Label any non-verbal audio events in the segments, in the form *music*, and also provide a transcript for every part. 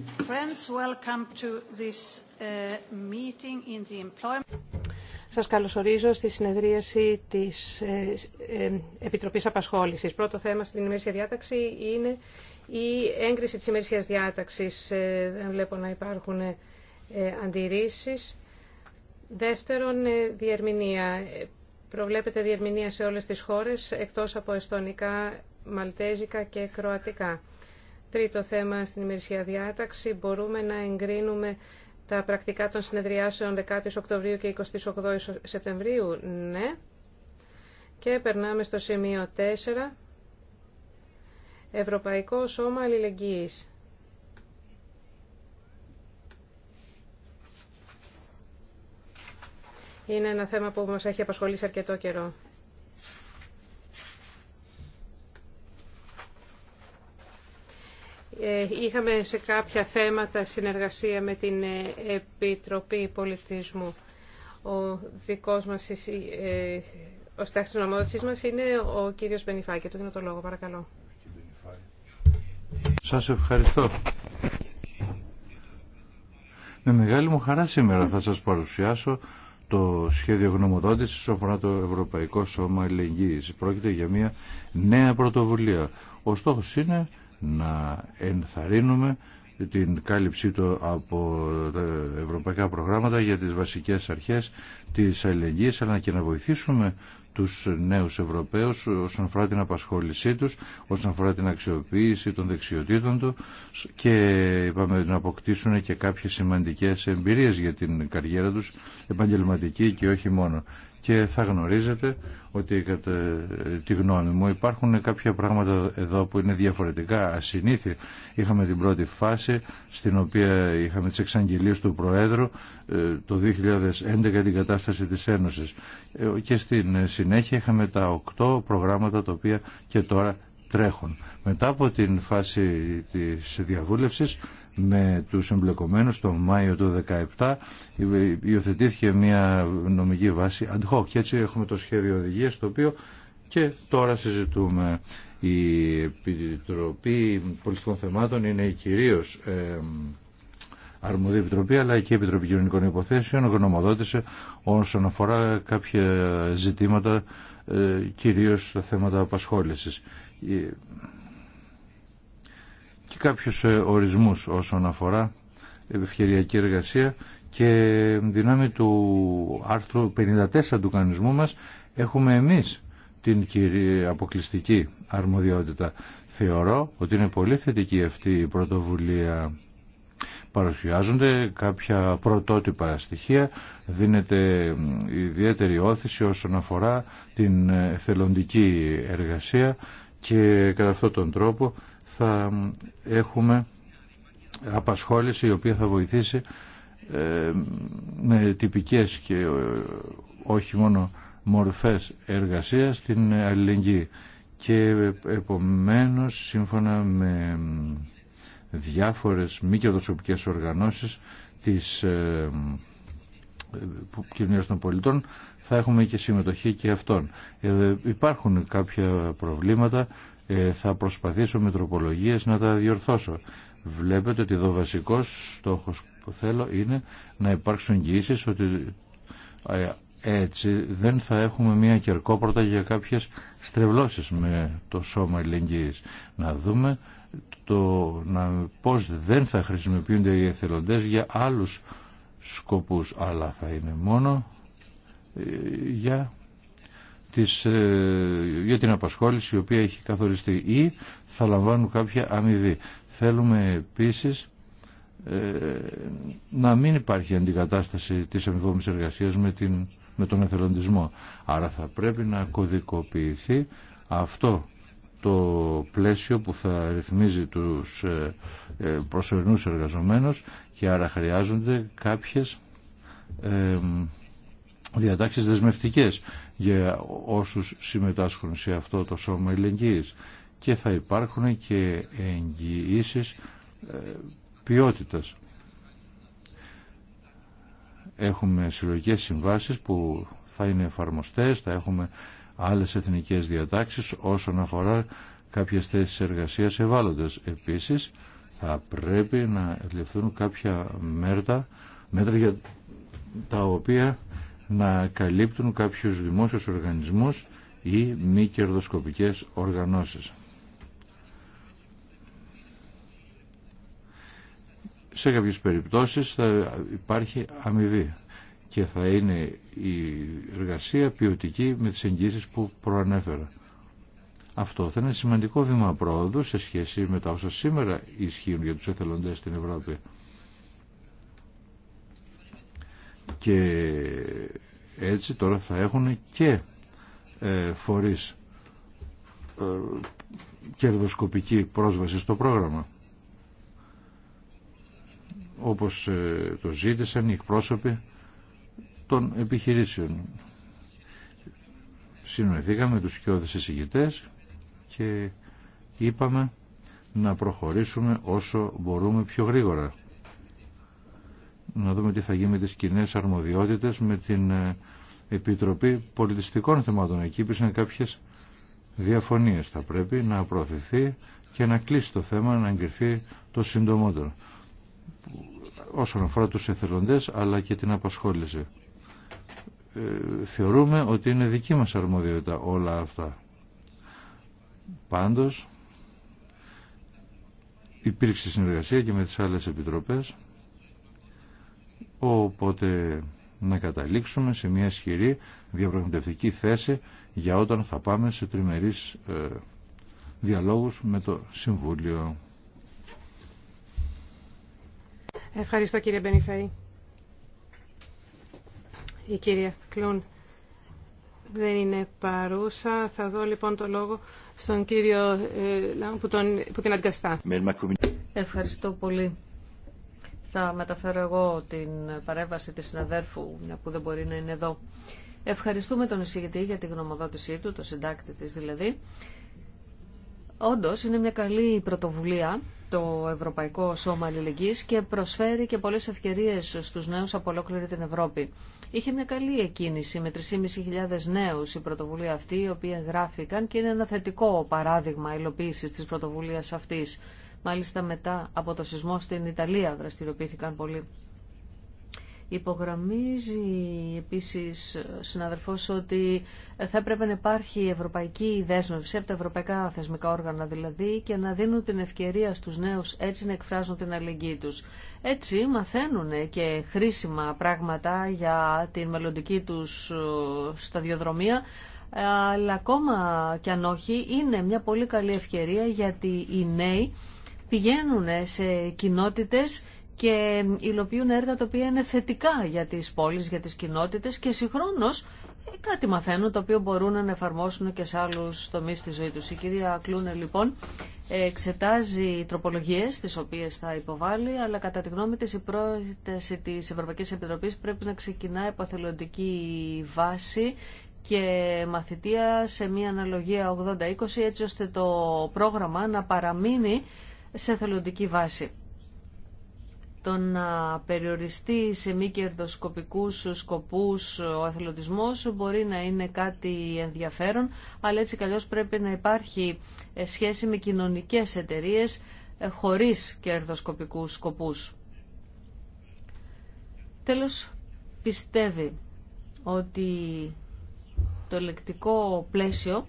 Uh, Σας καλωσορίζω στη συνεδρίαση της ε, ε, Επιτροπής Απασχόλησης. Πρώτο θέμα στην ημερήσια διάταξη είναι η έγκριση της ημερήσιας διάταξης. Ε, δεν βλέπω να υπάρχουν αντιρρήσεις. Δεύτερον, διερμηνία. Προβλέπεται διερμηνία σε όλες τις χώρες, εκτός από εστονικά, μαλτέζικα και κροατικά. Τρίτο θέμα στην ημερησία διάταξη. Μπορούμε να εγκρίνουμε τα πρακτικά των συνεδριάσεων 10 Οκτωβρίου και 28 Σεπτεμβρίου. Ναι. Και περνάμε στο σημείο 4. Ευρωπαϊκό Σώμα Αλληλεγγύης. Είναι ένα θέμα που μας έχει απασχολήσει αρκετό καιρό. Ε, είχαμε σε κάποια θέματα συνεργασία με την ε, Επιτροπή Πολιτισμού. Ο δικός μας, ε, ο στάχτης μας είναι ο κύριος Μπενιφάκη. Του δίνω το λόγο, παρακαλώ. Σας ευχαριστώ. Με μεγάλη μου χαρά σήμερα θα σας παρουσιάσω το σχέδιο γνωμοδότησης όσον αφορά το Ευρωπαϊκό Σώμα Ελεγγύης. Πρόκειται για μια νέα πρωτοβουλία. Ο είναι να ενθαρρύνουμε την κάλυψή του από τα ευρωπαϊκά προγράμματα για τις βασικές αρχές της αλληλεγγύης αλλά και να βοηθήσουμε τους νέους Ευρωπαίους όσον αφορά την απασχόλησή τους, όσον αφορά την αξιοποίηση των δεξιοτήτων του και να αποκτήσουν και κάποιες σημαντικές εμπειρίες για την καριέρα τους επαγγελματική και όχι μόνο και θα γνωρίζετε ότι κατά τη γνώμη μου υπάρχουν κάποια πράγματα εδώ που είναι διαφορετικά, ασυνήθιοι. Είχαμε την πρώτη φάση στην οποία είχαμε τις εξαγγελίες του Προέδρου ε, το 2011 την κατάσταση της Ένωσης ε, και στην συνέχεια είχαμε τα οκτώ προγράμματα τα οποία και τώρα τρέχουν. Μετά από την φάση της διαβούλευσης με τους εμπλεκομένους τον Μάιο του 2017 υιοθετήθηκε μια νομική βάση ad hoc και έτσι έχουμε το σχέδιο οδηγίας το οποίο και τώρα συζητούμε η Επιτροπή Πολιτικών Θεμάτων είναι κυρίως ε, αρμοδία επιτροπή αλλά και η Επιτροπή Κοινωνικών Υποθέσεων γνωμοδότησε όσον αφορά κάποια ζητήματα ε, κυρίως θέματα απασχόλησης και κάποιους ε, ορισμούς όσον αφορά ευκαιριακή εργασία και δυνάμει του άρθρου 54 του κανονισμού μας έχουμε εμείς την αποκλειστική αρμοδιότητα. Θεωρώ ότι είναι πολύ θετική αυτή η πρωτοβουλία. Παρουσιάζονται κάποια πρωτότυπα στοιχεία, δίνεται ιδιαίτερη όθηση όσον αφορά την θελοντική εργασία και κατά αυτόν τον τρόπο θα έχουμε απασχόληση η οποία θα βοηθήσει ε, με τυπικές και ε, όχι μόνο μορφές εργασίας στην αλληλεγγύη και ε, επομένως σύμφωνα με διάφορες μη κερδοσκοπικές οργανώσεις της ε, κοινωνίας των πολιτών θα έχουμε και συμμετοχή και αυτών. υπάρχουν κάποια προβλήματα θα προσπαθήσω με τροπολογίες να τα διορθώσω. Βλέπετε ότι εδώ βασικός στόχο που θέλω είναι να υπάρξουν εγγυήσεις ότι ε, έτσι δεν θα έχουμε μια κερκόπορτα για κάποιες στρεβλώσεις με το σώμα ελεγγύης. Να δούμε το, να, πώς δεν θα χρησιμοποιούνται οι εθελοντές για άλλους σκοπούς, αλλά θα είναι μόνο ε, για της, ε, για την απασχόληση η οποία έχει καθοριστεί ή θα λαμβάνουν κάποια αμοιβή. Θέλουμε επίσης ε, να μην υπάρχει αντικατάσταση της αμοιβόμενης εργασίας με, την, με τον εθελοντισμό. Άρα θα πρέπει να κωδικοποιηθεί αυτό το πλαίσιο που θα ρυθμίζει τους ε, προσωρινούς εργαζομένους και άρα χρειάζονται κάποιες διατάξεις δεσμευτικές για όσους συμμετάσχουν σε αυτό το σώμα ελεγγύης και θα υπάρχουν και εγγυήσεις ε, ποιότητας. Έχουμε συλλογικές συμβάσεις που θα είναι εφαρμοστές, θα έχουμε άλλες εθνικές διατάξεις όσον αφορά κάποιες θέσεις εργασίας ευάλωτες. Επίσης θα πρέπει να ελευθερούν κάποια μέρτα, μέτρα για τα οποία να καλύπτουν κάποιους δημόσιους οργανισμούς ή μη κερδοσκοπικές οργανώσεις. Σε κάποιες περιπτώσεις θα υπάρχει αμοιβή και θα είναι η εργασία ποιοτική με τις εγγύσεις που προανέφερα. Αυτό θα είναι σημαντικό βήμα πρόοδου σε σχέση με τα όσα σήμερα ισχύουν για τους εθελοντές στην Ευρώπη. και έτσι τώρα θα έχουν και ε, φορείς ε, κερδοσκοπική πρόσβαση στο πρόγραμμα όπως ε, το ζήτησαν οι εκπρόσωποι των επιχειρήσεων. Συνοηθήκαμε τους κοιόδες εισηγητές και είπαμε να προχωρήσουμε όσο μπορούμε πιο γρήγορα να δούμε τι θα γίνει με τις κοινέ αρμοδιότητες, με την ε, Επιτροπή Πολιτιστικών Θεμάτων. Εκεί υπήρξαν κάποιες διαφωνίες. Θα πρέπει να προωθηθεί και να κλείσει το θέμα, να εγκριθεί το συντομότερο. Όσον αφορά τους εθελοντές, αλλά και την απασχόληση. Ε, θεωρούμε ότι είναι δική μας αρμοδιότητα όλα αυτά. Πάντως, υπήρξε συνεργασία και με τις άλλες επιτροπές Οπότε να καταλήξουμε σε μια ισχυρή διαπραγματευτική θέση για όταν θα πάμε σε τριμερείς ε, διαλόγους με το Συμβούλιο. Ευχαριστώ κύριε Μπενιφέη. Η κυρία Κλούν δεν είναι παρούσα. Θα δω λοιπόν το λόγο στον κύριο ε, που, τον, που την αντικαστά. Ευχαριστώ πολύ. Θα μεταφέρω εγώ την παρέμβαση της συναδέρφου, που δεν μπορεί να είναι εδώ. Ευχαριστούμε τον εισηγητή για τη γνωμοδότησή του, το συντάκτη της δηλαδή. Όντως είναι μια καλή πρωτοβουλία το Ευρωπαϊκό Σώμα Αλληλεγγύης και προσφέρει και πολλές ευκαιρίες στους νέους από ολόκληρη την Ευρώπη. Είχε μια καλή εκκίνηση με 3.500 νέους η πρωτοβουλία αυτή, η οποία γράφηκαν και είναι ένα θετικό παράδειγμα υλοποίησης της πρωτοβουλίας αυτής. Μάλιστα μετά από το σεισμό στην Ιταλία δραστηριοποιήθηκαν πολύ. Υπογραμμίζει επίσης ο ε, συναδελφός ότι θα έπρεπε να υπάρχει ευρωπαϊκή δέσμευση από τα ευρωπαϊκά θεσμικά όργανα δηλαδή και να δίνουν την ευκαιρία στους νέους έτσι να εκφράζουν την αλληλεγγύη τους. Έτσι μαθαίνουν και χρήσιμα πράγματα για την μελλοντική τους ε, σταδιοδρομία ε, αλλά ακόμα κι αν όχι είναι μια πολύ καλή ευκαιρία γιατί οι νέοι πηγαίνουν σε κοινότητες και υλοποιούν έργα τα οποία είναι θετικά για τις πόλεις, για τις κοινότητες και συγχρόνως ε, κάτι μαθαίνουν το οποίο μπορούν να εφαρμόσουν και σε άλλους τομείς της ζωής τους. Η κυρία Κλούνε λοιπόν εξετάζει τροπολογίες τις οποίες θα υποβάλει αλλά κατά τη γνώμη της η πρόταση της Ευρωπαϊκής Επιτροπής πρέπει να ξεκινάει από θελοντική βάση και μαθητεία σε μια αναλογία 80-20 έτσι ώστε το πρόγραμμα να παραμείνει σε θελοντική βάση. Το να περιοριστεί σε μη κερδοσκοπικού σκοπούς ο αθλητισμός μπορεί να είναι κάτι ενδιαφέρον, αλλά έτσι καλώς πρέπει να υπάρχει ε, σχέση με κοινωνικές εταιρείε ε, χωρίς κερδοσκοπικούς σκοπούς. Τέλος, πιστεύει ότι το λεκτικό πλαίσιο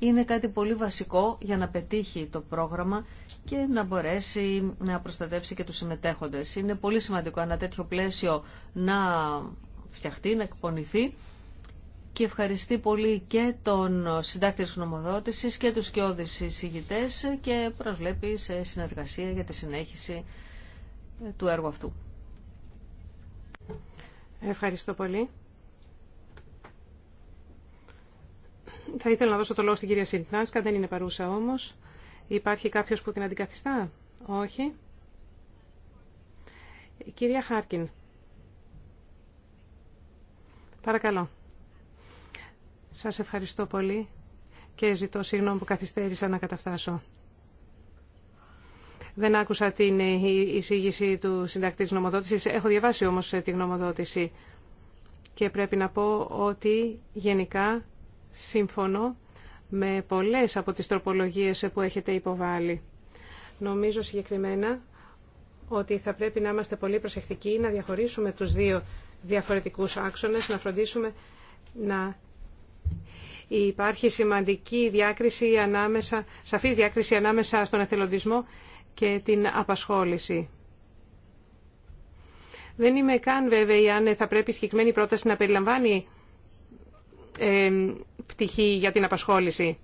είναι κάτι πολύ βασικό για να πετύχει το πρόγραμμα και να μπορέσει να προστατεύσει και τους συμμετέχοντες. Είναι πολύ σημαντικό ένα τέτοιο πλαίσιο να φτιαχτεί, να εκπονηθεί και ευχαριστεί πολύ και τον συντάκτη της γνωμοδότησης και τους σκιώδης εισηγητές και προσβλέπει σε συνεργασία για τη συνέχιση του έργου αυτού. Ευχαριστώ πολύ. Θα ήθελα να δώσω το λόγο στην κυρία Σιντνάσκα, δεν είναι παρούσα όμως. Υπάρχει κάποιος που την αντικαθιστά. Όχι. κυρία Χάρκιν. Παρακαλώ. Σας ευχαριστώ πολύ και ζητώ συγγνώμη που καθυστέρησα να καταφτάσω. Δεν άκουσα την εισήγηση του συντακτή της Έχω διαβάσει όμως τη γνωμοδότηση και πρέπει να πω ότι γενικά Σύμφωνο με πολλές από τις τροπολογίες που έχετε υποβάλει. Νομίζω συγκεκριμένα ότι θα πρέπει να είμαστε πολύ προσεκτικοί να διαχωρίσουμε τους δύο διαφορετικούς άξονες, να φροντίσουμε να υπάρχει σημαντική διάκριση ανάμεσα, σαφής διάκριση ανάμεσα στον εθελοντισμό και την απασχόληση. Δεν είμαι καν βέβαιη αν θα πρέπει η συγκεκριμένη πρόταση να περιλαμβάνει πτυχή για την απασχόληση.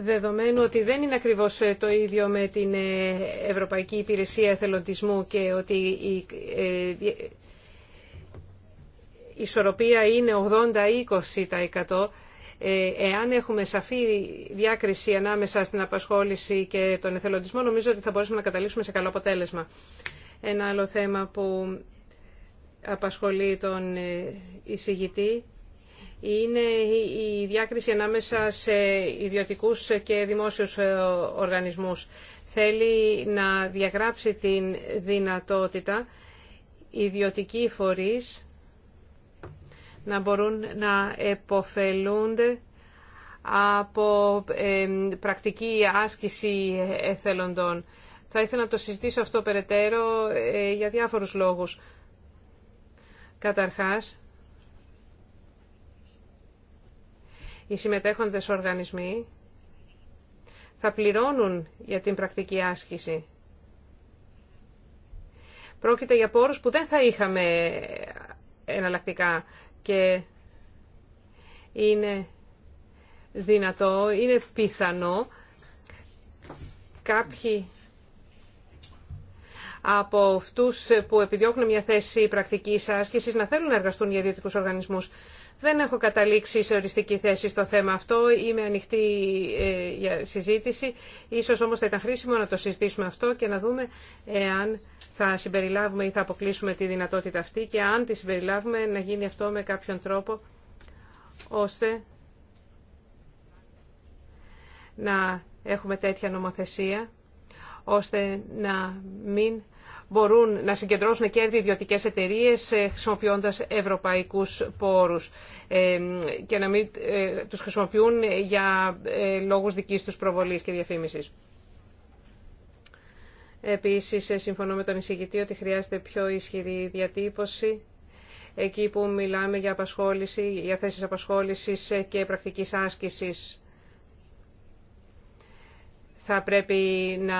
Δεδομένου ότι δεν είναι ακριβώς ε, το ίδιο με την ε, Ευρωπαϊκή Υπηρεσία Εθελοντισμού και ότι η ε, ισορροπία είναι 80-20%, ε, εάν έχουμε σαφή διάκριση ανάμεσα στην απασχόληση και τον εθελοντισμό, νομίζω ότι θα μπορέσουμε να καταλήξουμε σε καλό αποτέλεσμα. Ένα άλλο θέμα που απασχολεί τον ε, εισηγητή είναι η διάκριση ανάμεσα σε ιδιωτικούς και δημόσιους ε, οργανισμούς. Θέλει να διαγράψει την δυνατότητα ιδιωτική φορείς να μπορούν να εποφελούνται από πρακτική άσκηση εθελοντών. Θα ήθελα να το συζητήσω αυτό περαιτέρω ε, για διάφορους λόγους. Καταρχάς, οι συμμετέχοντες οργανισμοί θα πληρώνουν για την πρακτική άσκηση. Πρόκειται για πόρους που δεν θα είχαμε εναλλακτικά και είναι δυνατό, είναι πιθανό κάποιοι από αυτούς που επιδιώκουν μια θέση πρακτικής άσκησης να θέλουν να εργαστούν για ιδιωτικούς οργανισμούς. Δεν έχω καταλήξει σε οριστική θέση στο θέμα αυτό. Είμαι ανοιχτή ε, για συζήτηση. Ίσως όμως θα ήταν χρήσιμο να το συζητήσουμε αυτό και να δούμε εάν θα συμπεριλάβουμε ή θα αποκλείσουμε τη δυνατότητα αυτή και αν τη συμπεριλάβουμε να γίνει αυτό με κάποιον τρόπο ώστε να έχουμε τέτοια νομοθεσία ώστε να μην μπορούν να συγκεντρώσουν κέρδη ιδιωτικέ εταιρείε χρησιμοποιώντα ευρωπαϊκού πόρου ε, και να μην ε, του χρησιμοποιούν για ε, λόγου δική του προβολή και διαφήμιση. Επίσης, συμφωνώ με τον εισηγητή ότι χρειάζεται πιο ισχυρή διατύπωση εκεί που μιλάμε για απασχόληση, για θέσεις απασχόλησης και πρακτικής άσκησης θα πρέπει να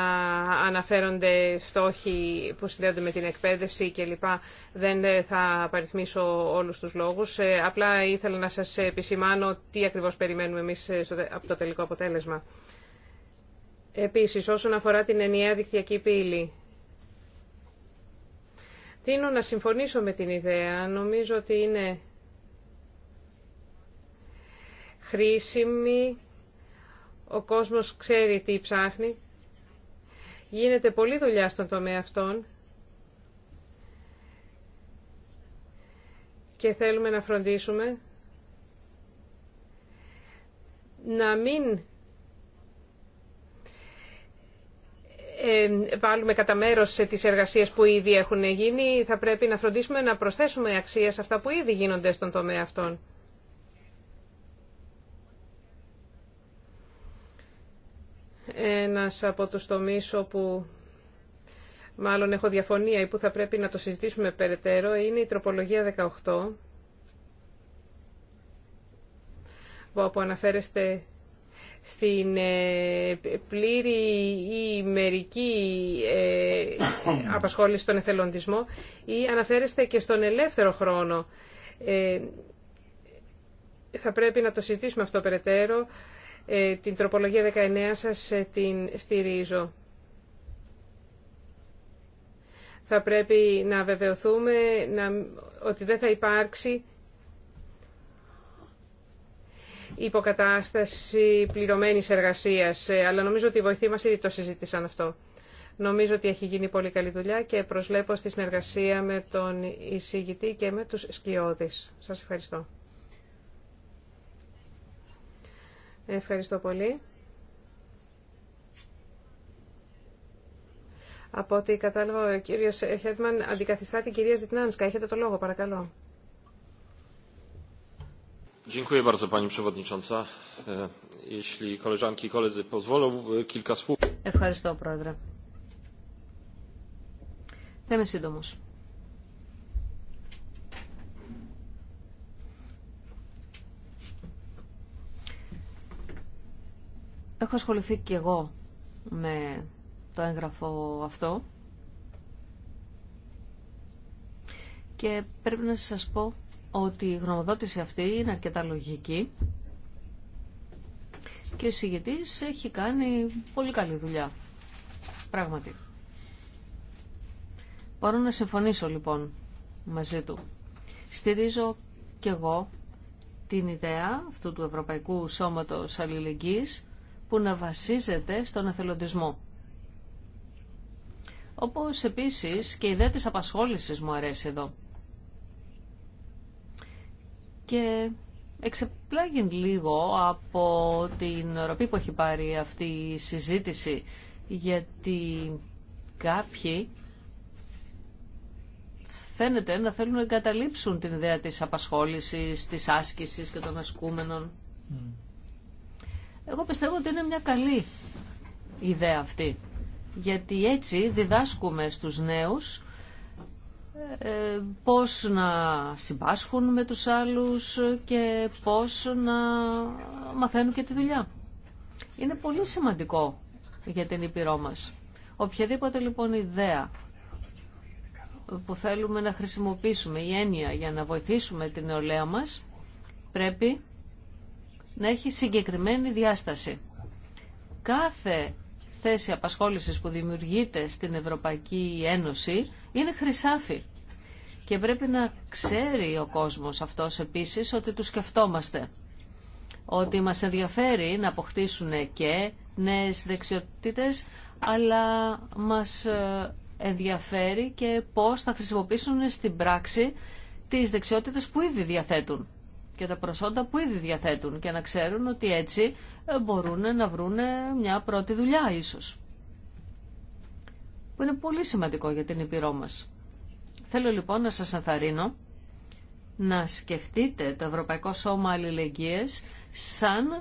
αναφέρονται στόχοι που συνδέονται με την εκπαίδευση κλπ. Δεν θα παριθμίσω όλους τους λόγους. Ε, απλά ήθελα να σας επισημάνω τι ακριβώς περιμένουμε εμείς ε, από το τελικό αποτέλεσμα. Επίσης, όσον αφορά την ενιαία δικτυακή πύλη, τίνω να συμφωνήσω με την ιδέα. Νομίζω ότι είναι χρήσιμη ο κόσμος ξέρει τι ψάχνει. Γίνεται πολλή δουλειά στον τομέα αυτών Και θέλουμε να φροντίσουμε να μην ε, βάλουμε κατά μέρο τις εργασίες που ήδη έχουν γίνει, θα πρέπει να φροντίσουμε να προσθέσουμε αξία σε αυτά που ήδη γίνονται στον τομέα αυτών. ένας από τους τομείς όπου μάλλον έχω διαφωνία ή που θα πρέπει να το συζητήσουμε περαιτέρω είναι η τροπολογία 18 όπου αναφέρεστε στην ε, πλήρη ή μερική ε, απασχόληση στον εθελοντισμό ή αναφέρεστε και στον ελεύθερο χρόνο. Ε, θα πρέπει να το συζητήσουμε αυτό περαιτέρω ε, την τροπολογία 19 σας ε, την στηρίζω. Θα πρέπει να βεβαιωθούμε να, ότι δεν θα υπάρξει υποκατάσταση πληρωμένης εργασίας, ε, αλλά νομίζω ότι οι βοηθοί μας ήδη το συζήτησαν αυτό. Νομίζω ότι έχει γίνει πολύ καλή δουλειά και προσλέπω στη συνεργασία με τον εισηγητή και με τους σκιώδεις. Σας ευχαριστώ. Ευχαριστώ πολύ. Από ό,τι κατάλαβα, ο κύριο Χέτμαν αντικαθιστά την κυρία Ζητνάνσκα. Έχετε το λόγο, παρακαλώ. Dziękuję bardzo, pani przewodnicząca. E, jeśli koleżanki i koledzy pozwolą, e, kilka słów. Ευχαριστώ, πρόεδρε. Θα είμαι σύντομος. Έχω ασχοληθεί και εγώ με το έγγραφο αυτό και πρέπει να σας πω ότι η γνωμοδότηση αυτή είναι αρκετά λογική και ο συγγετής έχει κάνει πολύ καλή δουλειά. Πράγματι. Μπορώ να συμφωνήσω λοιπόν μαζί του. Στηρίζω και εγώ την ιδέα αυτού του Ευρωπαϊκού Σώματος Αλληλεγγύης που να βασίζεται στον εθελοντισμό. Όπως επίσης και η ιδέα της απασχόλησης μου αρέσει εδώ. Και εξεπλάγει λίγο από την ροπή που έχει πάρει αυτή η συζήτηση, γιατί κάποιοι φαίνεται να θέλουν να εγκαταλείψουν την ιδέα της απασχόλησης, της άσκησης και των ασκούμενων. Εγώ πιστεύω ότι είναι μια καλή ιδέα αυτή. Γιατί έτσι διδάσκουμε στους νέους ε, πώς να συμπάσχουν με τους άλλους και πώς να μαθαίνουν και τη δουλειά. Είναι πολύ σημαντικό για την Ήπειρό μας. Οποιαδήποτε λοιπόν ιδέα που θέλουμε να χρησιμοποιήσουμε, η έννοια για να βοηθήσουμε την νεολαία μας, πρέπει να έχει συγκεκριμένη διάσταση. Κάθε θέση απασχόλησης που δημιουργείται στην Ευρωπαϊκή Ένωση είναι χρυσάφι. Και πρέπει να ξέρει ο κόσμος αυτός επίσης ότι του σκεφτόμαστε. Ότι μας ενδιαφέρει να αποκτήσουν και νέες δεξιότητες, αλλά μας ε, ενδιαφέρει και πώς θα χρησιμοποιήσουν στην πράξη τις δεξιότητες που ήδη διαθέτουν και τα προσόντα που ήδη διαθέτουν και να ξέρουν ότι έτσι ε, μπορούν να βρουν μια πρώτη δουλειά ίσως. Που είναι πολύ σημαντικό για την Ήπειρό μας. Θέλω λοιπόν να σας ενθαρρύνω να σκεφτείτε το Ευρωπαϊκό Σώμα Αλληλεγγύες σαν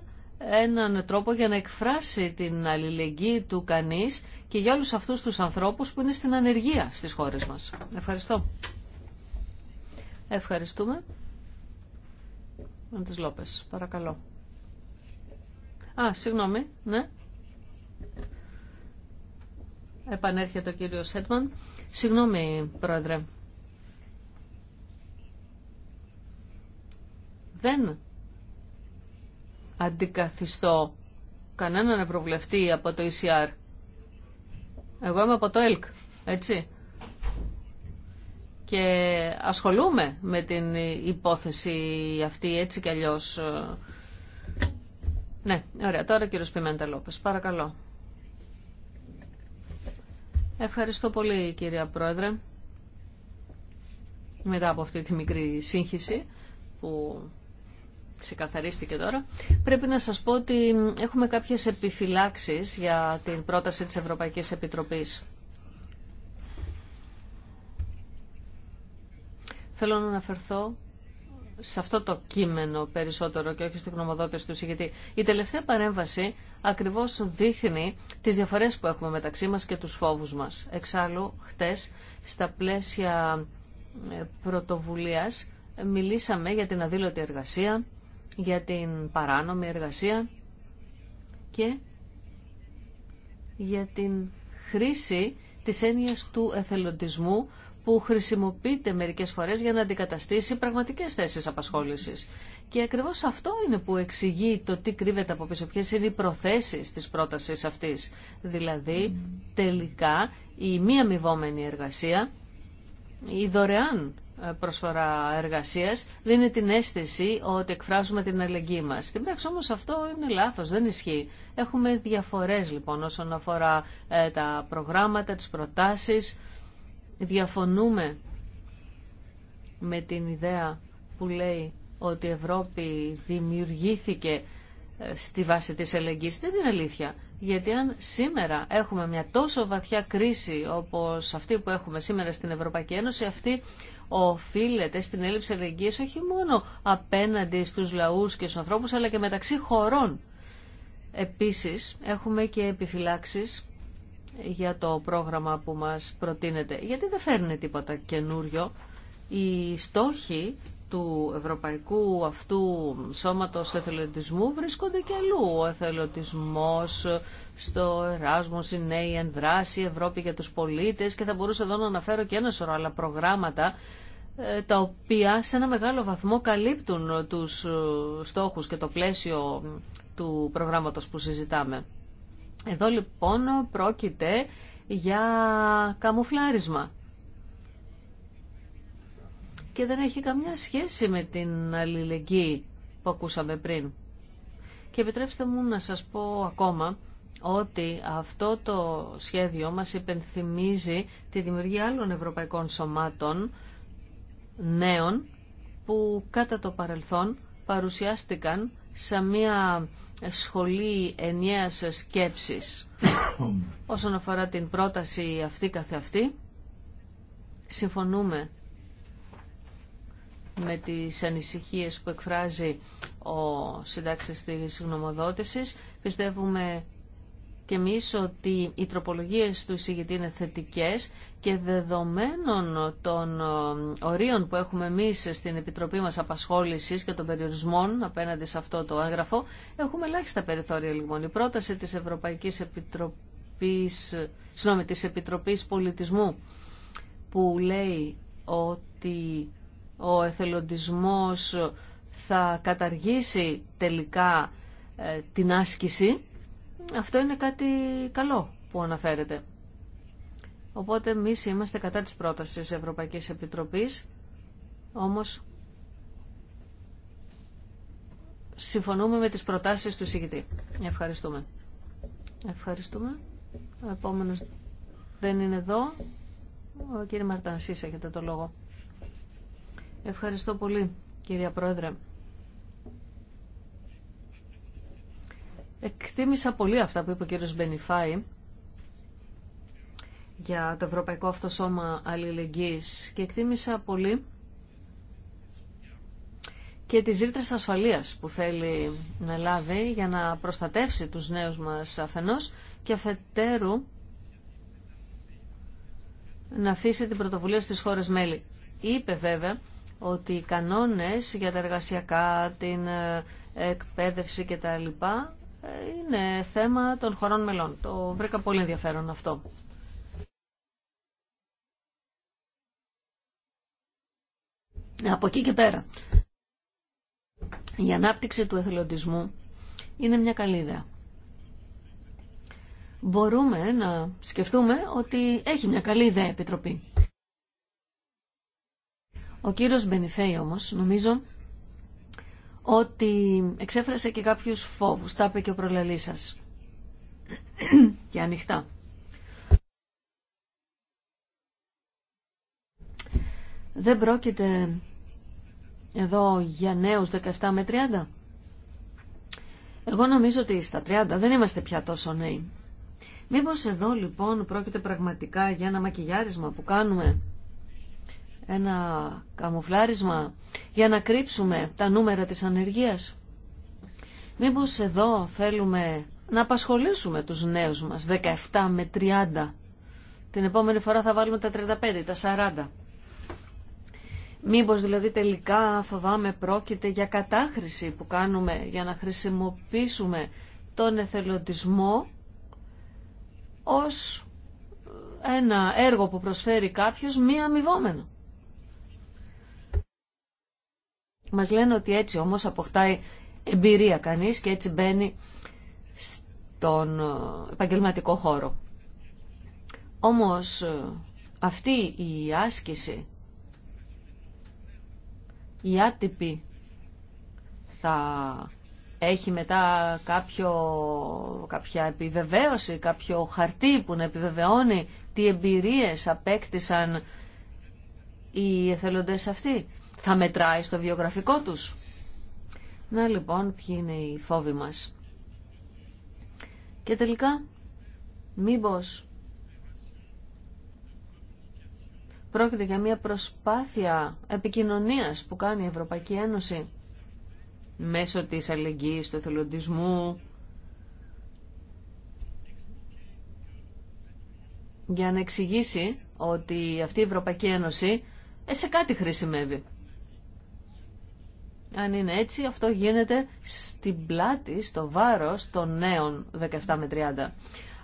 έναν τρόπο για να εκφράσει την αλληλεγγύη του κανείς και για όλους αυτούς τους ανθρώπους που είναι στην ανεργία στις χώρες μας. Ευχαριστώ. Ευχαριστούμε. Αντες Λόπες, παρακαλώ. Α, συγγνώμη, ναι. Επανέρχεται ο κύριος Έτμαν. Συγγνώμη, πρόεδρε. Δεν αντικαθιστώ κανέναν ευρωβουλευτή από το ECR. Εγώ είμαι από το ΕΛΚ, έτσι και ασχολούμε με την υπόθεση αυτή έτσι κι αλλιώς. Ναι, ωραία. Τώρα κύριο Πιμέντα Λόπες, παρακαλώ. Ευχαριστώ πολύ κυρία Πρόεδρε. Μετά από αυτή τη μικρή σύγχυση που ξεκαθαρίστηκε τώρα, πρέπει να σας πω ότι έχουμε κάποιες επιφυλάξεις για την πρόταση της Ευρωπαϊκής Επιτροπής. Θέλω να αναφερθώ σε αυτό το κείμενο περισσότερο και όχι στους γνωμοδότηση του γιατί Η τελευταία παρέμβαση ακριβώς δείχνει τις διαφορές που έχουμε μεταξύ μας και τους φόβους μας. Εξάλλου, χτες, στα πλαίσια ε, πρωτοβουλίας, μιλήσαμε για την αδήλωτη εργασία, για την παράνομη εργασία και για την χρήση της έννοιας του εθελοντισμού που χρησιμοποιείται μερικές φορές για να αντικαταστήσει πραγματικές θέσεις απασχόλησης. Και ακριβώς αυτό είναι που εξηγεί το τι κρύβεται από πίσω, ποιες είναι οι προθέσεις της πρότασης αυτής. Δηλαδή, τελικά, η μη αμοιβόμενη εργασία, η δωρεάν προσφορά εργασίας δίνει την αίσθηση ότι εκφράζουμε την αλληλεγγύη μα. Στην πράξη όμως αυτό είναι λάθος, δεν ισχύει. Έχουμε διαφορές λοιπόν όσον αφορά ε, τα προγράμματα, τι προτάσεις. Διαφωνούμε με την ιδέα που λέει ότι η Ευρώπη δημιουργήθηκε ε, στη βάση της ελεγγύης. Δεν είναι αλήθεια. Γιατί αν σήμερα έχουμε μια τόσο βαθιά κρίση όπως αυτή που έχουμε σήμερα στην Ευρωπαϊκή Ένωση, αυτή οφείλεται στην έλλειψη αλληλεγγύης όχι μόνο απέναντι στους λαούς και στους ανθρώπους αλλά και μεταξύ χωρών. Επίσης έχουμε και επιφυλάξεις για το πρόγραμμα που μας προτείνεται γιατί δεν φέρνει τίποτα καινούριο. Οι στόχοι του ευρωπαϊκού αυτού σώματος εθελοντισμού βρίσκονται και αλλού. Ο εθελοντισμός στο εράσμος, η Νέη Ενδράση, η Ευρώπη για τους πολίτες και θα μπορούσα εδώ να αναφέρω και ένα σωρό άλλα προγράμματα ε, τα οποία σε ένα μεγάλο βαθμό καλύπτουν τους ε, στόχους και το πλαίσιο του προγράμματος που συζητάμε. Εδώ λοιπόν πρόκειται για καμουφλάρισμα και δεν έχει καμιά σχέση με την αλληλεγγύη που ακούσαμε πριν. Και επιτρέψτε μου να σας πω ακόμα ότι αυτό το σχέδιο μας υπενθυμίζει τη δημιουργία άλλων ευρωπαϊκών σωμάτων νέων που κατά το παρελθόν παρουσιάστηκαν σε μια σχολή ενιαίας σκέψης. *coughs* Όσον αφορά την πρόταση αυτή καθεαυτή, συμφωνούμε με τις ανησυχίες που εκφράζει ο συντάξης της γνωμοδότησης. Πιστεύουμε και εμείς ότι οι τροπολογίες του εισηγητή είναι θετικές και δεδομένων των ε, ορίων που έχουμε εμείς στην Επιτροπή μας απασχόλησης και των περιορισμών απέναντι σε αυτό το έγγραφο, έχουμε ελάχιστα περιθώρια λοιπόν. Η πρόταση της Ευρωπαϊκής Επιτροπής, συγνώμη, της Επιτροπής Πολιτισμού που λέει ότι ο εθελοντισμός θα καταργήσει τελικά ε, την άσκηση, αυτό είναι κάτι καλό που αναφέρεται. Οπότε εμεί είμαστε κατά της πρότασης Ευρωπαϊκής Επιτροπής, όμως συμφωνούμε με τις προτάσεις του εισηγητή. Ευχαριστούμε. Ευχαριστούμε. Ο επόμενος δεν είναι εδώ. Ο κύριε Μαρτάνσης έχετε το λόγο. Ευχαριστώ πολύ, κυρία Πρόεδρε. Εκτίμησα πολύ αυτά που είπε ο κύριος Μπενιφάη για το Ευρωπαϊκό Αυτό Σώμα Αλληλεγγύης και εκτίμησα πολύ και τις ρήτρες ασφαλείας που θέλει να λάβει για να προστατεύσει τους νέους μας αφενός και αφετέρου να αφήσει την πρωτοβουλία στις χώρες μέλη. Είπε βέβαια ότι οι κανόνες για τα εργασιακά, την ε, εκπαίδευση κτλ. Ε, είναι θέμα των χωρών μελών. Το βρήκα πολύ ενδιαφέρον αυτό. Από εκεί και πέρα. Η ανάπτυξη του εθελοντισμού είναι μια καλή ιδέα. Μπορούμε να σκεφτούμε ότι έχει μια καλή ιδέα η Επιτροπή. Ο κύριος Μπενιφέη όμως νομίζω ότι εξέφρασε και κάποιους φόβους, τα είπε και ο προλαλής σας. *clears throat* και ανοιχτά. Δεν πρόκειται εδώ για νέους 17 με 30. Εγώ νομίζω ότι στα 30 δεν είμαστε πια τόσο νέοι. Μήπως εδώ λοιπόν πρόκειται πραγματικά για ένα μακιγιάρισμα που κάνουμε ένα καμουφλάρισμα για να κρύψουμε τα νούμερα της ανεργίας. Μήπως εδώ θέλουμε να απασχολήσουμε τους νέους μας 17 με 30. Την επόμενη φορά θα βάλουμε τα 35, τα 40. Μήπως δηλαδή τελικά φοβάμαι πρόκειται για κατάχρηση που κάνουμε για να χρησιμοποιήσουμε τον εθελοντισμό ως ένα έργο που προσφέρει κάποιος μη αμοιβόμενο. Μας λένε ότι έτσι όμως αποκτάει εμπειρία κανείς και έτσι μπαίνει στον ε, επαγγελματικό χώρο. Όμως ε, αυτή η άσκηση, η άτυπη θα έχει μετά κάποιο, κάποια επιβεβαίωση, κάποιο χαρτί που να επιβεβαιώνει τι εμπειρίες απέκτησαν οι εθελοντές αυτοί θα μετράει στο βιογραφικό τους. Να λοιπόν ποιοι είναι οι φόβοι μας. Και τελικά, μήπως πρόκειται για μια προσπάθεια επικοινωνίας που κάνει η Ευρωπαϊκή Ένωση μέσω της αλληλεγγύης, του εθελοντισμού, για να εξηγήσει ότι αυτή η Ευρωπαϊκή Ένωση σε κάτι χρησιμεύει. Αν είναι έτσι, αυτό γίνεται στην πλάτη, στο βάρος των νέων 17 με 30.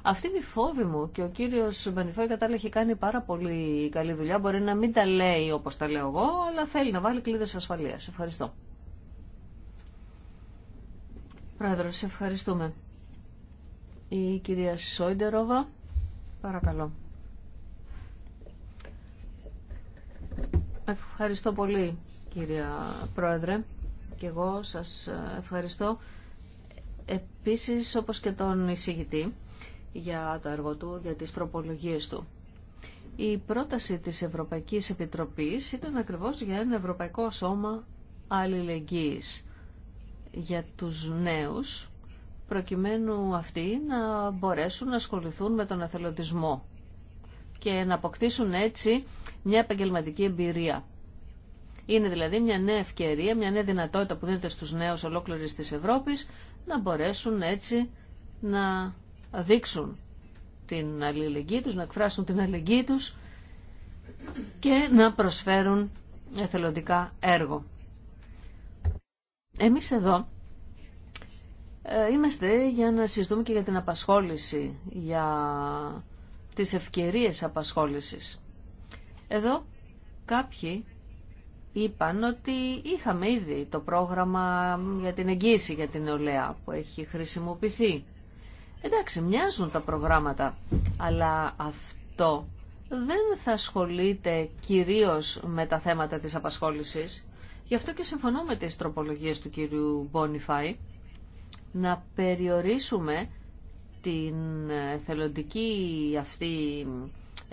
Αυτή είναι η φόβη μου και ο κύριος Μπενιφόη κατάλληλα έχει κάνει πάρα πολύ καλή δουλειά. Μπορεί να μην τα λέει όπως τα λέω εγώ, αλλά θέλει να βάλει κλίδες ασφαλείας. Ευχαριστώ. Πρόεδρος, ευχαριστούμε. Η κυρία Σόιντερόβα, παρακαλώ. Ευχαριστώ πολύ, κυρία Πρόεδρε. Και εγώ σας ευχαριστώ επίσης όπως και τον εισηγητή για το έργο του, για τις τροπολογίες του. Η πρόταση της Ευρωπαϊκής Επιτροπής ήταν ακριβώς για ένα Ευρωπαϊκό Σώμα Αλληλεγγύης για τους νέους, προκειμένου αυτοί να μπορέσουν να ασχοληθούν με τον εθελοντισμό και να αποκτήσουν έτσι μια επαγγελματική εμπειρία. Είναι δηλαδή μια νέα ευκαιρία, μια νέα δυνατότητα που δίνεται στους νέους ολόκληρης της Ευρώπης να μπορέσουν έτσι να δείξουν την αλληλεγγύη τους, να εκφράσουν την αλληλεγγύη τους και να προσφέρουν εθελοντικά έργο. Εμείς εδώ ε, είμαστε για να συζητούμε και για την απασχόληση, για τις ευκαιρίες απασχόλησης. Εδώ κάποιοι είπαν ότι είχαμε ήδη το πρόγραμμα για την εγγύηση για την νεολαία που έχει χρησιμοποιηθεί. Εντάξει, μοιάζουν τα προγράμματα, αλλά αυτό δεν θα ασχολείται κυρίως με τα θέματα της απασχόλησης. Γι' αυτό και συμφωνώ με τις τροπολογίες του κυρίου Μπόνιφάη να περιορίσουμε την θελοντική αυτή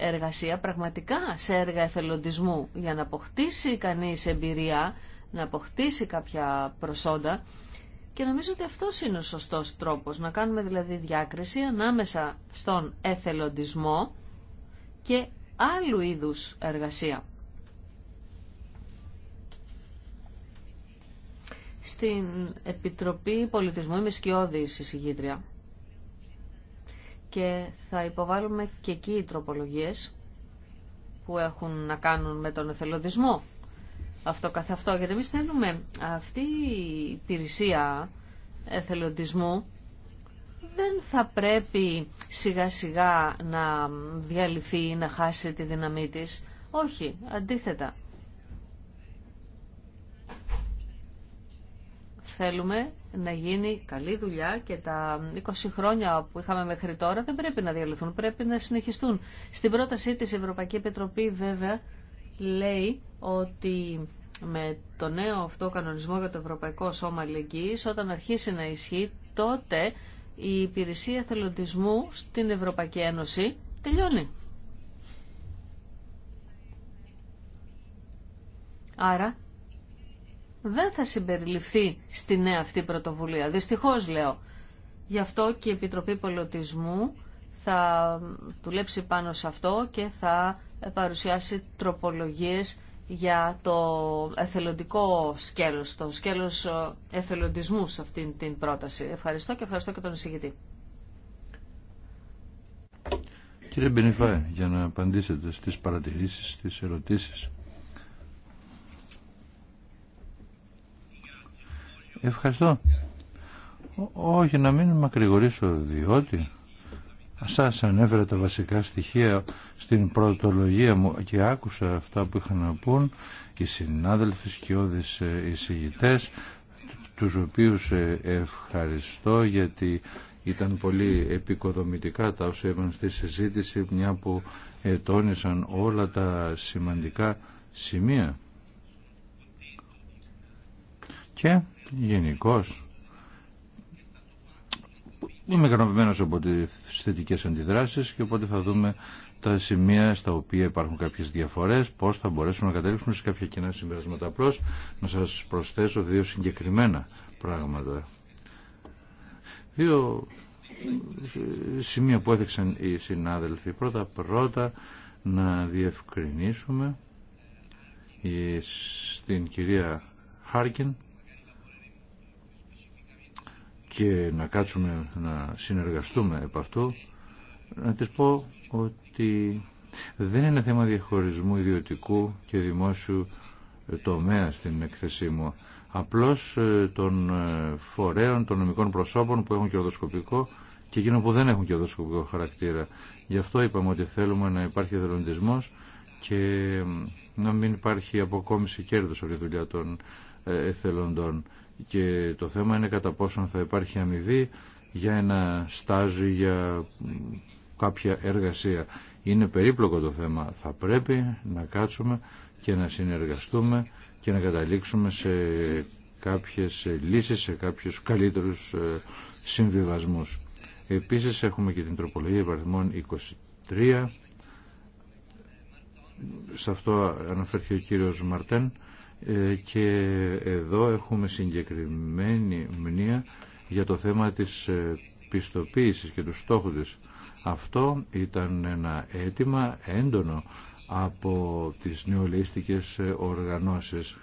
εργασία πραγματικά σε έργα εθελοντισμού για να αποκτήσει κανείς εμπειρία, να αποκτήσει κάποια προσόντα και νομίζω ότι αυτός είναι ο σωστός τρόπος, να κάνουμε δηλαδή διάκριση ανάμεσα στον εθελοντισμό και άλλου είδους εργασία. Στην Επιτροπή Πολιτισμού είμαι σκιώδη εισηγήτρια και θα υποβάλουμε και εκεί οι τροπολογίες που έχουν να κάνουν με τον εθελοντισμό. Αυτό καθ' αυτό, γιατί εμεί θέλουμε αυτή η υπηρεσία εθελοντισμού δεν θα πρέπει σιγά σιγά να διαλυθεί ή να χάσει τη δύναμή της. Όχι, αντίθετα. Θέλουμε να γίνει καλή δουλειά και τα 20 χρόνια που είχαμε μέχρι τώρα δεν πρέπει να διαλυθούν, πρέπει να συνεχιστούν. Στην πρότασή της Ευρωπαϊκή Επιτροπή βέβαια λέει ότι με το νέο αυτό κανονισμό για το Ευρωπαϊκό Σώμα Αλληλεγγύης όταν αρχίσει να ισχύει τότε η υπηρεσία θελοντισμού στην Ευρωπαϊκή Ένωση τελειώνει. Άρα δεν θα συμπεριληφθεί στη νέα αυτή πρωτοβουλία. Δυστυχώς λέω. Γι' αυτό και η Επιτροπή Πολιτισμού θα δουλέψει πάνω σε αυτό και θα παρουσιάσει τροπολογίες για το εθελοντικό σκέλος, το σκέλος ε, εθελοντισμού σε αυτήν την πρόταση. Ευχαριστώ και ευχαριστώ και τον εισηγητή. Κύριε Μπενιφάη, για να απαντήσετε στις παρατηρήσεις, στις ερωτήσεις Ευχαριστώ. Όχι, να μην μακρηγορήσω, διότι σας ανέφερα τα βασικά στοιχεία στην πρωτολογία μου και άκουσα αυτά που είχαν να πούν οι συνάδελφοι οι ε, εισηγητές, τους οποίους ε, ευχαριστώ γιατί ήταν πολύ επικοδομητικά τα όσα είπαν στη συζήτηση μια που ε, τόνισαν όλα τα σημαντικά σημεία. Και γενικώ είμαι ικανοποιημένο από τι θετικέ αντιδράσει και οπότε θα δούμε τα σημεία στα οποία υπάρχουν κάποιε διαφορέ, πώ θα μπορέσουμε να καταλήξουμε σε κάποια κοινά συμπεράσματα. Απλώ να σα προσθέσω δύο συγκεκριμένα πράγματα. Δύο σημεία που έδειξαν οι συνάδελφοι. Πρώτα πρώτα να διευκρινίσουμε στην κυρία Χάρκιν και να κάτσουμε να συνεργαστούμε επ' αυτού, να της πω ότι δεν είναι θέμα διαχωρισμού ιδιωτικού και δημόσιου ε, τομέα στην εκθεσή μου. Απλώς ε, των ε, φορέων, των νομικών προσώπων που έχουν κερδοσκοπικό και εκείνων που δεν έχουν κερδοσκοπικό χαρακτήρα. Γι' αυτό είπαμε ότι θέλουμε να υπάρχει εθελοντισμός και να μην υπάρχει αποκόμιση κέρδους από τη δουλειά των εθελοντών και το θέμα είναι κατά πόσον θα υπάρχει αμοιβή για ένα στάζι, για κάποια εργασία. Είναι περίπλοκο το θέμα. Θα πρέπει να κάτσουμε και να συνεργαστούμε και να καταλήξουμε σε κάποιες λύσεις, σε κάποιους καλύτερους ε, συμβιβασμούς. Επίσης έχουμε και την τροπολογία υπαριθμών 23. Σε αυτό αναφέρθηκε ο κύριος Μαρτέν ε, και εδώ έχουμε συγκεκριμένη μνήμα για το θέμα της ε, πιστοποίησης και του στόχου της. Αυτό ήταν ένα αίτημα έντονο από τις νεολαίστικες ε, οργανώσεις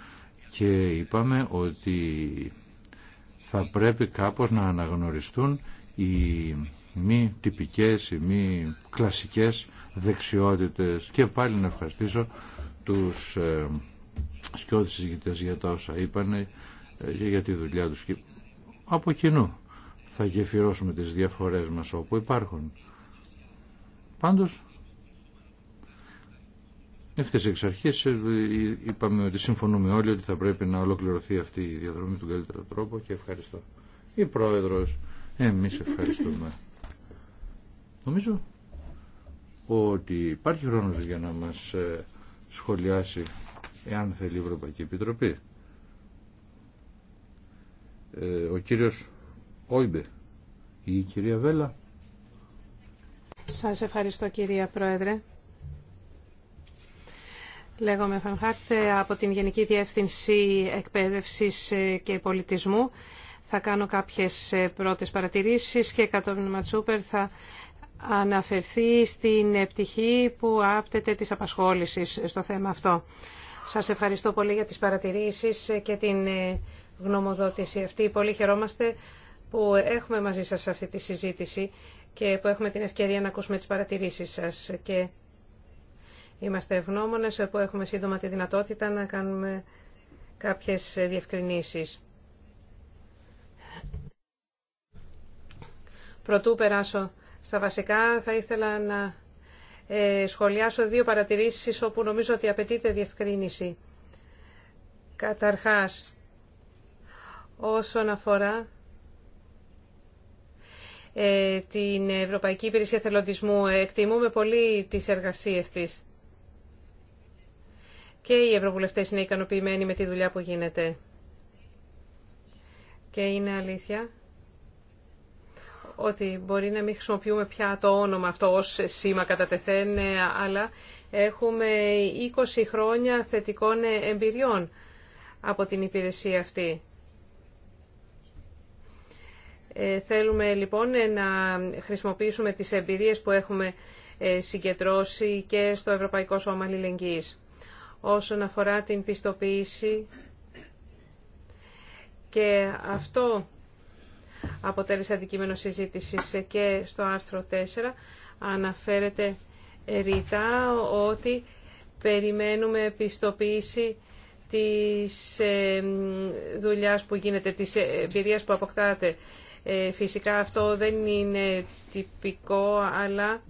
και είπαμε ότι θα πρέπει κάπως να αναγνωριστούν οι μη τυπικές, οι μη κλασικές δεξιότητες και πάλι να ευχαριστήσω τους σκιώδεις συζητητέ για τα όσα είπανε ε, και για τη δουλειά τους. από κοινού θα γεφυρώσουμε τις διαφορές μας όπου υπάρχουν. Πάντως, αυτές εξ αρχή ε, ε, είπαμε ότι συμφωνούμε όλοι ότι θα πρέπει να ολοκληρωθεί αυτή η διαδρομή του καλύτερο τρόπο και ευχαριστώ. Η Πρόεδρος, εμείς ευχαριστούμε. Νομίζω ότι υπάρχει χρόνος για να μας σχολιάσει εάν θέλει η Ευρωπαϊκή Επιτροπή. Ε, ο κύριος Όιμπε ή η κυρία Βέλα. Σας ευχαριστώ κυρία Πρόεδρε. Λέγομαι Φανχάρτε από την Γενική Διεύθυνση Εκπαίδευσης και Πολιτισμού. Θα κάνω κάποιες ε, πρώτες παρατηρήσεις και κατόπιν Ματσούπερ θα αναφερθεί στην πτυχή που άπτεται της απασχόλησης στο θέμα αυτό. Σας ευχαριστώ πολύ για τις παρατηρήσεις και την ε, γνωμοδότηση αυτή. Πολύ χαιρόμαστε που έχουμε μαζί σας αυτή τη συζήτηση και που έχουμε την ευκαιρία να ακούσουμε τις παρατηρήσεις σας. Και είμαστε ευγνώμονες που έχουμε σύντομα τη δυνατότητα να κάνουμε κάποιες διευκρινήσεις. Προτού περάσω στα βασικά, θα ήθελα να ε, σχολιάσω δύο παρατηρήσεις όπου νομίζω ότι απαιτείται διευκρίνηση. Καταρχάς, όσον αφορά ε, την Ευρωπαϊκή Υπηρεσία Θελοντισμού, εκτιμούμε πολύ τις εργασίες της. Και οι ευρωβουλευτές είναι ικανοποιημένοι με τη δουλειά που γίνεται. Και είναι αλήθεια ότι μπορεί να μην χρησιμοποιούμε πια το όνομα αυτό ως σήμα κατά τεθέν, αλλά έχουμε 20 χρόνια θετικών εμπειριών από την υπηρεσία αυτή. Ε, θέλουμε λοιπόν να χρησιμοποιήσουμε τις εμπειρίες που έχουμε ε, συγκεντρώσει και στο Ευρωπαϊκό Σώμα Αλληλεγγύης. Όσον αφορά την πιστοποίηση και αυτό αποτέλεσε αντικείμενο συζήτησης και στο άρθρο 4 αναφέρεται ρητά ότι περιμένουμε πιστοποίηση της ε, δουλειάς που γίνεται, της εμπειρίας που αποκτάτε. Ε, φυσικά αυτό δεν είναι τυπικό, αλλά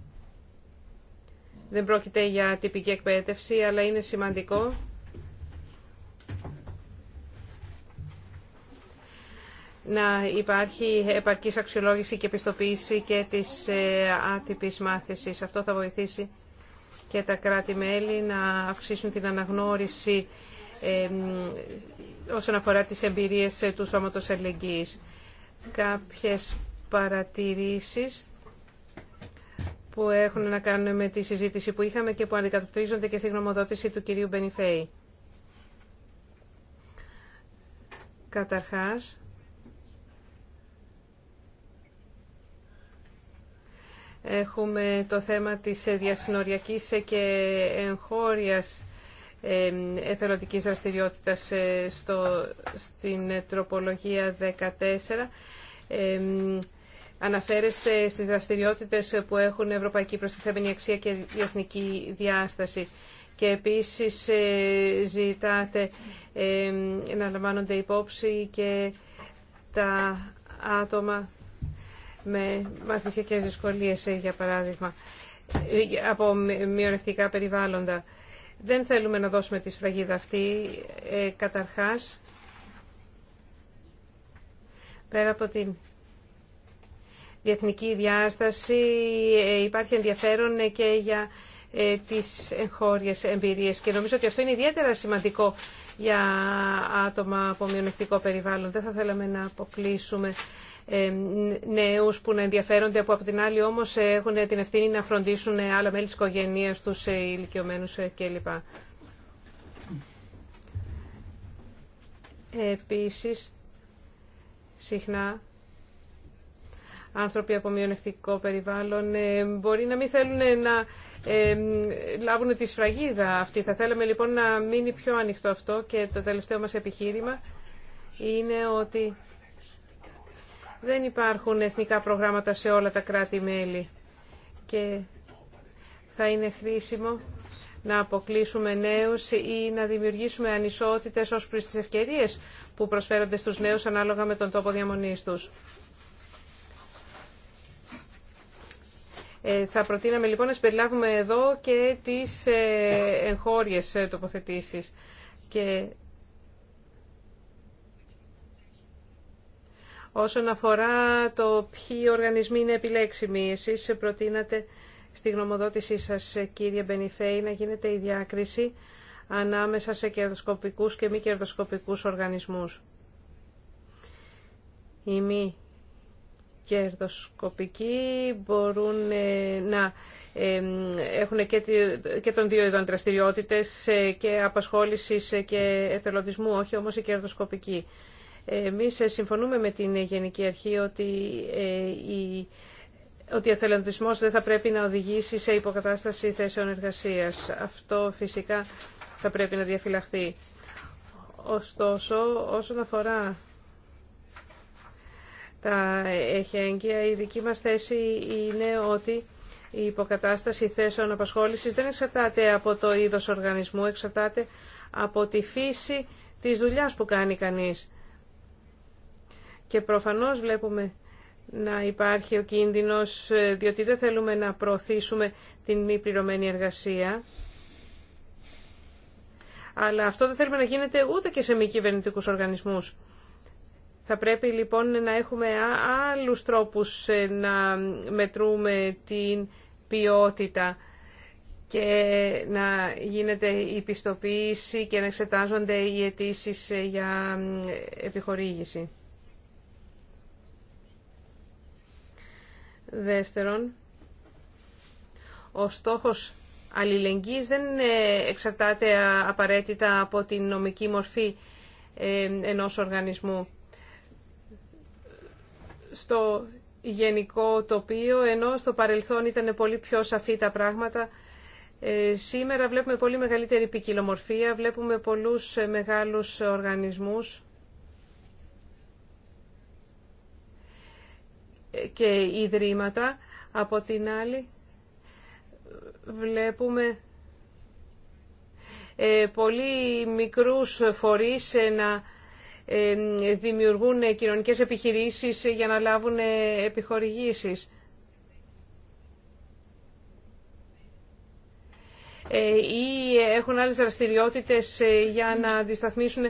δεν πρόκειται για τυπική εκπαίδευση, αλλά είναι σημαντικό να υπάρχει επαρκής αξιολόγηση και επιστοποίηση και της ε, άτυπης μάθησης. Αυτό θα βοηθήσει και τα κράτη-μέλη να αυξήσουν την αναγνώριση όσον αφορά τις εμπειρίες ε, του Σώματος Ελεγγύης. Κάποιες παρατηρήσεις που έχουν να κάνουν με τη συζήτηση που είχαμε και που αντικατοπτρίζονται και στη γνωμοδότηση του κυρίου Μπενιφέη. Καταρχάς, Έχουμε το θέμα της διασυνοριακής και εγχώριας εθελοντικής δραστηριότητας ε, στο, στην τροπολογία 14. αναφέρεστε στις δραστηριότητες που έχουν ευρωπαϊκή προστιθέμενη αξία και Εθνική διάσταση. Και επίσης ε, ζητάτε να λαμβάνονται υπόψη και τα άτομα με μαθησιακές δυσκολίες, ε, για παράδειγμα, ε, από μειονεκτικά περιβάλλοντα. Δεν θέλουμε να δώσουμε τη σφραγίδα αυτή. Ε, καταρχάς, πέρα από την διεθνική διάσταση, ε, υπάρχει ενδιαφέρον και για τις εγχώριες εμπειρίες και νομίζω ότι αυτό είναι ιδιαίτερα σημαντικό για άτομα από μειονεκτικό περιβάλλον. Δεν θα θέλαμε να αποκλείσουμε ε, νέους που να ενδιαφέρονται, που από την άλλη όμως ε, έχουν την ευθύνη να φροντίσουν άλλα μέλη της οικογένειας τους, ε, ηλικιωμένους κλπ. Επίσης, συχνά άνθρωποι από μειονεκτικό περιβάλλον μπορεί να μην θέλουν να λάβουν τη σφραγίδα αυτή. Θα θέλαμε λοιπόν να μείνει πιο ανοιχτό αυτό και το τελευταίο μας επιχείρημα είναι ότι δεν υπάρχουν εθνικά προγράμματα σε όλα τα κράτη-μέλη και θα είναι χρήσιμο να αποκλείσουμε νέους ή να δημιουργήσουμε ανισότητες ως προς τις ευκαιρίες που προσφέρονται στους νέους ανάλογα με τον τόπο διαμονής τους. Ε, θα προτείναμε λοιπόν να συμπεριλάβουμε εδώ και τις ε, εγχώριες ε, τοποθετήσεις. Και Όσον αφορά το ποιοι οργανισμοί είναι επιλέξιμοι, εσείς προτείνατε στη γνωμοδότησή σας, κύριε Μπενιφέη, να γίνεται η διάκριση ανάμεσα σε κερδοσκοπικούς και μη κερδοσκοπικούς οργανισμούς. Οι μη κερδοσκοπικοί μπορούν ε, να έχουν και των δύο ειδών δραστηριότητες ε, και απασχόλησης ε, και εθελοντισμού, όχι όμως οι κερδοσκοπικοί. Εμείς συμφωνούμε με την Γενική Αρχή ότι ε, η ότι ο θελοντισμός δεν θα πρέπει να οδηγήσει σε υποκατάσταση θέσεων εργασίας. Αυτό φυσικά θα πρέπει να διαφυλαχθεί. Ωστόσο, όσον αφορά τα εχέγγυα, η δική μας θέση είναι ότι η υποκατάσταση θέσεων απασχόλησης δεν εξαρτάται από το είδος οργανισμού, εξαρτάται από τη φύση της δουλειάς που κάνει κανείς. Και προφανώς βλέπουμε να υπάρχει ο κίνδυνος, ε, διότι δεν θέλουμε να προωθήσουμε την μη πληρωμένη εργασία. Αλλά αυτό δεν θέλουμε να γίνεται ούτε και σε μη κυβερνητικού οργανισμούς. Θα πρέπει λοιπόν να έχουμε άλλους τρόπους ε, να μετρούμε την ποιότητα και να γίνεται η πιστοποίηση και να εξετάζονται οι αιτήσει ε, για επιχορήγηση. Δεύτερον, ο στόχος αλληλεγγύης δεν ε, εξαρτάται απαραίτητα από την νομική μορφή ε, ενός οργανισμού. Στο γενικό τοπίο, ενώ στο παρελθόν ήταν πολύ πιο σαφή τα πράγματα, ε, σήμερα βλέπουμε πολύ μεγαλύτερη ποικιλομορφία, βλέπουμε πολλούς μεγάλους οργανισμούς και ιδρύματα. Από την άλλη, βλέπουμε ε, πολύ μικρούς φορείς ε, να ε, δημιουργούν κοινωνικές επιχειρήσεις για να λάβουν επιχορηγήσεις. ή έχουν άλλες δραστηριότητες για να αντισταθμίσουν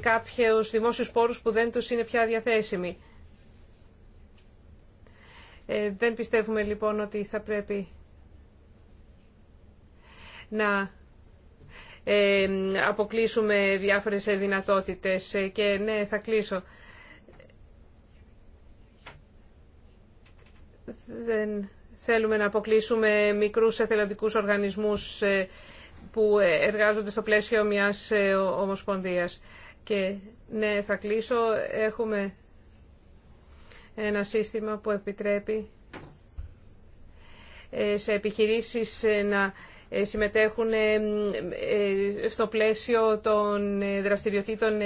κάποιους δημόσιους πόρους που δεν τους είναι πια διαθέσιμοι. Ε, δεν πιστεύουμε λοιπόν ότι θα πρέπει να ε, αποκλείσουμε διάφορες δυνατότητες ε, και ναι θα κλείσω. Δεν θέλουμε να αποκλείσουμε μικρούς εθελοντικούς οργανισμούς που εργάζονται στο πλαίσιο μιας ομοσπονδίας. Και ναι, θα κλείσω. Έχουμε ένα σύστημα που επιτρέπει ε, σε επιχειρήσεις ε, να ε, συμμετέχουν στο πλαίσιο των δραστηριοτήτων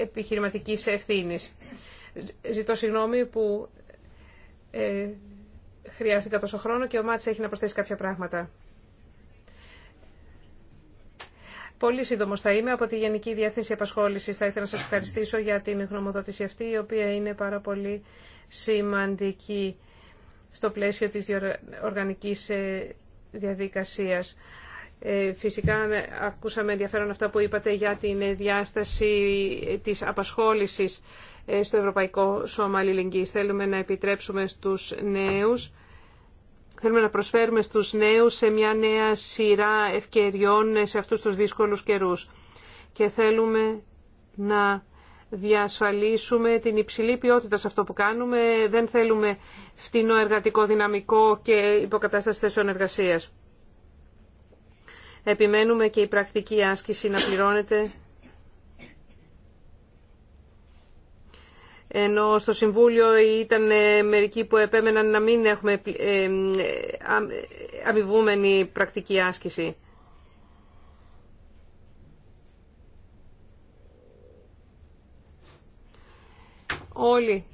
επιχειρηματικής ευθύνης. Ζητώ συγγνώμη που χρειάστηκα τόσο χρόνο και ο Μάτς έχει να προσθέσει κάποια πράγματα. Πολύ σύντομο θα είμαι. Από τη Γενική Διεύθυνση Απασχόλησης. θα ήθελα να σα ευχαριστήσω για την γνωμοδότηση αυτή, η οποία είναι πάρα πολύ σημαντική στο πλαίσιο της οργανικής ε, διαδικασίας. Ε, φυσικά ε, ακούσαμε ενδιαφέρον αυτά που είπατε για την διάσταση της απασχόλησης στο Ευρωπαϊκό Σώμα Αλληλεγγύης. Θέλουμε να επιτρέψουμε στους νέους Θέλουμε να προσφέρουμε στους νέους σε μια νέα σειρά ευκαιριών σε αυτούς τους δύσκολους καιρούς. Και θέλουμε να διασφαλίσουμε την υψηλή ποιότητα σε αυτό που κάνουμε. Δεν θέλουμε φτηνό εργατικό δυναμικό και υποκατάσταση θέσεων εργασίας. Επιμένουμε και η πρακτική άσκηση να πληρώνεται ενώ στο Συμβούλιο ήταν ε, μερικοί που επέμεναν να μην έχουμε ε, ε, αμοιβούμενη πρακτική άσκηση. Όλοι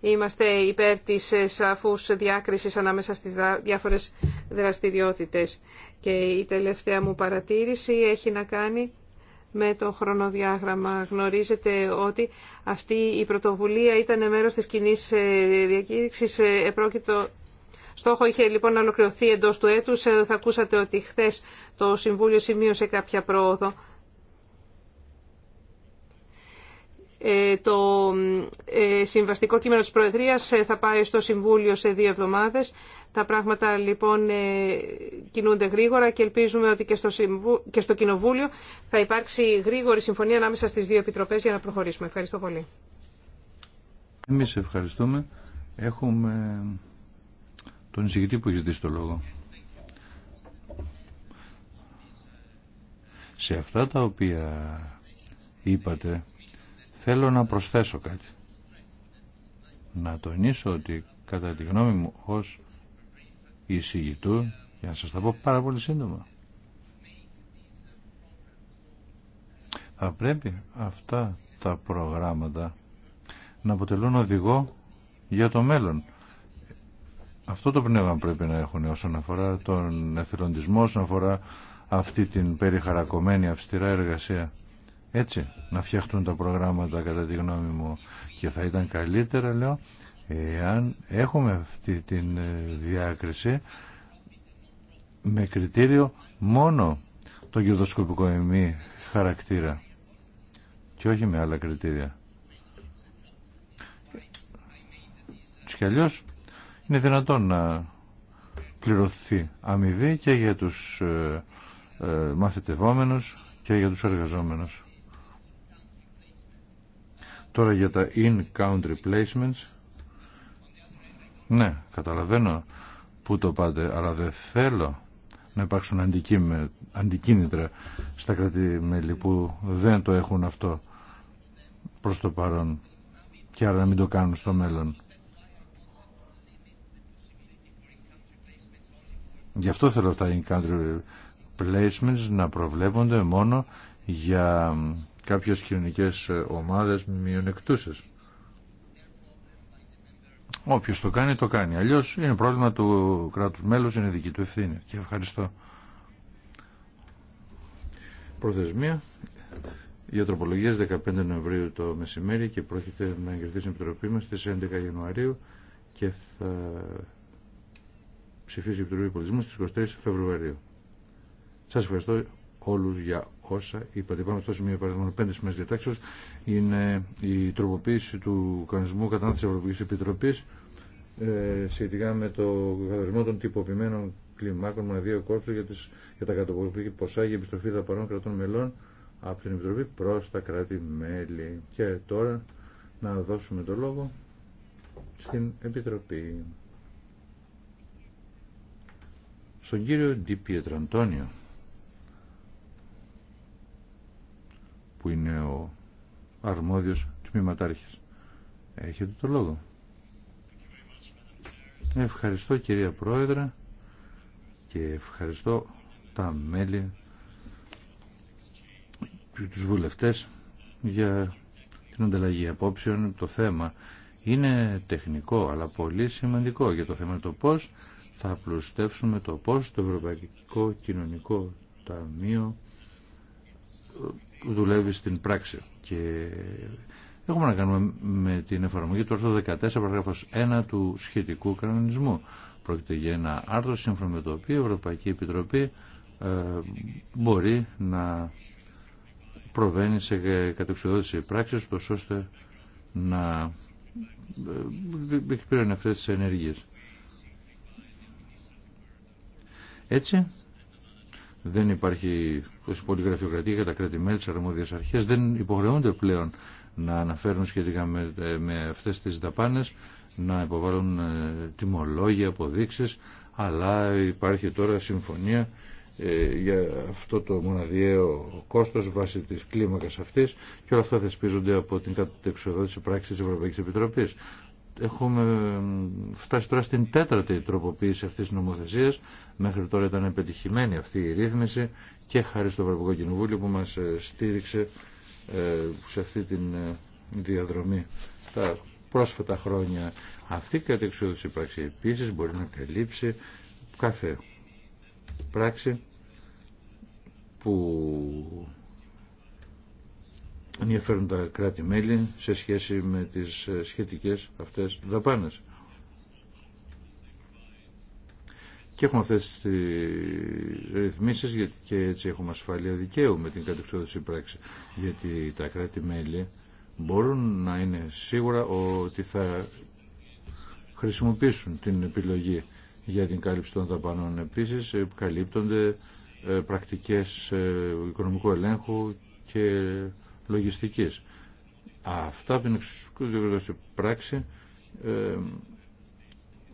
είμαστε υπέρ της σαφούς διάκρισης ανάμεσα στις διάφορες δραστηριότητες. Και η τελευταία μου παρατήρηση έχει να κάνει με το χρονοδιάγραμμα. Γνωρίζετε ότι αυτή η πρωτοβουλία ήταν μέρος της κοινή ε, διακήρυξης. Ε, επρόκειτο στόχο είχε λοιπόν να ολοκληρωθεί εντός του έτους. Ε, θα ακούσατε ότι χθε το Συμβούλιο σημείωσε κάποια πρόοδο. Το συμβαστικό κείμενο της Προεδρίας θα πάει στο Συμβούλιο σε δύο εβδομάδες. Τα πράγματα λοιπόν ε, κινούνται γρήγορα και ελπίζουμε ότι και στο, και στο Κοινοβούλιο θα υπάρξει γρήγορη συμφωνία ανάμεσα στις δύο επιτροπές για να προχωρήσουμε. Ευχαριστώ πολύ. Εμείς ευχαριστούμε. Έχουμε τον εισηγητή που έχει δει στο λόγο. Σε αυτά τα οποία είπατε θέλω να προσθέσω κάτι. Να τονίσω ότι κατά τη γνώμη μου ως εισηγητού για να σας τα πω πάρα πολύ σύντομα. Θα πρέπει αυτά τα προγράμματα να αποτελούν οδηγό για το μέλλον. Αυτό το πνεύμα πρέπει να έχουν όσον αφορά τον εθελοντισμό, όσον αφορά αυτή την περιχαρακωμένη αυστηρά εργασία. Έτσι, να φτιαχτούν τα προγράμματα κατά τη γνώμη μου και θα ήταν καλύτερα, λέω, Εάν έχουμε αυτή την ε, διάκριση με κριτήριο μόνο το κερδοσκοπικό εμεί χαρακτήρα και όχι με άλλα κριτήρια. Τους κι αλλιώς είναι δυνατόν να πληρωθεί αμοιβή και για τους ε, ε, μαθητευόμενους και για τους εργαζόμενους. Τώρα για τα in-country placements ναι, καταλαβαίνω πού το πάτε, αλλά δεν θέλω να υπάρξουν αντικίνητρα στα κρατημέλη που δεν το έχουν αυτό προς το παρόν και άρα να μην το κάνουν στο μέλλον. Γι' αυτό θέλω τα in-country placements να προβλέπονται μόνο για κάποιες κοινωνικές ομάδες μειονεκτούσες. Όποιος το κάνει, το κάνει. Αλλιώς είναι πρόβλημα του κράτους μέλους, είναι δική του ευθύνη. Και ευχαριστώ. Προθεσμία για τροπολογίες 15 Νοεμβρίου το μεσημέρι και πρόκειται να εγκριθεί στην Επιτροπή μας στις 11 Ιανουαρίου και θα ψηφίσει η Επιτροπή Πολιτισμού στις 23 Φεβρουαρίου. Σας ευχαριστώ όλους για όσα είπατε. Πάμε στο σημείο παραδείγμα 5 διατάξεως. Είναι η τροποποίηση του κανονισμού κατά της Ευρωπαϊκής Επιτροπής ε, σχετικά με το καθορισμό των τυποποιημένων κλιμάκων με δύο κόρπου για, για τα κατοπολιτική ποσά για επιστροφή δαπανών κρατών μελών από την Επιτροπή προ τα κράτη-μέλη. Και τώρα να δώσουμε το λόγο στην Επιτροπή. Στον κύριο Ντι Πιετραντώνιο, που είναι ο αρμόδιος τμήματάρχης. Έχετε το λόγο. Ευχαριστώ κυρία Πρόεδρε και ευχαριστώ τα μέλη και τους βουλευτές για την ανταλλαγή απόψεων. Το θέμα είναι τεχνικό αλλά πολύ σημαντικό για το θέμα το πώς θα πλουστεύσουμε το πώς το Ευρωπαϊκό Κοινωνικό Ταμείο δουλεύει στην πράξη και Έχουμε να κάνουμε με την εφαρμογή του άρθρου 14 παραγράφο 1 του σχετικού κανονισμού. Πρόκειται για ένα άρθρο σύμφωνα με το οποίο η Ευρωπαϊκή Επιτροπή ε, μπορεί να προβαίνει σε κατεξοδότηση πράξη, ώστε να ε, εκπληρώνει αυτές τις ενέργειες. Έτσι, δεν υπάρχει ε, πολύ γραφειοκρατία για τα κράτη-μέλη, τι αρχέ. Δεν υποχρεούνται πλέον να αναφέρουν σχετικά με, ε, με αυτές τις δαπάνες, να υποβάλουν ε, τιμολόγια, αποδείξεις, αλλά υπάρχει τώρα συμφωνία ε, για αυτό το μοναδιαίο κόστος βάσει της κλίμακας αυτής και όλα αυτά θεσπίζονται από την κατεξοδότηση πράξη της Ευρωπαϊκής Επιτροπής. Έχουμε φτάσει τώρα στην τέταρτη τροποποίηση αυτής της νομοθεσίας. Μέχρι τώρα ήταν επιτυχημένη αυτή η ρύθμιση και χάρη στο Ευρωπαϊκό Κοινοβούλιο που μας στήριξε ε, σε αυτή τη ε, διαδρομή τα πρόσφατα χρόνια. Αυτή η κατεξόδηση πράξη επίσης μπορεί να καλύψει κάθε πράξη που ενδιαφέρουν τα κράτη-μέλη σε σχέση με τις ε, σχετικές αυτές δαπάνες. Και έχουμε αυτές τις ρυθμίσεις και έτσι έχουμε ασφάλεια δικαίου με την κατεξόδηση πράξη. Γιατί τα κράτη-μέλη μπορούν να είναι σίγουρα ότι θα χρησιμοποιήσουν την επιλογή για την κάλυψη των δαπανών. Επίσης ε, καλύπτονται ε, πρακτικές ε, οικονομικού ελέγχου και λογιστικής. Αυτά από την εξουσιακή πράξη,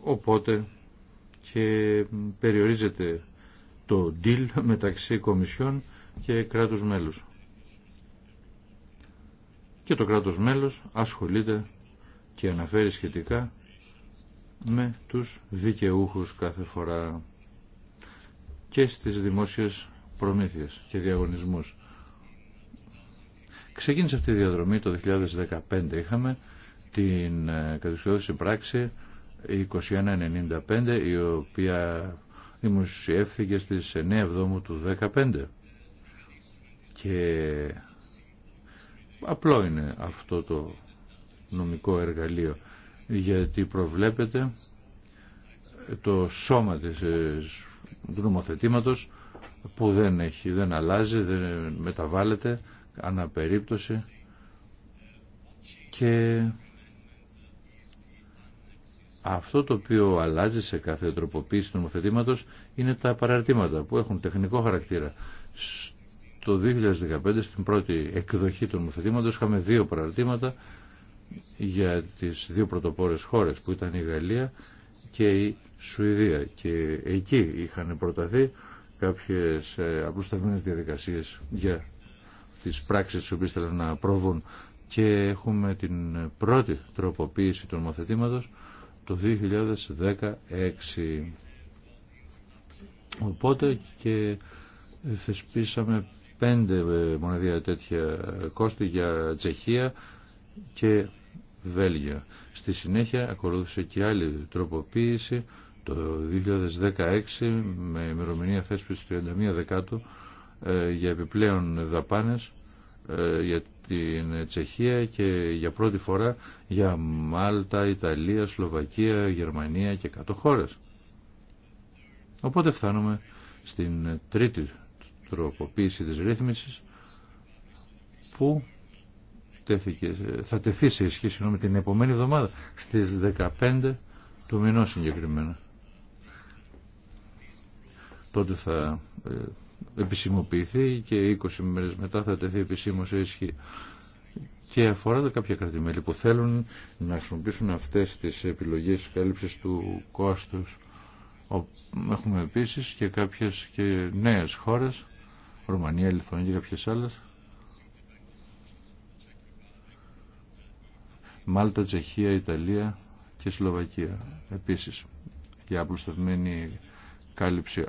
οπότε και περιορίζεται το deal μεταξύ κομισιών και κράτους μέλους. Και το κράτος μέλος ασχολείται και αναφέρει σχετικά με τους δικαιούχους κάθε φορά και στις δημόσιες προμήθειες και διαγωνισμούς. Ξεκίνησε αυτή η διαδρομή το 2015. Είχαμε την ε, κατευθυντική πράξη η 2195 η οποία δημοσιεύθηκε στις 9 Εβδόμου του 2015 και απλό είναι αυτό το νομικό εργαλείο γιατί προβλέπεται το σώμα της, ε, του που δεν έχει, δεν αλλάζει, δεν μεταβάλλεται αναπερίπτωση περίπτωση και αυτό το οποίο αλλάζει σε κάθε τροποποίηση του νομοθετήματο είναι τα παραρτήματα που έχουν τεχνικό χαρακτήρα. Το 2015 στην πρώτη εκδοχή του νομοθετήματο, είχαμε δύο παραρτήματα για τις δύο πρωτοπόρε χώρες που ήταν η Γαλλία και η Σουηδία και εκεί είχαν προταθεί κάποιες ε, απλουστευμένε διαδικασίε για τις πράξει τι οποίε θέλουν να προβούν και έχουμε την πρώτη τροποποίηση του νομοθετήματος το 2016. Οπότε και θεσπίσαμε πέντε ε, μοναδία τέτοια κόστη για Τσεχία και Βέλγιο. Στη συνέχεια ακολούθησε και άλλη τροποποίηση το 2016 με ημερομηνία θέσπιση 31 Δεκάτου ε, για επιπλέον δαπάνες ε, για την Τσεχία και για πρώτη φορά για Μάλτα, Ιταλία, Σλοβακία, Γερμανία και κάτω χώρες. Οπότε φτάνουμε στην τρίτη τροποποίηση της ρύθμισης που τέθηκε, θα τεθεί σε ισχύ με την επόμενη εβδομάδα στις 15 του μηνό συγκεκριμένα. Τότε θα ε, επισημοποιηθεί και 20 μέρες μετά θα τεθεί επισήμως σε ισχύ. Και αφορά τα κάποια κρατημέλη που θέλουν να χρησιμοποιήσουν αυτές τις επιλογές κάλυψης του κόστους. Έχουμε επίσης και κάποιες και νέες χώρες, Ρουμανία, Λιθουανία και κάποιες άλλες, Μάλτα, Τσεχία, Ιταλία και Σλοβακία επίσης για απλουστευμένη κάλυψη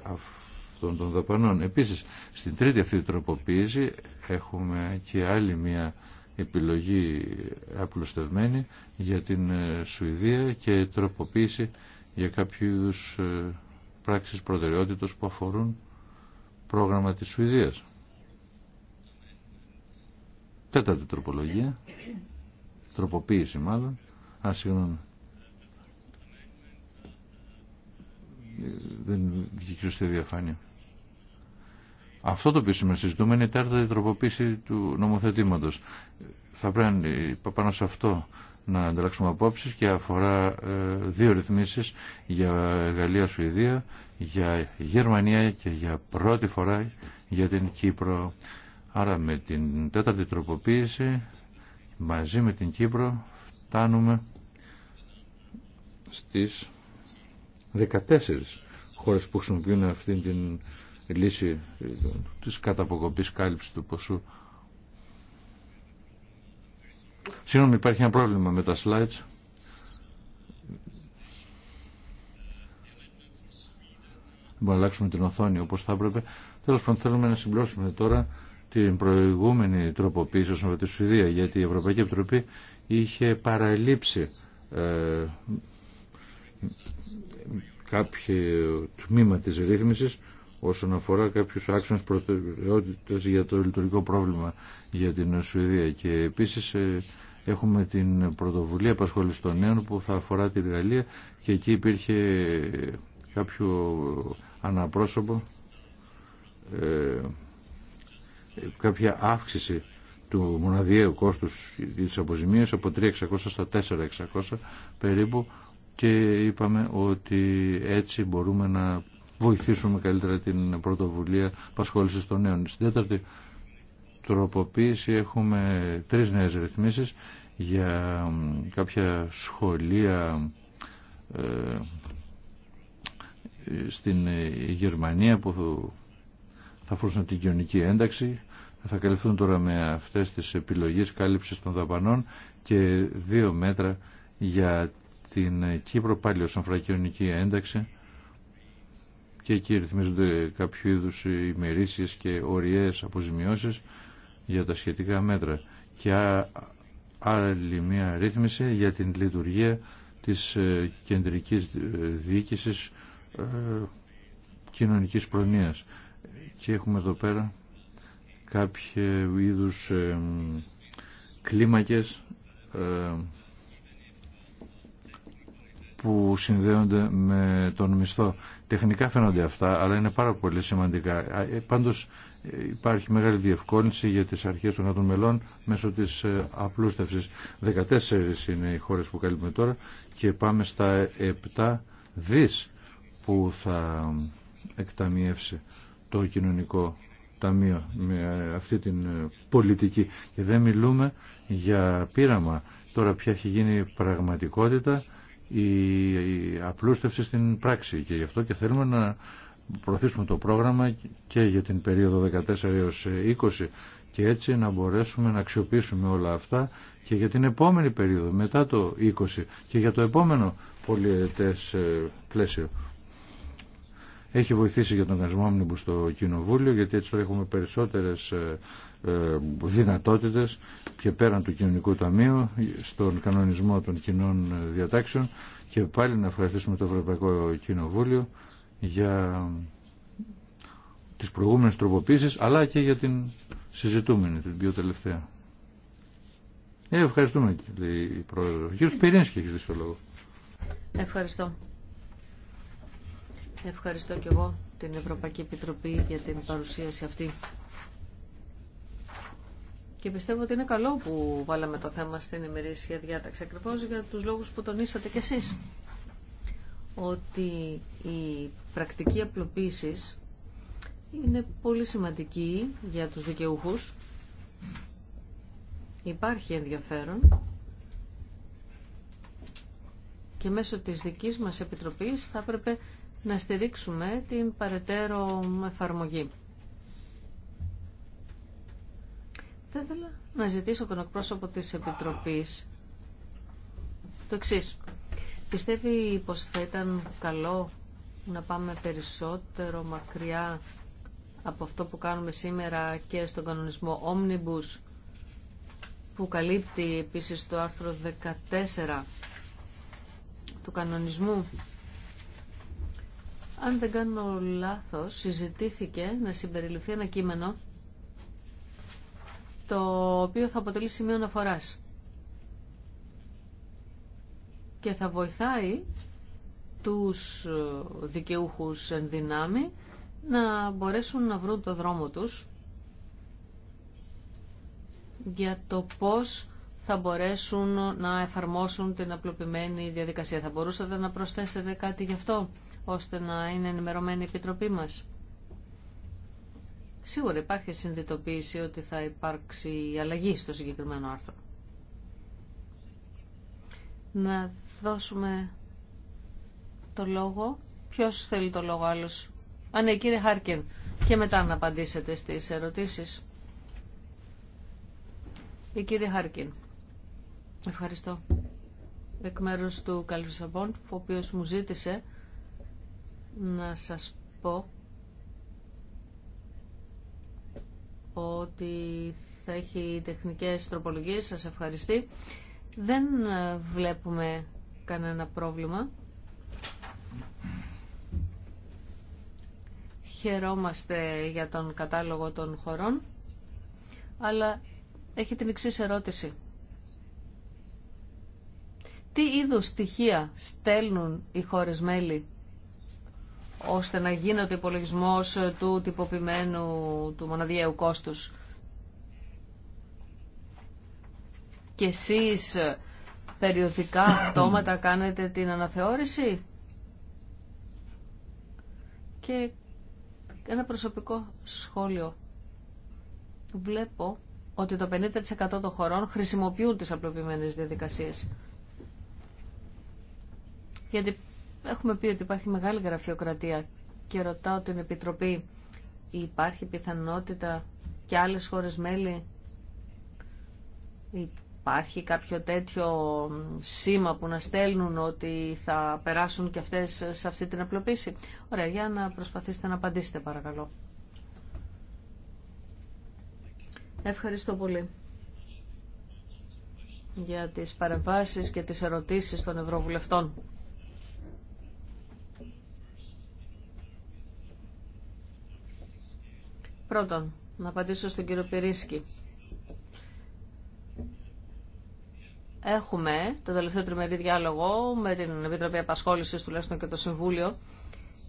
αυτών των δαπανών. Επίσης, στην τρίτη αυτή τροποποίηση έχουμε και άλλη μια επιλογή απλουστευμένη για την ε, Σουηδία και τροποποίηση για κάποιους ε, πράξεις προτεραιότητας που αφορούν πρόγραμμα της Σουηδίας. Τέταρτη τροπολογία, τροποποίηση μάλλον, α, συγγνώμη, ε, δεν βγήκε στη διαφάνεια. Αυτό το οποίο σήμερα συζητούμε είναι η τέταρτη τροποποίηση του νομοθετήματο. Θα πρέπει πάνω σε αυτό να ανταλλάξουμε απόψεις και αφορά ε, δύο ρυθμίσει για Γαλλία-Σουηδία, για Γερμανία και για πρώτη φορά για την Κύπρο. Άρα με την τέταρτη τροποποίηση μαζί με την Κύπρο φτάνουμε στις 14 χώρες που χρησιμοποιούν αυτήν την λύση της καταποκοπής κάλυψη του ποσού. Συγγνώμη, υπάρχει ένα πρόβλημα με τα slides. Δεν μπορούμε να αλλάξουμε την οθόνη όπως θα έπρεπε. Τέλος πάντων θέλουμε να συμπλώσουμε τώρα την προηγούμενη τροποποίηση όσον αφορά τη Σουηδία, γιατί η Ευρωπαϊκή Επιτροπή είχε παραλείψει ε, κάποιο τμήμα της ρύθμισης όσον αφορά κάποιους άξονες προτεραιότητες για το λειτουργικό πρόβλημα για την Σουηδία και επίσης ε, έχουμε την πρωτοβουλία απασχόληση των νέων που θα αφορά τη Γαλλία και εκεί υπήρχε κάποιο αναπρόσωπο ε, κάποια αύξηση του μοναδιαίου κόστους της αποζημίας από 3.600 στα 4.600 περίπου και είπαμε ότι έτσι μπορούμε να βοηθήσουμε καλύτερα την πρωτοβουλία απασχόληση των νέων. Στην τέταρτη τροποποίηση έχουμε τρεις νέες ρυθμίσεις για κάποια σχολεία ε, στην ε, Γερμανία που θα αφορούσαν την κοινωνική ένταξη. Θα καλυφθούν τώρα με αυτές τις επιλογές κάλυψης των δαπανών και δύο μέτρα για την Κύπρο πάλι όσον αφορά ένταξη και εκεί ρυθμίζονται κάποιο είδους ημερήσεις και οριές αποζημιώσεις για τα σχετικά μέτρα και άλλη μια ρύθμιση για την λειτουργία της ε, κεντρικής ε, διοίκησης ε, κοινωνικής προνοίας και έχουμε εδώ πέρα κάποιο είδους κλίμακες που συνδέονται με τον μισθό Τεχνικά φαίνονται αυτά, αλλά είναι πάρα πολύ σημαντικά. Ε, πάντως ε, υπάρχει μεγάλη διευκόλυνση για τις αρχέ των κρατών μελών μέσω της ε, απλούστευσης. 14 είναι οι χώρε που καλύπτουμε τώρα και πάμε στα 7 δι που θα εκταμιεύσει το κοινωνικό ταμείο με αυτή την πολιτική. Και δεν μιλούμε για πείραμα τώρα πια έχει γίνει πραγματικότητα η απλούστευση στην πράξη και γι' αυτό και θέλουμε να προωθήσουμε το πρόγραμμα και για την περίοδο 14 έως 20 και έτσι να μπορέσουμε να αξιοποιήσουμε όλα αυτά και για την επόμενη περίοδο μετά το 20 και για το επόμενο πολιετές ε, πλαίσιο έχει βοηθήσει για τον κανονισμό μου στο Κοινοβούλιο, γιατί έτσι τώρα έχουμε περισσότερες ε, ε, δυνατότητες και πέραν του Κοινωνικού Ταμείου, στον κανονισμό των κοινών ε, διατάξεων και πάλι να ευχαριστήσουμε το Ευρωπαϊκό Κοινοβούλιο για τις προηγούμενε τροποποίησεις, αλλά και για την συζητούμενη, την πιο τελευταία. Ε, ευχαριστούμε, λέει η Πρόεδρο. Ο κ. Πυρίνσκι έχει δει στο λόγο. Ευχαριστώ. Ευχαριστώ και εγώ την Ευρωπαϊκή Επιτροπή για την παρουσίαση αυτή. Και πιστεύω ότι είναι καλό που βάλαμε το θέμα στην ημερήσια διάταξη, ακριβώ για τους λόγους που τονίσατε κι εσείς. Ότι η πρακτική απλοποίηση είναι πολύ σημαντική για τους δικαιούχους. Υπάρχει ενδιαφέρον και μέσω της δικής μας Επιτροπής θα έπρεπε να στηρίξουμε την παρετέρω εφαρμογή. Θα ήθελα να ζητήσω τον εκπρόσωπο της Επιτροπής το εξή. Πιστεύει πως θα ήταν καλό να πάμε περισσότερο μακριά από αυτό που κάνουμε σήμερα και στον κανονισμό Omnibus που καλύπτει επίσης το άρθρο 14 του κανονισμού αν δεν κάνω λάθος, συζητήθηκε να συμπεριληφθεί ένα κείμενο το οποίο θα αποτελεί σημείο αναφοράς και θα βοηθάει τους δικαιούχους εν δυνάμει να μπορέσουν να βρουν το δρόμο τους για το πώς θα μπορέσουν να εφαρμόσουν την απλοποιημένη διαδικασία. Θα μπορούσατε να προσθέσετε κάτι γι' αυτό ώστε να είναι ενημερωμένη η Επιτροπή μας. Σίγουρα υπάρχει συνδυτοποίηση ότι θα υπάρξει αλλαγή στο συγκεκριμένο άρθρο. Να δώσουμε το λόγο. Ποιος θέλει το λόγο άλλος. Α, ναι, κύριε Χάρκιν. Και μετά να απαντήσετε στις ερωτήσεις. Η κύριε Χάρκιν. Ευχαριστώ. Εκ μέρους του ο οποίος μου ζήτησε να σας πω ότι θα έχει τεχνικές τροπολογίες, σας ευχαριστεί. Δεν ε, βλέπουμε κανένα πρόβλημα. Χαιρόμαστε για τον κατάλογο των χωρών, αλλά έχει την εξής ερώτηση. Τι είδους στοιχεία στέλνουν οι χώρες μέλη ώστε να γίνεται ο υπολογισμό του τυποποιημένου του μοναδιαίου κόστους. Και εσείς περιοδικά αυτόματα κάνετε την αναθεώρηση και ένα προσωπικό σχόλιο. Βλέπω ότι το 50% των χωρών χρησιμοποιούν τις απλοποιημένες διαδικασίες. Γιατί Έχουμε πει ότι υπάρχει μεγάλη γραφειοκρατία και ρωτάω την Επιτροπή υπάρχει πιθανότητα και άλλες χώρες μέλη υπάρχει κάποιο τέτοιο σήμα που να στέλνουν ότι θα περάσουν και αυτές σε αυτή την απλοποίηση. Ωραία, για να προσπαθήσετε να απαντήσετε παρακαλώ. Ευχαριστώ πολύ για τις παρεμβάσεις και τις ερωτήσεις των Ευρωβουλευτών. Πρώτον, να απαντήσω στον κύριο Πυρίσκη. Έχουμε το τελευταίο τριμερή διάλογο με την Επιτροπή Απασχόλησης, τουλάχιστον και το Συμβούλιο,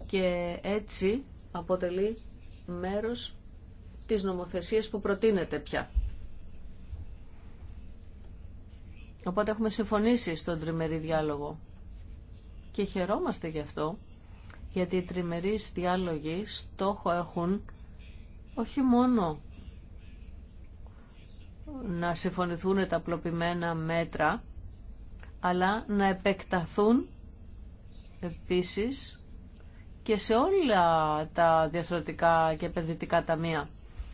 και έτσι αποτελεί μέρος της νομοθεσίας που προτείνεται πια. Οπότε έχουμε συμφωνήσει στον τριμερή διάλογο και χαιρόμαστε γι' αυτό, γιατί οι τριμερείς διάλογοι στόχο έχουν όχι μόνο να συμφωνηθούν τα απλοποιημένα μέτρα, αλλά να επεκταθούν επίσης και σε όλα τα διαθροτικά και επενδυτικά ταμεία,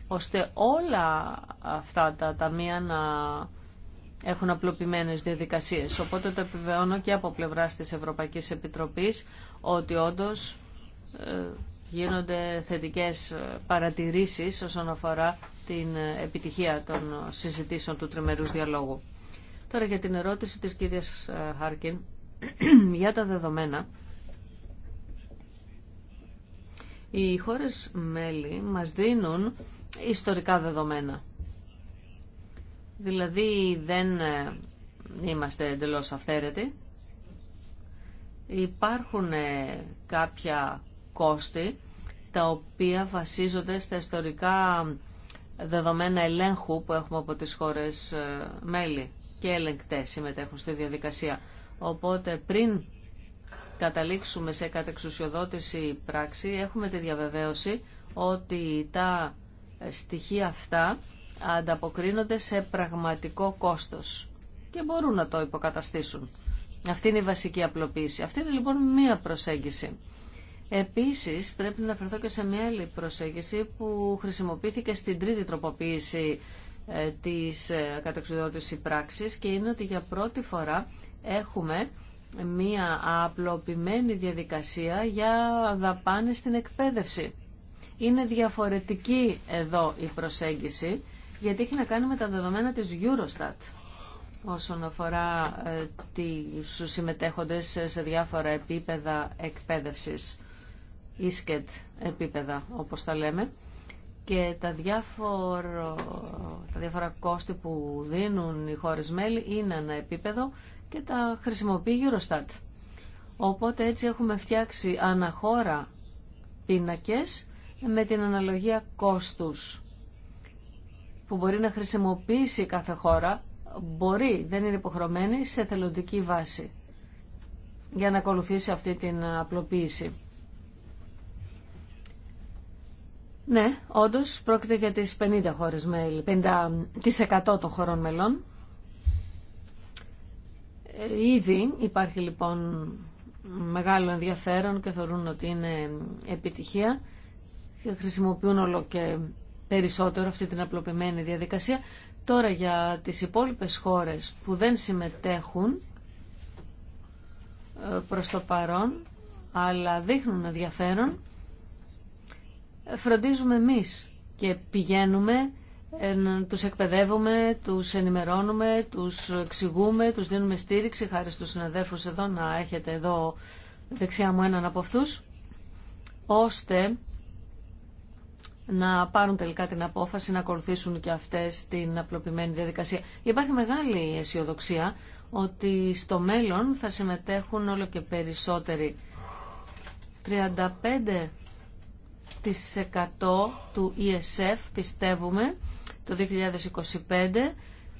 ώστε όλα αυτά τα ταμεία να έχουν απλοποιημένες διαδικασίες. Οπότε το επιβεβαιώνω και από πλευράς της Ευρωπαϊκής Επιτροπής ότι όντως ε, γίνονται θετικές ε, παρατηρήσεις όσον αφορά την ε, επιτυχία των ε, συζητήσεων του τριμερούς διαλόγου. Τώρα για την ερώτηση της κυρίας Χάρκιν *clears throat* για τα δεδομένα. Οι χώρες μέλη μας δίνουν ιστορικά δεδομένα. Δηλαδή δεν είμαστε εντελώς αυθαίρετοι. Υπάρχουν κάποια κόστη τα οποία βασίζονται στα ιστορικά δεδομένα ελέγχου που έχουμε από τις χώρες ε, μέλη και ελεγκτές συμμετέχουν στη διαδικασία. Οπότε πριν καταλήξουμε σε κατεξουσιοδότηση πράξη έχουμε τη διαβεβαίωση ότι τα στοιχεία αυτά ανταποκρίνονται σε πραγματικό κόστος και μπορούν να το υποκαταστήσουν. Αυτή είναι η βασική απλοποίηση. Αυτή είναι λοιπόν μία προσέγγιση. Επίσης πρέπει να αφαιρθώ και σε μια άλλη προσέγγιση που χρησιμοποιήθηκε στην τρίτη τροποποίηση ε, της ε, κατεξουδότησης πράξης και είναι ότι για πρώτη φορά έχουμε μια απλοποιημένη διαδικασία για δαπάνες στην εκπαίδευση. Είναι διαφορετική εδώ η προσέγγιση γιατί έχει να κάνει με τα δεδομένα της Eurostat όσον αφορά ε, τους συμμετέχοντες σε διάφορα επίπεδα εκπαίδευσης ίσκετ επίπεδα, όπως τα λέμε, και τα, τα διάφορα κόστη που δίνουν οι χώρες μέλη είναι ένα επίπεδο και τα χρησιμοποιεί Eurostat. Οπότε έτσι έχουμε φτιάξει αναχώρα πίνακες με την αναλογία κόστους που μπορεί να χρησιμοποιήσει κάθε χώρα, μπορεί, δεν είναι υποχρεωμένη, σε θελοντική βάση για να ακολουθήσει αυτή την απλοποίηση. Ναι, όντω. πρόκειται για τις 50 χώρες μέλη, 50% των χωρών μελών. Ε, ήδη υπάρχει λοιπόν μεγάλο ενδιαφέρον και θεωρούν ότι είναι επιτυχία χρησιμοποιούν όλο και περισσότερο αυτή την απλοποιημένη διαδικασία. Τώρα για τις υπόλοιπες χώρες που δεν συμμετέχουν ε, προς το παρόν αλλά δείχνουν ενδιαφέρον φροντίζουμε εμείς και πηγαίνουμε, τους εκπαιδεύουμε, τους ενημερώνουμε, τους εξηγούμε, τους δίνουμε στήριξη χάρη στους συναδέρφους εδώ να έχετε εδώ δεξιά μου έναν από αυτούς ώστε να πάρουν τελικά την απόφαση να ακολουθήσουν και αυτές την απλοποιημένη διαδικασία. Υπάρχει μεγάλη αισιοδοξία ότι στο μέλλον θα συμμετέχουν όλο και περισσότεροι. 35 100 του ESF πιστεύουμε το 2025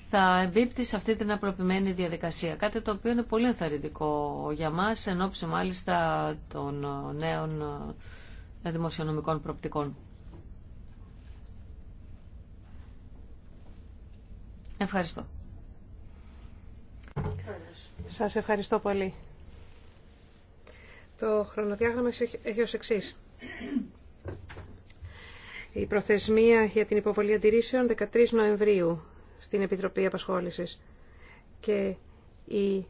θα εμπίπτει σε αυτή την απροποιημένη διαδικασία. Κάτι το οποίο είναι πολύ ενθαρρυντικό για μας εν μάλιστα των νέων δημοσιονομικών προπτικών. Ευχαριστώ. Σας ευχαριστώ πολύ. Το χρονοδιάγραμμα έχει ως εξής. Η προθεσμία για την υποβολή αντιρρήσεων 13 Νοεμβρίου στην Επιτροπή Απασχόλησης και η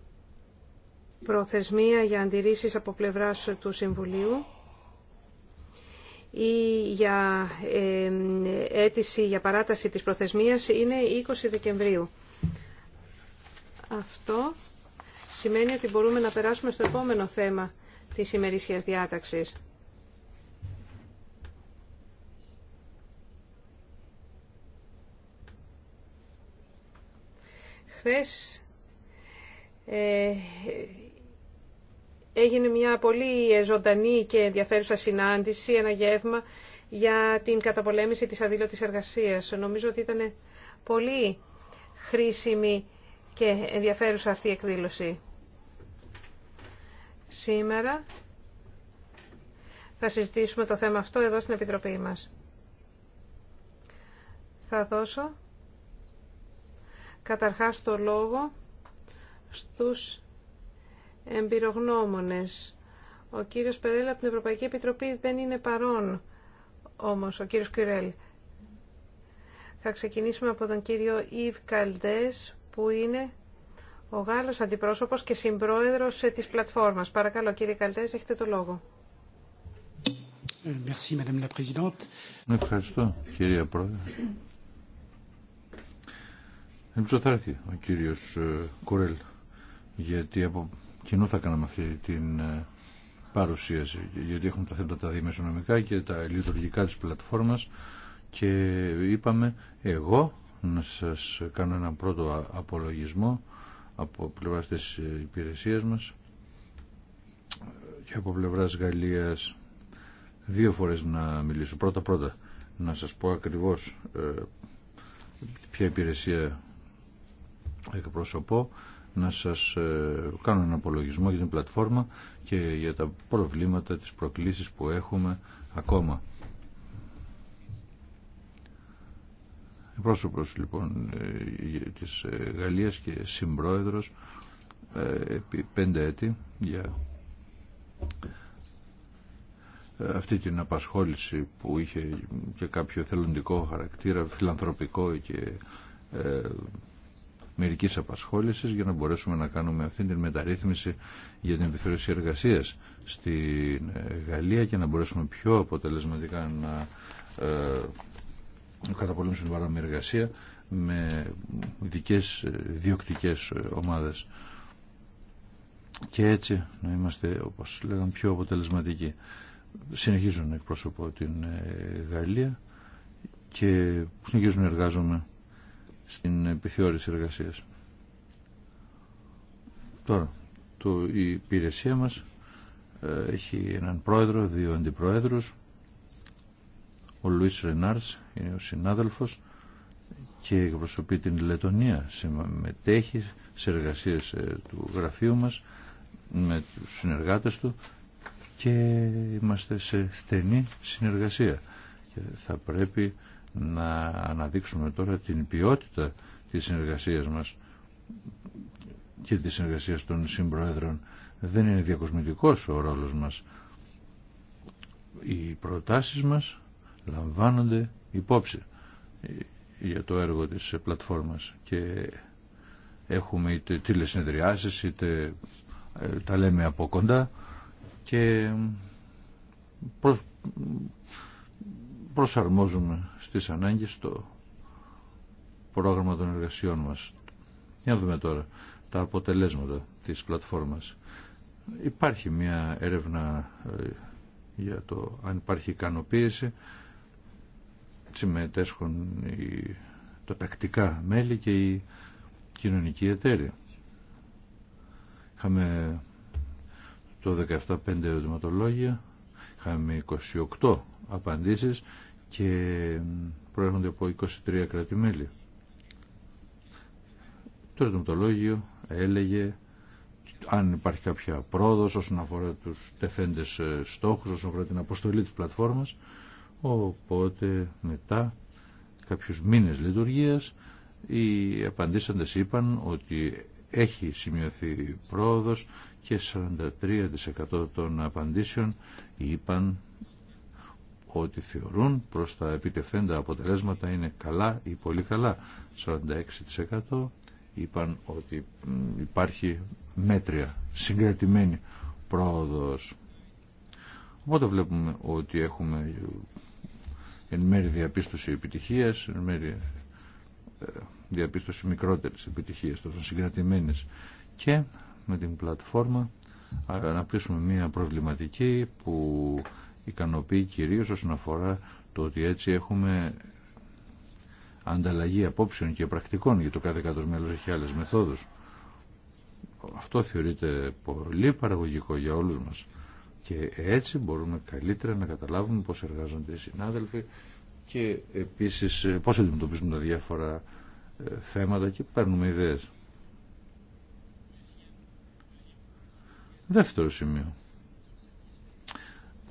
προθεσμία για αντιρρήσεις από πλευράς του Συμβουλίου ή για αίτηση για παράταση της προθεσμίας είναι 20 Δεκεμβρίου. Αυτό σημαίνει ότι μπορούμε να περάσουμε στο επόμενο θέμα της ημερήσιας διάταξης. Χθες ε, έγινε μια πολύ ζωντανή και ενδιαφέρουσα συνάντηση, ένα γεύμα για την καταπολέμηση της αδήλωτης εργασίας. Νομίζω ότι ήταν πολύ χρήσιμη και ενδιαφέρουσα αυτή η εκδήλωση. Σήμερα θα συζητήσουμε το θέμα αυτό εδώ στην Επιτροπή μας. Θα δώσω καταρχάς το λόγο στους εμπειρογνώμονες. Ο κύριος Περέλα από την Ευρωπαϊκή Επιτροπή δεν είναι παρόν, όμως, ο κύριος Κυρέλ. Θα ξεκινήσουμε από τον κύριο Ιβ Καλτέ, που είναι ο Γάλλος αντιπρόσωπος και συμπρόεδρος της πλατφόρμας. Παρακαλώ, κύριε Καλτές, έχετε το λόγο. Ε, Ευχαριστώ, κυρία Πρόεδρε. Ελπίζω θα έρθει ο κύριος ε, Κουρέλ γιατί από κοινού θα κάναμε αυτή την ε, παρουσίαση γιατί έχουμε τα θέματα τα δημοσιονομικά και τα λειτουργικά της πλατφόρμας και είπαμε εγώ να σας κάνω έναν πρώτο απολογισμό από πλευρά της υπηρεσίας μας και από πλευράς Γαλλίας δύο φορές να μιλήσω πρώτα πρώτα να σας πω ακριβώς ε, ποια υπηρεσία εκπροσωπώ να σας ε, κάνω έναν απολογισμό για την πλατφόρμα και για τα προβλήματα, τις προκλήσεις που έχουμε ακόμα. πρόσωπο λοιπόν ε, της ε, Γαλλίας και συμπρόεδρος επί πέντε έτη για αυτή την απασχόληση που είχε και κάποιο θελοντικό χαρακτήρα, φιλανθρωπικό και Μερική απασχόληση για να μπορέσουμε να κάνουμε αυτή την μεταρρύθμιση για την επιθεώρηση εργασία στην ε, Γαλλία και να μπορέσουμε πιο αποτελεσματικά να ε, καταπολέμησουμε την παράνομη εργασία με ειδικέ ε, διοκτικέ ε, ομάδες και έτσι να είμαστε όπω λέγαμε πιο αποτελεσματικοί συνεχίζω να εκπροσωπώ την Γαλλία και συνεχίζω να εργάζομαι στην επιθεώρηση εργασίας. Τώρα, το, η υπηρεσία μας ε, έχει έναν πρόεδρο, δύο αντιπρόεδρους. Ο Λουίς Ρενάρς είναι ο συνάδελφος και προσωπεί την Λετωνία. μετέχει, σε εργασίες ε, του γραφείου μας με τους συνεργάτες του και είμαστε σε στενή συνεργασία. Και θα πρέπει να αναδείξουμε τώρα την ποιότητα της συνεργασίας μας και της συνεργασίας των συμπροέδρων. Δεν είναι διακοσμητικός ο ρόλος μας. Οι προτάσεις μας λαμβάνονται υπόψη για το έργο της πλατφόρμας και έχουμε είτε τηλεσυνεδριάσεις είτε ε, τα λέμε από κοντά και προσαρμόζουμε στις ανάγκες το πρόγραμμα των εργασιών μας. Για να δούμε τώρα τα αποτελέσματα της πλατφόρμας. Υπάρχει μια έρευνα ε, για το αν υπάρχει ικανοποίηση συμμετέσχουν τα τακτικά μέλη και η κοινωνική εταίρεια. Είχαμε το 17-5 ερωτηματολόγια, είχαμε 28 απαντήσεις και προέρχονται από 23 κρατημέλη. Το ερωτηματολόγιο έλεγε αν υπάρχει κάποια πρόοδος όσον αφορά τους τεθέντες ε, στόχους, όσον αφορά την αποστολή της πλατφόρμας, οπότε μετά κάποιους μήνες λειτουργίας οι απαντήσαντες είπαν ότι έχει σημειωθεί πρόοδος και 43% των απαντήσεων είπαν ότι θεωρούν προς τα επιτευθέντα αποτελέσματα είναι καλά ή πολύ καλά. 46% είπαν ότι υπάρχει μέτρια, συγκρατημένη πρόοδος. Οπότε βλέπουμε ότι έχουμε ε, εν μέρη διαπίστωση επιτυχίας, εν μέρη ε, διαπίστωση μικρότερης επιτυχίας, τόσο συγκρατημένες... και με την πλατφόρμα αναπτύσσουμε μια προβληματική που ικανοποιεί κυρίως όσον αφορά το ότι έτσι έχουμε ανταλλαγή απόψεων και πρακτικών για το κάθε κάτω μέλος έχει άλλες μεθόδους. Αυτό θεωρείται πολύ παραγωγικό για όλους μας και έτσι μπορούμε καλύτερα να καταλάβουμε πώς εργάζονται οι συνάδελφοι και επίσης πώς αντιμετωπίζουν τα διάφορα ε, θέματα και παίρνουμε ιδέες. Δεύτερο σημείο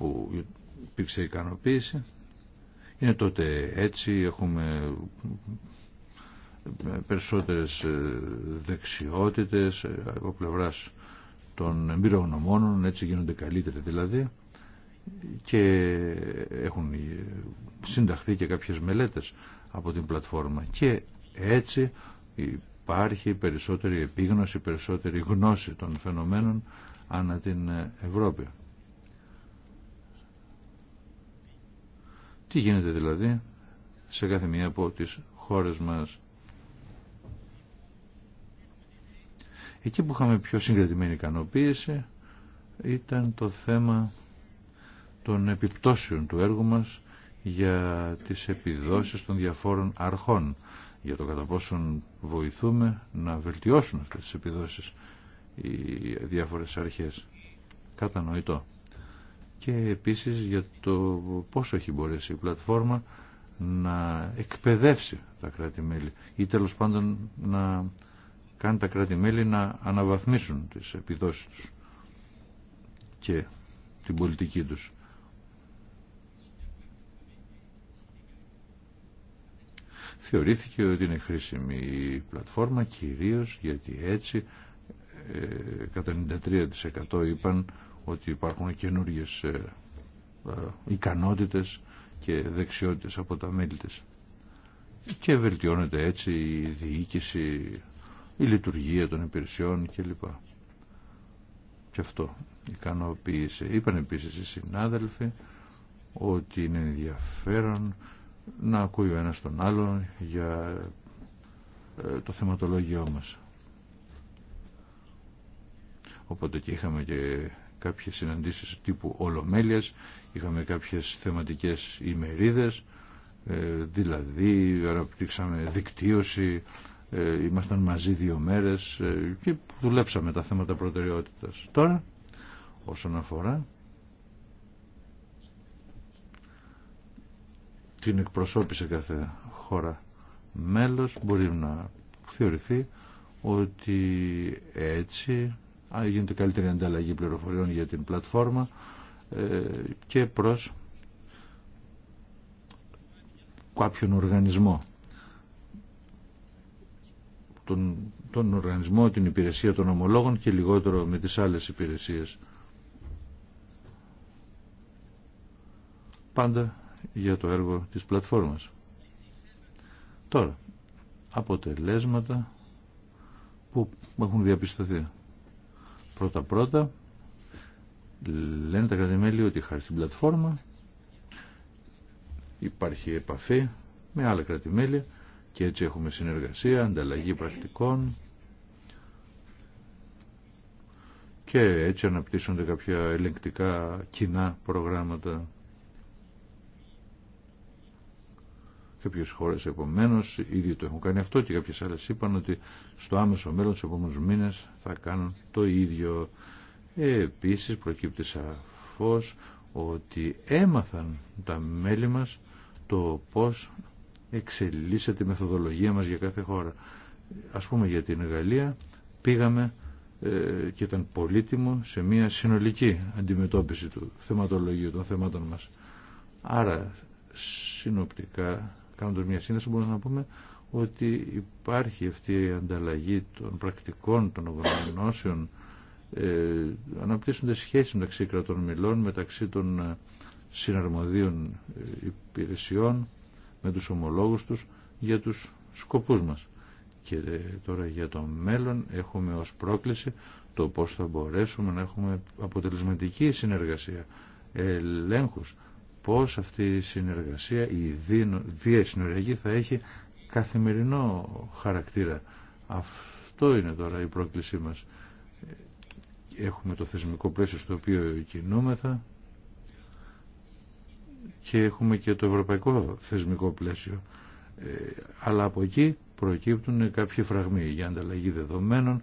που υπήρξε ικανοποίηση. Είναι τότε έτσι, έχουμε περισσότερες ε, δεξιότητες ε, από πλευράς των εμπειρογνωμόνων, έτσι γίνονται καλύτερα δηλαδή και έχουν ε, συνταχθεί και κάποιες μελέτες από την πλατφόρμα και έτσι υπάρχει περισσότερη επίγνωση, περισσότερη γνώση των φαινομένων ανά την Ευρώπη. Τι γίνεται δηλαδή σε κάθε μία από τις χώρες μας. Εκεί που είχαμε πιο συγκρατημένη ικανοποίηση ήταν το θέμα των επιπτώσεων του έργου μας για τις επιδόσεις των διαφόρων αρχών για το κατά πόσον βοηθούμε να βελτιώσουν αυτές τις επιδόσεις οι διάφορες αρχές. Κατανοητό και επίσης για το πόσο έχει μπορέσει η πλατφόρμα να εκπαιδεύσει τα κράτη-μέλη ή τέλος πάντων να κάνει τα κράτη-μέλη να αναβαθμίσουν τις επιδόσεις τους και την πολιτική τους. Θεωρήθηκε ότι είναι χρήσιμη η πλατφόρμα κυρίως γιατί έτσι ε, κατά 93% είπαν ότι υπάρχουν καινούργιες ε, ε, ικανότητες και δεξιότητες από τα μέλη της. Και βελτιώνεται έτσι η διοίκηση, η λειτουργία των υπηρεσιών κλπ. Και αυτό ικανοποίησε. Είπαν επίσης οι συνάδελφοι ότι είναι ενδιαφέρον να ακούει ο ένας τον άλλον για ε, το θεματολόγιο μας. Οπότε και είχαμε και κάποιες συναντήσεις τύπου ολομέλειας, είχαμε κάποιες θεματικές ημερίδες, ε, δηλαδή αναπτύξαμε δικτύωση, ε, ήμασταν μαζί δύο μέρες ε, και δουλέψαμε τα θέματα προτεραιότητας. Τώρα, όσον αφορά την εκπροσώπηση κάθε χώρα μέλος, μπορεί να θεωρηθεί ότι έτσι γίνεται καλύτερη ανταλλαγή πληροφοριών για την πλατφόρμα ε, και προς κάποιον οργανισμό τον, τον οργανισμό, την υπηρεσία των ομολόγων και λιγότερο με τις άλλες υπηρεσίες πάντα για το έργο της πλατφόρμας τώρα αποτελέσματα που έχουν διαπιστωθεί Πρώτα-πρώτα λένε τα κρατημέλη ότι χάρη στην πλατφόρμα υπάρχει επαφή με άλλα κρατημέλη και έτσι έχουμε συνεργασία, ανταλλαγή πρακτικών και έτσι αναπτύσσονται κάποια ελεγκτικά κοινά προγράμματα Κάποιε χώρε επομένω ήδη το έχουν κάνει αυτό και κάποιε άλλε είπαν ότι στο άμεσο μέλλον, του επόμενου μήνε, θα κάνουν το ίδιο. Ε, Επίση, προκύπτει σαφώ ότι έμαθαν τα μέλη μα το πώ εξελίσσεται η μεθοδολογία μας για κάθε χώρα. Ας πούμε για την Γαλλία πήγαμε ε, και ήταν πολύτιμο σε μια συνολική αντιμετώπιση του θεματολογίου των θεμάτων μας. Άρα συνοπτικά κάνοντας μια σύνδεση μπορούμε να πούμε ότι υπάρχει αυτή η ανταλλαγή των πρακτικών, των οργανώσεων ε, αναπτύσσονται σχέσεις μεταξύ κρατών μιλών, μεταξύ των ε, συναρμοδίων ε, υπηρεσιών, με τους ομολόγους τους, για τους σκοπούς μας. Και ε, τώρα για το μέλλον έχουμε ως πρόκληση το πώς θα μπορέσουμε να έχουμε αποτελεσματική συνεργασία, ελέγχους, πώς αυτή η συνεργασία, η διασυνοριακή θα έχει καθημερινό χαρακτήρα. Αυτό είναι τώρα η πρόκλησή μας. Έχουμε το θεσμικό πλαίσιο στο οποίο κινούμεθα και έχουμε και το ευρωπαϊκό θεσμικό πλαίσιο. Ε, αλλά από εκεί προκύπτουν κάποιοι φραγμοί για ανταλλαγή δεδομένων.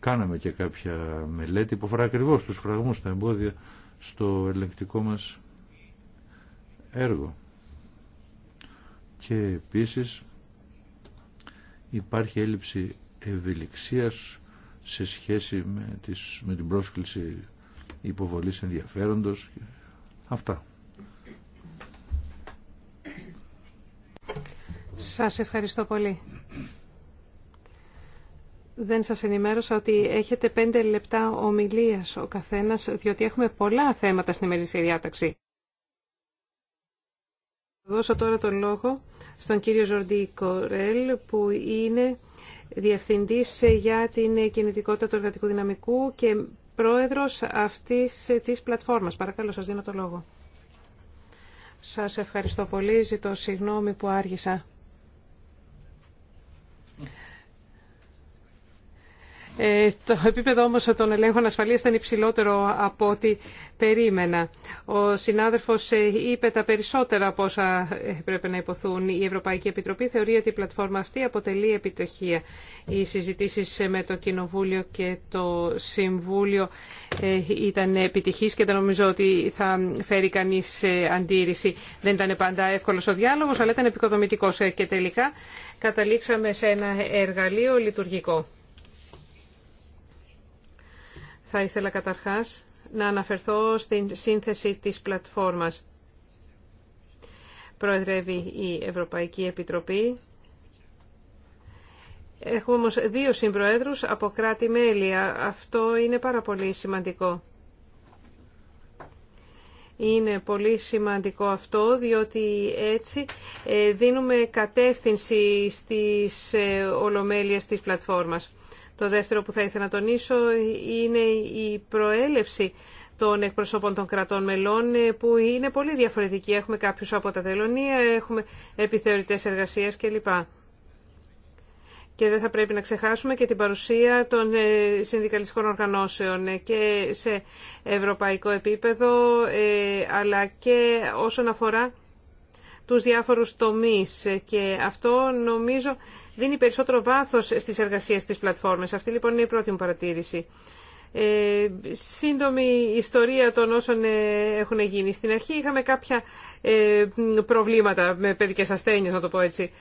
Κάναμε και κάποια μελέτη που αφορά ακριβώ τους φραγμούς, τα εμπόδια στο ελεγκτικό μας έργο. Και επίσης υπάρχει έλλειψη ευελιξίας σε σχέση με, τις, με την πρόσκληση υποβολής ενδιαφέροντος. Αυτά. Σας ευχαριστώ πολύ. Δεν σας ενημέρωσα ότι έχετε πέντε λεπτά ομιλίας ο καθένας, διότι έχουμε πολλά θέματα στην ημερήσια διάταξη δώσω τώρα το λόγο στον κύριο Ζορντή Κορέλ που είναι διευθυντής για την κινητικότητα του εργατικού δυναμικού και πρόεδρος αυτής της πλατφόρμας. Παρακαλώ σας δίνω το λόγο. Σας ευχαριστώ πολύ. Ζητώ συγγνώμη που άργησα. Ε, το επίπεδο όμως των ελέγχων ασφαλείας ήταν υψηλότερο από ό,τι περίμενα. Ο συνάδελφος ε, είπε τα περισσότερα από όσα πρέπει να υποθούν. Η Ευρωπαϊκή Επιτροπή θεωρεί ότι η πλατφόρμα αυτή αποτελεί επιτυχία. Οι συζητήσεις ε, με το Κοινοβούλιο και το Συμβούλιο ήταν επιτυχής και δεν νομίζω ότι θα φέρει κανείς αντίρρηση. Δεν ήταν πάντα εύκολος ο διάλογος, αλλά ήταν επικοδομητικός και τελικά καταλήξαμε σε ένα εργαλείο λειτουργικό. Θα ήθελα καταρχάς να αναφερθώ στην σύνθεση της πλατφόρμας. Προεδρεύει η Ευρωπαϊκή Επιτροπή. Έχουμε όμως δύο συμπροέδρους από κράτη-μέλη. Αυτό είναι πάρα πολύ σημαντικό. Είναι πολύ σημαντικό αυτό, διότι έτσι ε, δίνουμε κατεύθυνση στις ε, ολομέλειες της πλατφόρμας. Το δεύτερο που θα ήθελα να τονίσω είναι η προέλευση των εκπροσώπων των κρατών μελών ε, που είναι πολύ διαφορετική. Έχουμε κάποιους από τα Τελωνία, έχουμε επιθεωρητές εργασίας κλπ. Και δεν θα πρέπει να ξεχάσουμε και την παρουσία των ε, συνδικαλιστικών οργανώσεων ε, και σε ευρωπαϊκό επίπεδο, αλλά και όσον αφορά τους διάφορους τομείς. Και αυτό νομίζω δίνει περισσότερο βάθο στι εργασίε τη πλατφόρμα. Αυτή λοιπόν είναι η πρώτη μου παρατήρηση. Ε, σύντομη ιστορία των όσων ε, έχουν γίνει. Στην αρχή είχαμε κάποια ε, προβλήματα με παιδικέ ασθένειε, να το πω έτσι.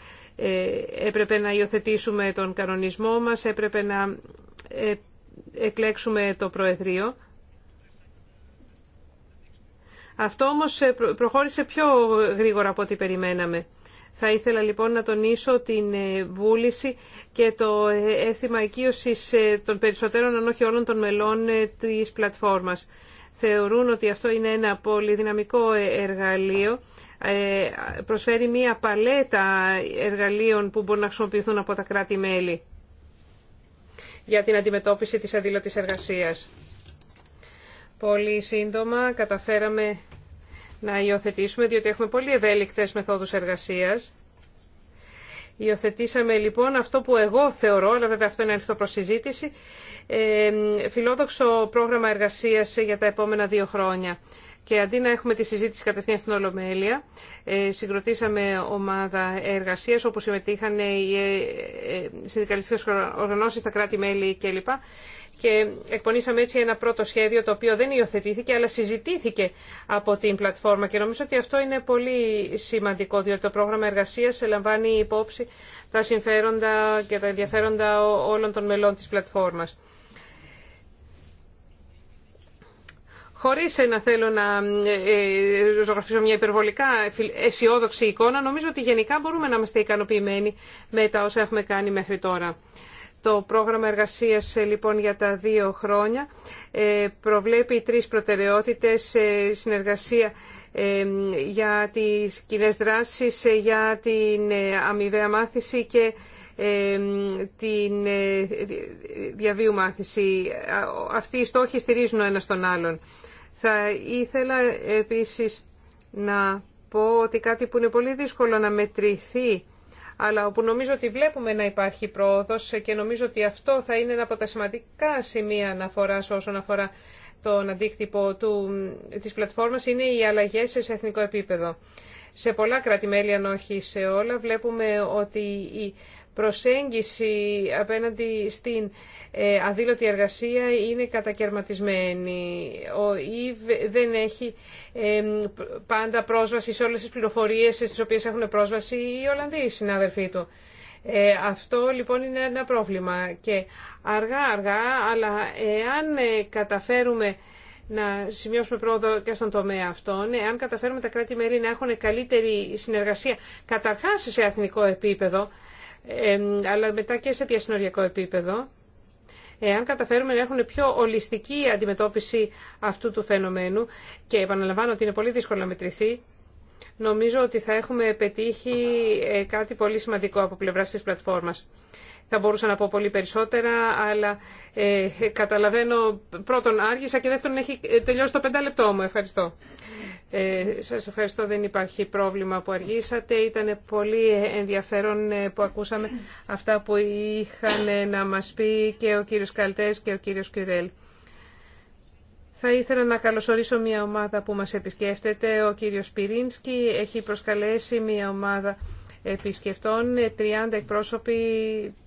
έπρεπε να υιοθετήσουμε τον κανονισμό μα, έπρεπε να εκλέξουμε το Προεδρείο. Αυτό όμως προχώρησε πιο γρήγορα από ό,τι περιμέναμε. Θα ήθελα λοιπόν να τονίσω την ε, βούληση και το ε, αίσθημα οικείωσης ε, των περισσότερων, αν όχι όλων των μελών της πλατφόρμας. Θεωρούν ότι αυτό είναι ένα πολύ δυναμικό εργαλείο. Προσφέρει μία παλέτα εργαλείων που μπορούν να χρησιμοποιηθούν από τα κράτη-μέλη για την αντιμετώπιση της αδήλωτης εργασίας. Πολύ σύντομα καταφέραμε να υιοθετήσουμε, διότι έχουμε πολύ ευέλικτες μεθόδους εργασίας. Υιοθετήσαμε λοιπόν αυτό που εγώ θεωρώ, αλλά βέβαια αυτό είναι ανοιχτό προς συζήτηση, ε, φιλόδοξο πρόγραμμα εργασίας για τα επόμενα δύο χρόνια. Και αντί να έχουμε τη συζήτηση κατευθείαν στην Ολομέλεια, ε, συγκροτήσαμε ομάδα εργασίας όπου συμμετείχαν οι ε, συνδικαλιστικές οργανώσεις, τα κράτη-μέλη κλπ και εκπονήσαμε έτσι ένα πρώτο σχέδιο το οποίο δεν υιοθετήθηκε αλλά συζητήθηκε από την πλατφόρμα και νομίζω ότι αυτό είναι πολύ σημαντικό διότι το πρόγραμμα εργασίας λαμβάνει υπόψη τα συμφέροντα και τα ενδιαφέροντα όλων των μελών της πλατφόρμας. Χωρίς να θέλω να ε, ε, ζωγραφίσω μια υπερβολικά αισιόδοξη εικόνα, νομίζω ότι γενικά μπορούμε να είμαστε ικανοποιημένοι με τα όσα έχουμε κάνει μέχρι τώρα. Το πρόγραμμα εργασίας ε, λοιπόν για τα δύο χρόνια ε, προβλέπει τρεις προτεραιότητες, ε, συνεργασία για τις κοινέ δράσεις, για την αμοιβαία μάθηση και την διαβίου μάθηση. Αυτοί οι στόχοι στηρίζουν ο ένας τον άλλον. Θα ήθελα επίσης να πω ότι κάτι που είναι πολύ δύσκολο να μετρηθεί αλλά όπου νομίζω ότι βλέπουμε να υπάρχει πρόοδος και νομίζω ότι αυτό θα είναι ένα από τα σημαντικά σημεία αναφοράς όσον αφορά τον αντίκτυπο του, της πλατφόρμας είναι οι αλλαγές σε εθνικό επίπεδο. Σε πολλά κράτη-μέλη, αν όχι σε όλα, βλέπουμε ότι η προσέγγιση απέναντι στην ε, αδήλωτη εργασία είναι κατακαιρματισμένη. Ο ΙΒ δεν έχει ε, πάντα πρόσβαση σε όλες τις πληροφορίες στις οποίες έχουν πρόσβαση οι Ολλανδοί οι συνάδελφοί του. Ε, αυτό λοιπόν είναι ένα πρόβλημα και αργά-αργά, αλλά εάν καταφέρουμε να σημειώσουμε πρόοδο και στον τομέα αυτόν, εάν καταφέρουμε τα κράτη-μέλη να έχουν καλύτερη συνεργασία, καταρχάς σε εθνικό επίπεδο, αλλά μετά και σε διασυνοριακό επίπεδο, εάν καταφέρουμε να έχουν πιο ολιστική αντιμετώπιση αυτού του φαινομένου και επαναλαμβάνω ότι είναι πολύ δύσκολο να μετρηθεί, νομίζω ότι θα έχουμε πετύχει ε, κάτι πολύ σημαντικό από πλευρά της πλατφόρμας. Θα μπορούσα να πω πολύ περισσότερα, αλλά ε, καταλαβαίνω πρώτον άργησα και δεύτερον έχει ε, τελειώσει το πεντάλεπτό μου. Ευχαριστώ. Ε, σας ευχαριστώ, δεν υπάρχει πρόβλημα που αργήσατε. Ήταν πολύ ενδιαφέρον ε, που ακούσαμε αυτά που είχαν ε, να μας πει και ο κύριος Καλτές και ο κύριος Κυρέλ. Θα ήθελα να καλωσορίσω μια ομάδα που μας επισκέφτεται. Ο κύριος Πυρίνσκι έχει προσκαλέσει μια ομάδα επισκεφτών, 30 ε, εκπρόσωποι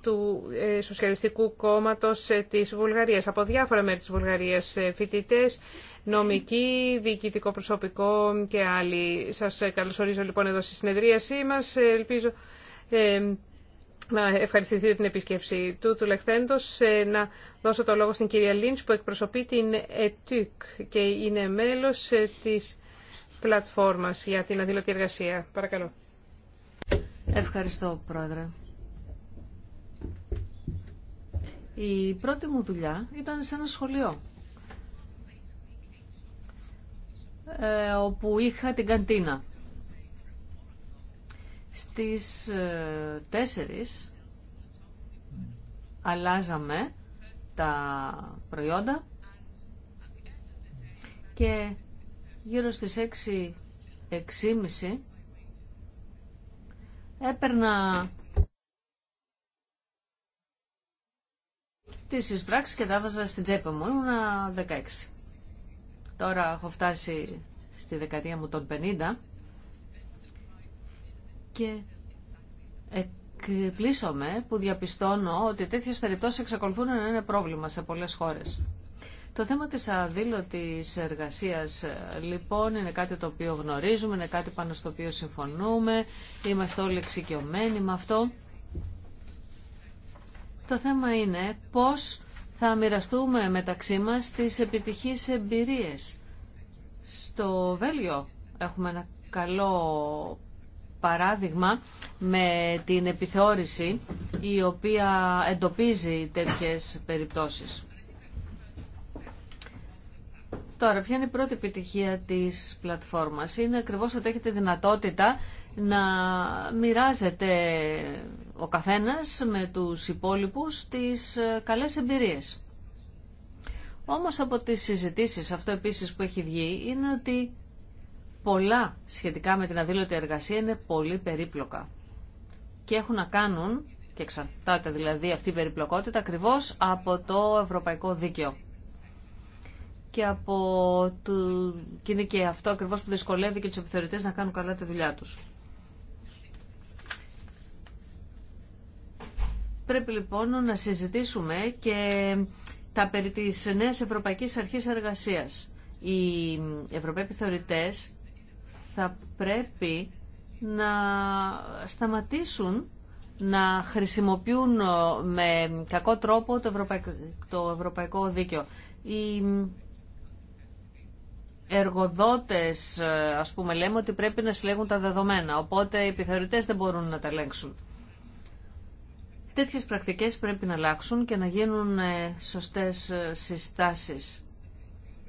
του Σοσιαλιστικού Κόμματος της Βουλγαρίας, από διάφορα μέρη της Βουλγαρίας, φοιτητές, νομική, διοικητικό προσωπικό και άλλοι. Σας καλωσορίζω λοιπόν εδώ στη συνεδρίασή μας. Ελπίζω να ευχαριστηθείτε την επισκέψη του του Λεχθέντος. Ε, να δώσω το λόγο στην κυρία Λίντς που εκπροσωπεί την ΕΤΥΚ και είναι μέλος ε, της πλατφόρμας για την αδήλωτη εργασία. Παρακαλώ. Ευχαριστώ, Πρόεδρε. Η πρώτη μου δουλειά ήταν σε ένα σχολείο. ε, όπου είχα την καντίνα. Στις 4 ε, αλλάζαμε τα προϊόντα και γύρω στις 6, 6,5, έπαιρνα τι εισπράξεις και τα βάζα στην τσέπη μου. Ήμουνα 16. Τώρα έχω φτάσει στη δεκαετία μου των 50 και εκπλήσωμαι που διαπιστώνω ότι τέτοιες περιπτώσεις εξακολουθούν να είναι πρόβλημα σε πολλές χώρες. Το θέμα της αδήλωτης εργασίας λοιπόν είναι κάτι το οποίο γνωρίζουμε, είναι κάτι πάνω στο οποίο συμφωνούμε, είμαστε όλοι εξοικειωμένοι με αυτό. Το θέμα είναι πώς θα μοιραστούμε μεταξύ μας τις επιτυχείς εμπειρίες. Στο Βέλιο έχουμε ένα καλό παράδειγμα με την επιθεώρηση η οποία εντοπίζει τέτοιες περιπτώσεις. Τώρα, ποια είναι η πρώτη επιτυχία της πλατφόρμας. Είναι ακριβώς ότι έχετε δυνατότητα να μοιράζεται ο καθένας με τους υπόλοιπους τις ε, καλές εμπειρίες. Όμως από τις συζητήσεις, αυτό επίσης που έχει βγει, είναι ότι πολλά σχετικά με την αδήλωτη εργασία είναι πολύ περίπλοκα και έχουν να κάνουν, και εξαρτάται δηλαδή αυτή η περιπλοκότητα, ακριβώς από το ευρωπαϊκό δίκαιο. Και, από το... και είναι και αυτό ακριβώς που δυσκολεύει και τους επιθεωρητές να κάνουν καλά τη δουλειά τους. Πρέπει λοιπόν να συζητήσουμε και τα περί της νέας Ευρωπαϊκής Αρχής Εργασίας. Οι Ευρωπαίοι επιθεωρητές θα πρέπει να σταματήσουν να χρησιμοποιούν ε, με κακό τρόπο το ευρωπαϊκό, το ευρωπαϊκό δίκαιο. Οι εργοδότες, ε, ας πούμε, λέμε ότι πρέπει να συλλέγουν τα δεδομένα, οπότε οι επιθεωρητές δεν μπορούν να τα ελέγξουν. Τέτοιες πρακτικές πρέπει να αλλάξουν και να γίνουν ε, σωστές ε, συστάσεις.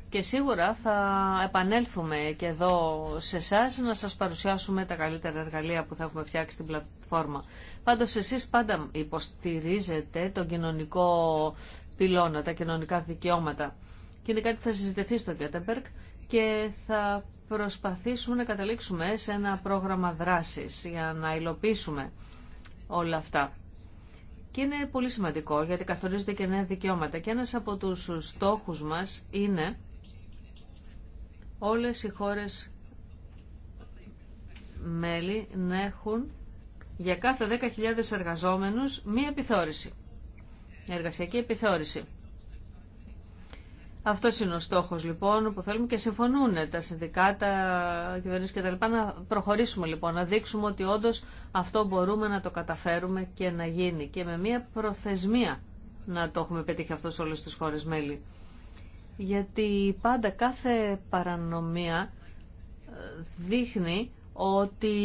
Και σίγουρα θα επανέλθουμε και εδώ σε εσά να σας παρουσιάσουμε τα καλύτερα εργαλεία που θα έχουμε φτιάξει στην πλατφόρμα. Πάντως εσείς πάντα υποστηρίζετε τον κοινωνικό πυλώνα, τα κοινωνικά δικαιώματα. Και είναι κάτι που θα συζητηθεί στο Κέτεμπεργκ και θα προσπαθήσουμε να καταλήξουμε σε ένα πρόγραμμα δράσης για να υλοποιήσουμε όλα αυτά. Και είναι πολύ σημαντικό γιατί καθορίζονται και νέα δικαιώματα. Και ένας από τους στόχους μας είναι όλες οι χώρες μέλη να έχουν για κάθε 10.000 εργαζόμενους μία επιθόρηση, εργασιακή επιθόρηση. Αυτό είναι ο στόχο λοιπόν που θέλουμε και συμφωνούν τα συνδικάτα, κυβερνήσει κτλ. Να προχωρήσουμε λοιπόν, να δείξουμε ότι όντω αυτό μπορούμε να το καταφέρουμε και να γίνει και με μια προθεσμία να το έχουμε πετύχει αυτό σε όλε τι χώρε μέλη. Γιατί πάντα κάθε παρανομία ε, δείχνει ότι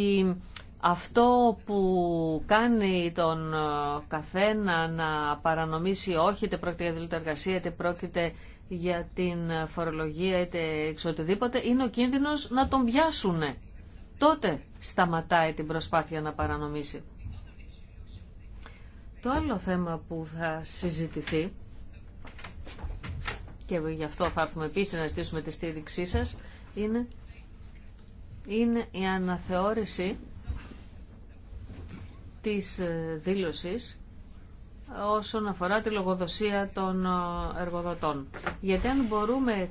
αυτό που κάνει τον ε, καθένα να παρανομήσει όχι, είτε πρόκειται για δηλητή εργασία, είτε πρόκειται για την φορολογία είτε εξ οτιδήποτε, είναι ο κίνδυνος να τον πιάσουν. Τότε σταματάει την προσπάθεια να παρανομήσει. Το άλλο θέμα που θα συζητηθεί και γι' αυτό θα έρθουμε επίσης να ζητήσουμε τη στήριξή σας είναι, είναι η αναθεώρηση της ε, δήλωσης όσον αφορά τη λογοδοσία των ε, εργοδοτών. Γιατί αν μπορούμε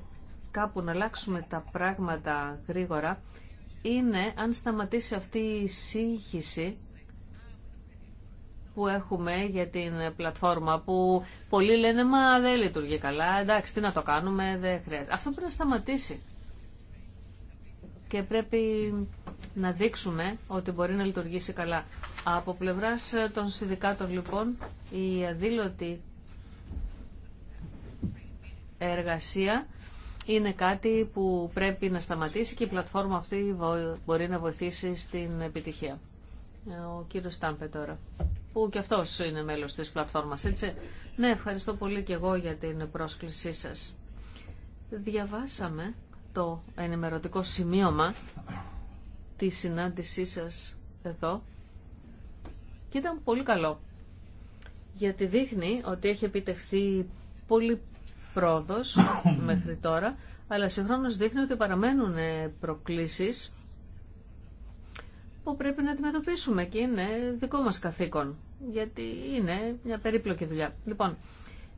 κάπου να αλλάξουμε τα πράγματα γρήγορα, είναι αν σταματήσει αυτή η σύγχυση που έχουμε για την πλατφόρμα που πολλοί λένε μα δεν λειτουργεί καλά, εντάξει τι να το κάνουμε, δεν χρειάζεται. Αυτό πρέπει να σταματήσει και πρέπει να δείξουμε ότι μπορεί να λειτουργήσει καλά. Από πλευράς ε, των συνδικάτων λοιπόν η αδήλωτη εργασία είναι κάτι που πρέπει να σταματήσει και η πλατφόρμα αυτή μπορεί να βοηθήσει στην επιτυχία. Ε, ο κύριος Στάμπε τώρα, που και αυτός είναι μέλος της πλατφόρμας, έτσι. Ναι, ευχαριστώ πολύ και εγώ για την πρόσκλησή σας. Διαβάσαμε το ενημερωτικό σημείωμα τη συνάντησή σας εδώ και ήταν πολύ καλό γιατί δείχνει ότι έχει επιτευχθεί πολύ πρόοδος *coughs* μέχρι τώρα αλλά συγχρόνως δείχνει ότι παραμένουν προκλήσεις που πρέπει να αντιμετωπίσουμε και είναι δικό μας καθήκον γιατί είναι μια περίπλοκη δουλειά. Λοιπόν,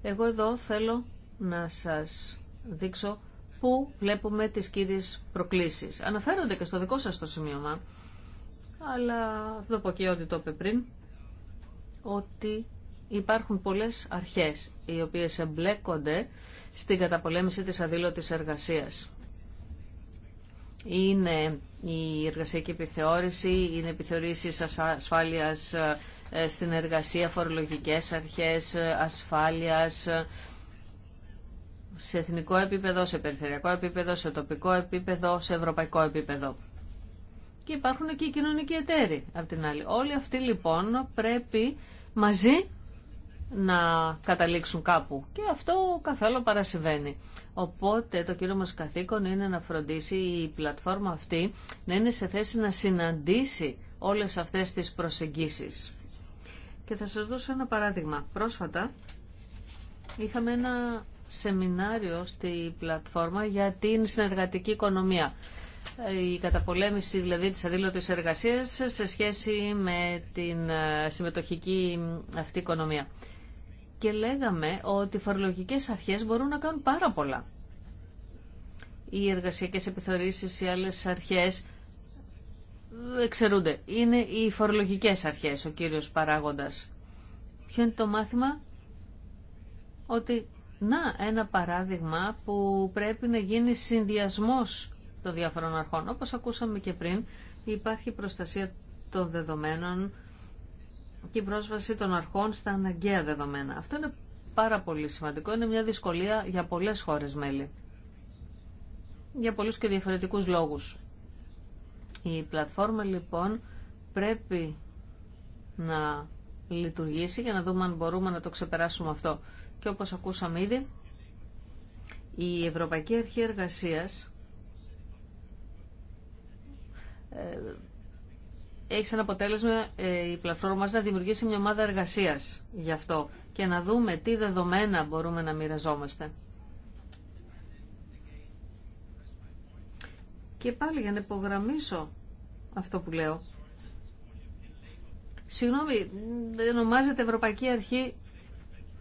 εγώ εδώ θέλω να σας δείξω που βλέπουμε τις κύριες προκλήσεις. Αναφέρονται και στο δικό σας το σημείωμα, αλλά θα το πω και ό,τι το είπε πριν, ότι υπάρχουν πολλές αρχές οι οποίες εμπλέκονται στην καταπολέμηση της αδήλωτης εργασίας. Είναι η εργασιακή επιθεώρηση, είναι επιθεωρήσεις ασφάλειας ε, στην εργασία, φορολογικές αρχές, ε, ασφάλειας, σε εθνικό επίπεδο, σε περιφερειακό επίπεδο, σε τοπικό επίπεδο, σε ευρωπαϊκό επίπεδο. Και υπάρχουν και οι κοινωνικοί εταίροι, απ' την άλλη. Όλοι αυτοί λοιπόν πρέπει μαζί να καταλήξουν κάπου. Και αυτό καθόλου παρασυμβαίνει. Οπότε το κύριο μας καθήκον είναι να φροντίσει η πλατφόρμα αυτή να είναι σε θέση να συναντήσει όλες αυτές τις προσεγγίσεις. Και θα σας δώσω ένα παράδειγμα. Πρόσφατα είχαμε ένα σεμινάριο στη πλατφόρμα για την συνεργατική οικονομία. Η καταπολέμηση δηλαδή της αδήλωτης εργασίας σε σχέση με την ε, συμμετοχική αυτή οικονομία. Και λέγαμε ότι οι φορολογικές αρχές μπορούν να κάνουν πάρα πολλά. Οι εργασιακές επιθεωρήσεις, οι άλλες αρχές ε, εξαιρούνται. Είναι οι φορολογικές αρχές ο κύριος παράγοντας. Ποιο είναι το μάθημα? Ότι να, ένα παράδειγμα που πρέπει να γίνει συνδυασμός των διάφορων αρχών. Όπως ακούσαμε και πριν, υπάρχει προστασία των δεδομένων και η πρόσβαση των αρχών στα αναγκαία δεδομένα. Αυτό είναι πάρα πολύ σημαντικό. Είναι μια δυσκολία για πολλές χώρες μέλη. Για πολλούς και διαφορετικούς λόγους. Η πλατφόρμα λοιπόν πρέπει να λειτουργήσει για να δούμε αν μπορούμε να το ξεπεράσουμε αυτό και όπως ακούσαμε ήδη, η Ευρωπαϊκή Αρχή Εργασίας ε, έχει σαν αποτέλεσμα ε, η πλατφόρμα μας να δημιουργήσει μια ομάδα εργασίας γι' αυτό και να δούμε τι δεδομένα μπορούμε να μοιραζόμαστε. Και πάλι για να υπογραμμίσω αυτό που λέω. Συγγνώμη, δεν ονομάζεται Ευρωπαϊκή Αρχή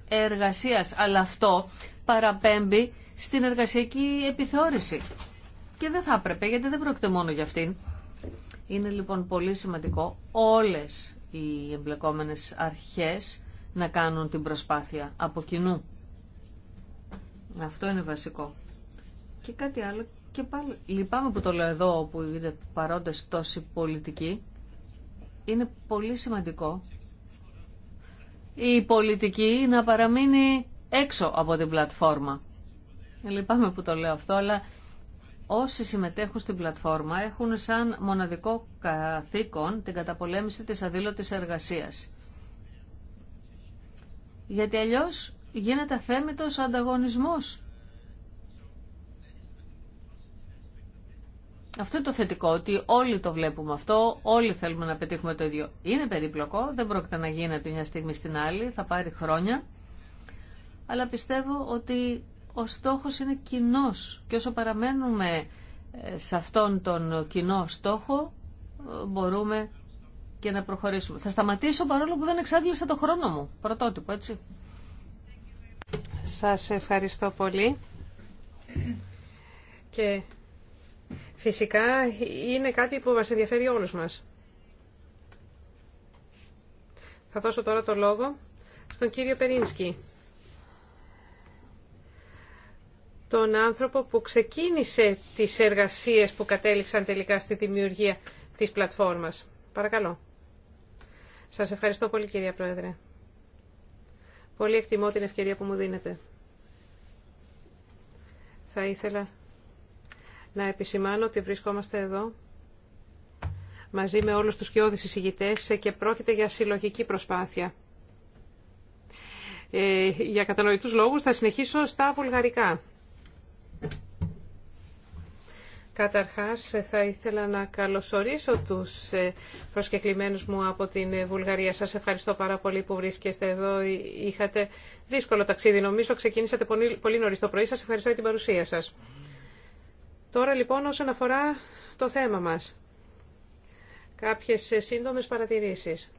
εργασίας, αλλά αυτό παραπέμπει στην εργασιακή επιθεώρηση. Και δεν θα έπρεπε, γιατί δεν πρόκειται μόνο για αυτήν. Είναι λοιπόν πολύ σημαντικό όλες οι εμπλεκόμενες αρχές να κάνουν την προσπάθεια από κοινού. Αυτό είναι βασικό. Και κάτι άλλο, και πάλι λυπάμαι που το λέω εδώ, που είναι παρόντες τόσοι πολιτικοί, είναι πολύ σημαντικό η πολιτική να παραμείνει έξω από την πλατφόρμα. Λυπάμαι που το λέω αυτό, αλλά όσοι συμμετέχουν στην πλατφόρμα έχουν σαν μοναδικό καθήκον την καταπολέμηση της αδήλωτης εργασίας. Γιατί αλλιώς γίνεται θέμητος ανταγωνισμός Αυτό είναι το θετικό, ότι όλοι το βλέπουμε αυτό, όλοι θέλουμε να πετύχουμε το ίδιο. Είναι περίπλοκο, δεν πρόκειται να γίνεται μια στιγμή στην άλλη, θα πάρει χρόνια, αλλά πιστεύω ότι ο στόχος είναι κοινό και όσο παραμένουμε ε, σε αυτόν τον κοινό στόχο ε, μπορούμε και να προχωρήσουμε. Θα σταματήσω παρόλο που δεν εξάντλησα το χρόνο μου. Πρωτότυπο, έτσι. Σας ευχαριστώ πολύ. Και Φυσικά είναι κάτι που μας ενδιαφέρει όλους μας. Θα δώσω τώρα το λόγο στον κύριο Περίνσκι. Τον άνθρωπο που ξεκίνησε τις εργασίες που κατέληξαν τελικά στη δημιουργία της πλατφόρμας. Παρακαλώ. Σας ευχαριστώ πολύ κυρία Πρόεδρε. Πολύ εκτιμώ την ευκαιρία που μου δίνετε. Θα ήθελα να επισημάνω ότι βρισκόμαστε εδώ μαζί με όλους τους κοιόδης εισηγητές και πρόκειται για συλλογική προσπάθεια. Ε, για κατανοητούς λόγους θα συνεχίσω στα βουλγαρικά. Καταρχάς θα ήθελα να καλωσορίσω τους ε, προσκεκλημένους μου από την ε, Βουλγαρία. Σας ευχαριστώ πάρα πολύ που βρίσκεστε εδώ. Ε, είχατε δύσκολο ταξίδι νομίζω. Ξεκίνησατε πολύ νωρίς το πρωί. Σας ευχαριστώ για την παρουσία σας. Τώρα λοιπόν όσον αφορά το θέμα μας. Κάποιες σύντομες παρατηρήσεις.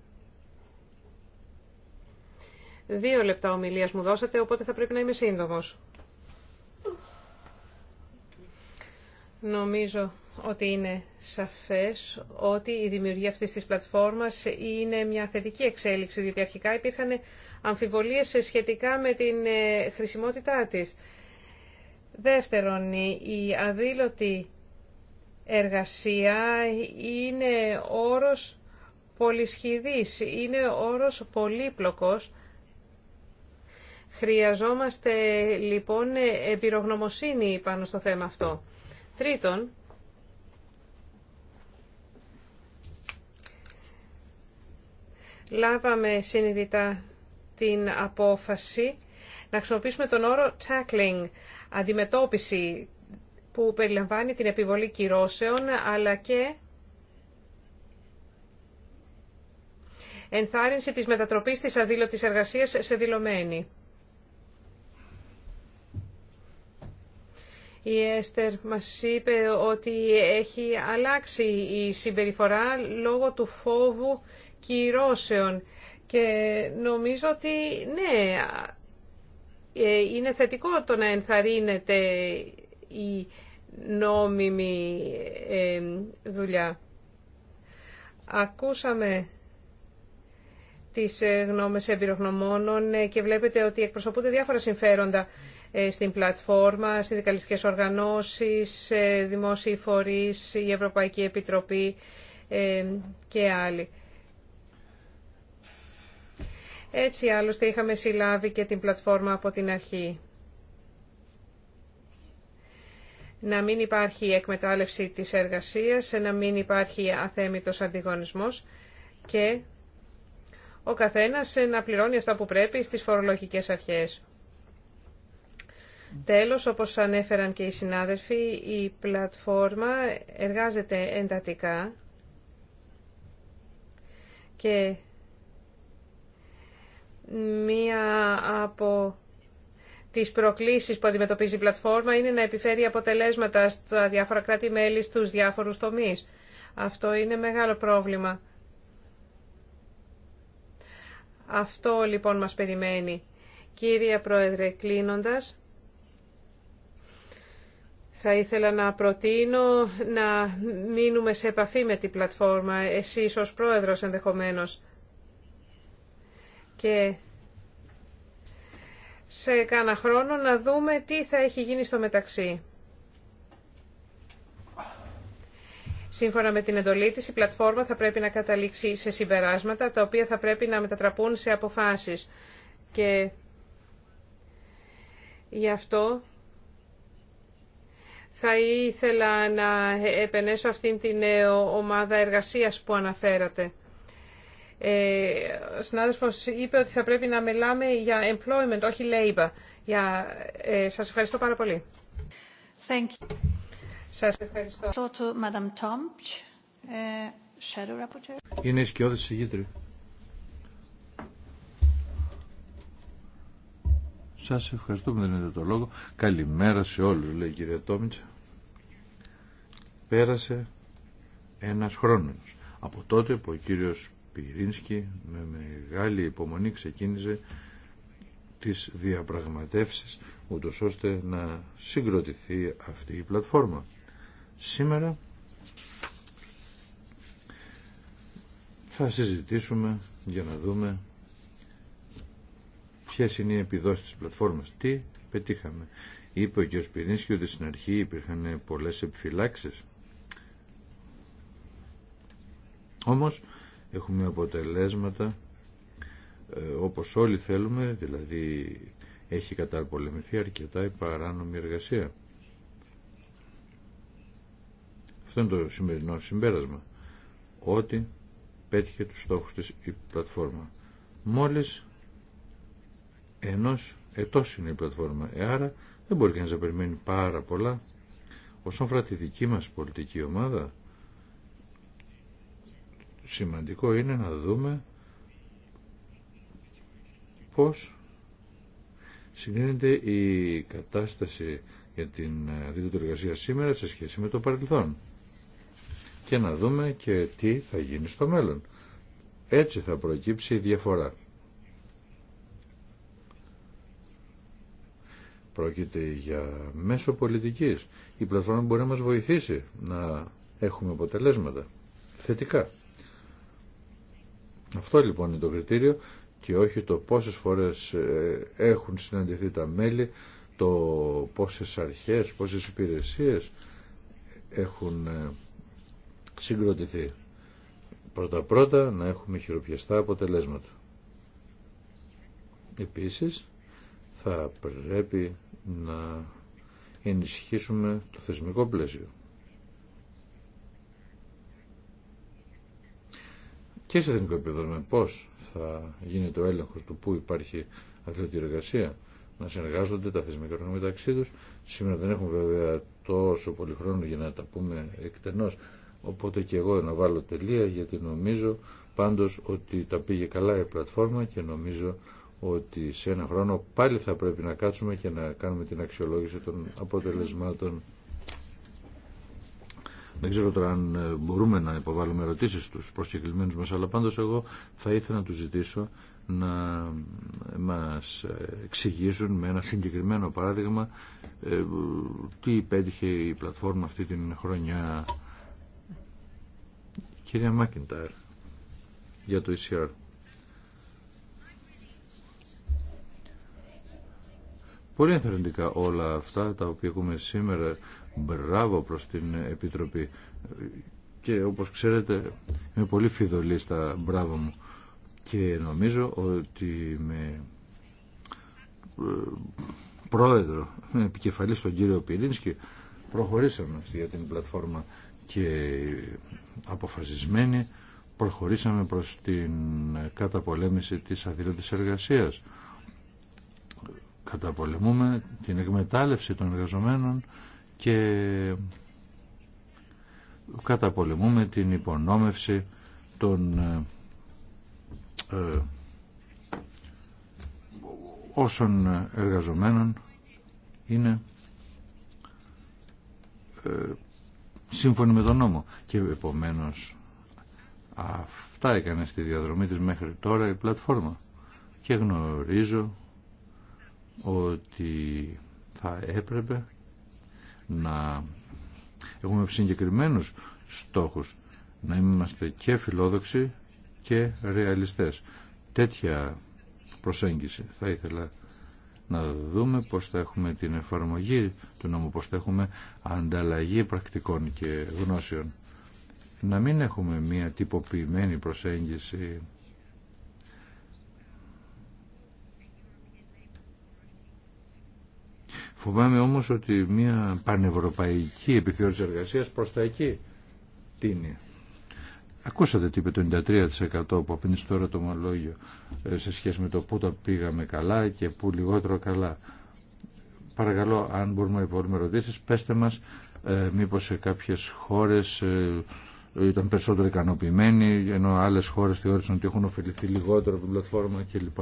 Δύο λεπτά ομιλίας μου δώσατε, οπότε θα πρέπει να είμαι σύντομος. Νομίζω ότι είναι σαφές ότι η δημιουργία αυτής της πλατφόρμας είναι μια θετική εξέλιξη, διότι αρχικά υπήρχαν αμφιβολίες σχετικά με την ε, χρησιμότητά της. Δεύτερον, η αδήλωτη εργασία είναι όρος πολυσχηδής, είναι όρος πολύπλοκος. Χρειαζόμαστε λοιπόν εμπειρογνωμοσύνη πάνω στο θέμα αυτό. Τρίτον, λάβαμε συνειδητά την απόφαση να χρησιμοποιήσουμε τον όρο tackling, αντιμετώπιση, που περιλαμβάνει την επιβολή κυρώσεων, αλλά και ενθάρρυνση της μετατροπής της αδήλωτης εργασίας σε δηλωμένη. Η Έστερ μας είπε ότι έχει αλλάξει η συμπεριφορά λόγω του φόβου κυρώσεων και νομίζω ότι ναι, ε, είναι θετικό το να ενθαρρύνεται η νόμιμη ε, δουλειά. Ακούσαμε τις ε, γνώμες εμπειρογνωμόνων και βλέπετε ότι εκπροσωπούνται διάφορα συμφέροντα στην πλατφόρμα, συνδικαλιστικές οργανώσεις, δημόσιοι φορείς, η Ευρωπαϊκή Επιτροπή και άλλοι. Έτσι άλλωστε είχαμε συλλάβει και την πλατφόρμα από την αρχή. Να μην υπάρχει εκμετάλλευση της εργασίας, να μην υπάρχει αθέμητος αντιγωνισμός και ο καθένας να πληρώνει αυτά που πρέπει στις φορολογικές αρχές. Τέλος, όπως ανέφεραν και οι συνάδελφοι, η πλατφόρμα εργάζεται εντατικά και μία από τις προκλήσεις που αντιμετωπίζει η πλατφόρμα είναι να επιφέρει αποτελέσματα στα διάφορα κράτη-μέλη στους διάφορους τομείς. Αυτό είναι μεγάλο πρόβλημα. Αυτό λοιπόν μας περιμένει. Κύριε Πρόεδρε, κλείνοντας, θα ήθελα να προτείνω να μείνουμε σε επαφή με την πλατφόρμα, εσείς ως πρόεδρος ενδεχομένως και σε κάνα χρόνο να δούμε τι θα έχει γίνει στο μεταξύ. Σύμφωνα με την εντολή της, η πλατφόρμα θα πρέπει να καταλήξει σε συμπεράσματα, τα οποία θα πρέπει να μετατραπούν σε αποφάσεις. Και γι' αυτό θα ήθελα να επενέσω αυτήν την ε, ομάδα εργασίας που αναφέρατε. Ε, ο συνάδελφος είπε ότι θα πρέπει να μιλάμε για employment, όχι labor. Για, ε, σας ευχαριστώ πάρα πολύ. Thank you. Σας ευχαριστώ. Ε, είναι σκιώδης συγγήτρη. Σας ευχαριστώ δεν είναι το λόγο. Καλημέρα σε όλους, λέει η κυρία Τόμιτσα. Πέρασε ένας χρόνος. Από τότε που ο κύριος Πυρίνσκι με μεγάλη υπομονή ξεκίνησε τις διαπραγματεύσεις ούτως ώστε να συγκροτηθεί αυτή η πλατφόρμα. Σήμερα θα συζητήσουμε για να δούμε ποιες είναι οι επιδόσεις της πλατφόρμας. Τι πετύχαμε. Είπε ο κ. Πυρίνσκι ότι στην αρχή υπήρχαν πολλές επιφυλάξεις. Όμως έχουμε αποτελέσματα ε, όπως όλοι θέλουμε, δηλαδή έχει καταπολεμηθεί αρκετά η παράνομη εργασία. Αυτό είναι το σημερινό συμπέρασμα. Ότι πέτυχε τους στόχους της η πλατφόρμα. Μόλις ενός ετός είναι η πλατφόρμα. Ε, άρα δεν μπορεί κανείς να περιμένει πάρα πολλά. Όσον αφορά τη δική μας πολιτική ομάδα, σημαντικό είναι να δούμε πώς συγκρίνεται η κατάσταση για την δίδυτη εργασία σήμερα σε σχέση με το παρελθόν και να δούμε και τι θα γίνει στο μέλλον. Έτσι θα προκύψει η διαφορά. Πρόκειται για μέσο πολιτικής. Η πλατφόρμα μπορεί να μας βοηθήσει να έχουμε αποτελέσματα θετικά. Αυτό λοιπόν είναι το κριτήριο και όχι το πόσες φορές ε, έχουν συναντηθεί τα μέλη, το πόσες αρχές, πόσες υπηρεσίες έχουν ε, συγκροτηθεί. Πρώτα-πρώτα να έχουμε χειροπιαστά αποτελέσματα. Επίσης θα πρέπει να ενισχύσουμε το θεσμικό πλαίσιο. και σε εθνικό επίπεδο με πώς θα γίνει το έλεγχος του πού υπάρχει αθλητική εργασία να συνεργάζονται τα θεσμικά χρόνια μεταξύ του. Σήμερα δεν έχουμε βέβαια τόσο πολύ χρόνο για να τα πούμε εκτενώς. Οπότε και εγώ να βάλω τελεία γιατί νομίζω πάντως ότι τα πήγε καλά η πλατφόρμα και νομίζω ότι σε ένα χρόνο πάλι θα πρέπει να κάτσουμε και να κάνουμε την αξιολόγηση των αποτελεσμάτων. Δεν ξέρω τώρα αν ε, μπορούμε να υποβάλουμε ερωτήσεις τους προσκεκλημένους μας, αλλά πάντως εγώ θα ήθελα να τους ζητήσω να ε, μας ε, εξηγήσουν με ένα συγκεκριμένο παράδειγμα τι υπέτυχε η πλατφόρμα αυτή την χρονιά. Κυρία Μάκιντάρ, για το ECR. Πολύ ενθαρρυντικά όλα αυτά τα οποία έχουμε σήμερα Μπράβο προς την Επιτροπή. Και όπως ξέρετε είμαι πολύ φιδωλή στα μπράβο μου. Και νομίζω ότι με πρόεδρο, με επικεφαλή στον κύριο Πυρίνσκι, προχωρήσαμε για την πλατφόρμα και αποφασισμένοι προχωρήσαμε προς την καταπολέμηση της αδειλώτης εργασίας. Καταπολεμούμε την εκμετάλλευση των εργαζομένων και καταπολεμούμε την υπονόμευση των ε, ε, όσων εργαζομένων είναι ε, σύμφωνοι με τον νόμο και επομένως αυτά έκανε στη διαδρομή της μέχρι τώρα η πλατφόρμα και γνωρίζω ότι θα έπρεπε να έχουμε συγκεκριμένου στόχους, να είμαστε και φιλόδοξοι και ρεαλιστές. Τέτοια προσέγγιση θα ήθελα να δούμε πώς θα έχουμε την εφαρμογή του νόμου, πώς θα έχουμε ανταλλαγή πρακτικών και γνώσεων. Να μην έχουμε μια τυποποιημένη προσέγγιση Φοβάμαι όμως ότι μια πανευρωπαϊκή επιθεώρηση εργασίας προ τα εκεί τίνει. Ακούσατε τι είπε το 93% που απέντησε τώρα το ομολόγιο ε, σε σχέση με το πού τα πήγαμε καλά και πού λιγότερο καλά. Παρακαλώ, αν μπορούμε να υποβάλουμε ερωτήσει, πέστε μα ε, μήπως σε κάποιε χώρε ε, ήταν περισσότερο ικανοποιημένοι, ενώ άλλε χώρε θεώρησαν ότι έχουν ωφεληθεί λιγότερο από την πλατφόρμα κλπ.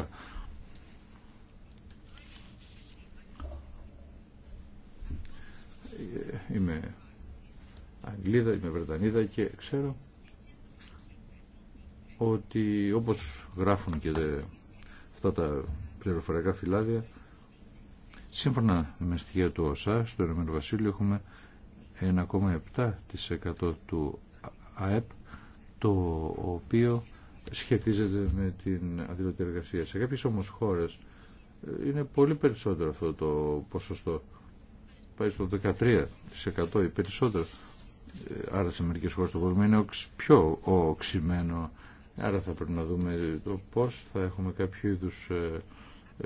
Ε, είμαι Αγγλίδα, είμαι Βρετανίδα και ξέρω ότι όπως γράφουν και αυτά τα πληροφοριακά φυλάδια σύμφωνα με στοιχεία του ΟΣΑ στο Ηνωμένο Βασίλειο έχουμε 1,7% του ΑΕΠ το οποίο σχετίζεται με την αδειλωτή εργασία. Σε κάποιες όμως χώρες ε, είναι πολύ περισσότερο αυτό το ποσοστό πάει στο 13% ή περισσότερο. Άρα σε μερικές χώρες του κόσμου είναι πιο οξυμένο. Άρα θα πρέπει να δούμε το πώς θα έχουμε κάποιο είδου ε,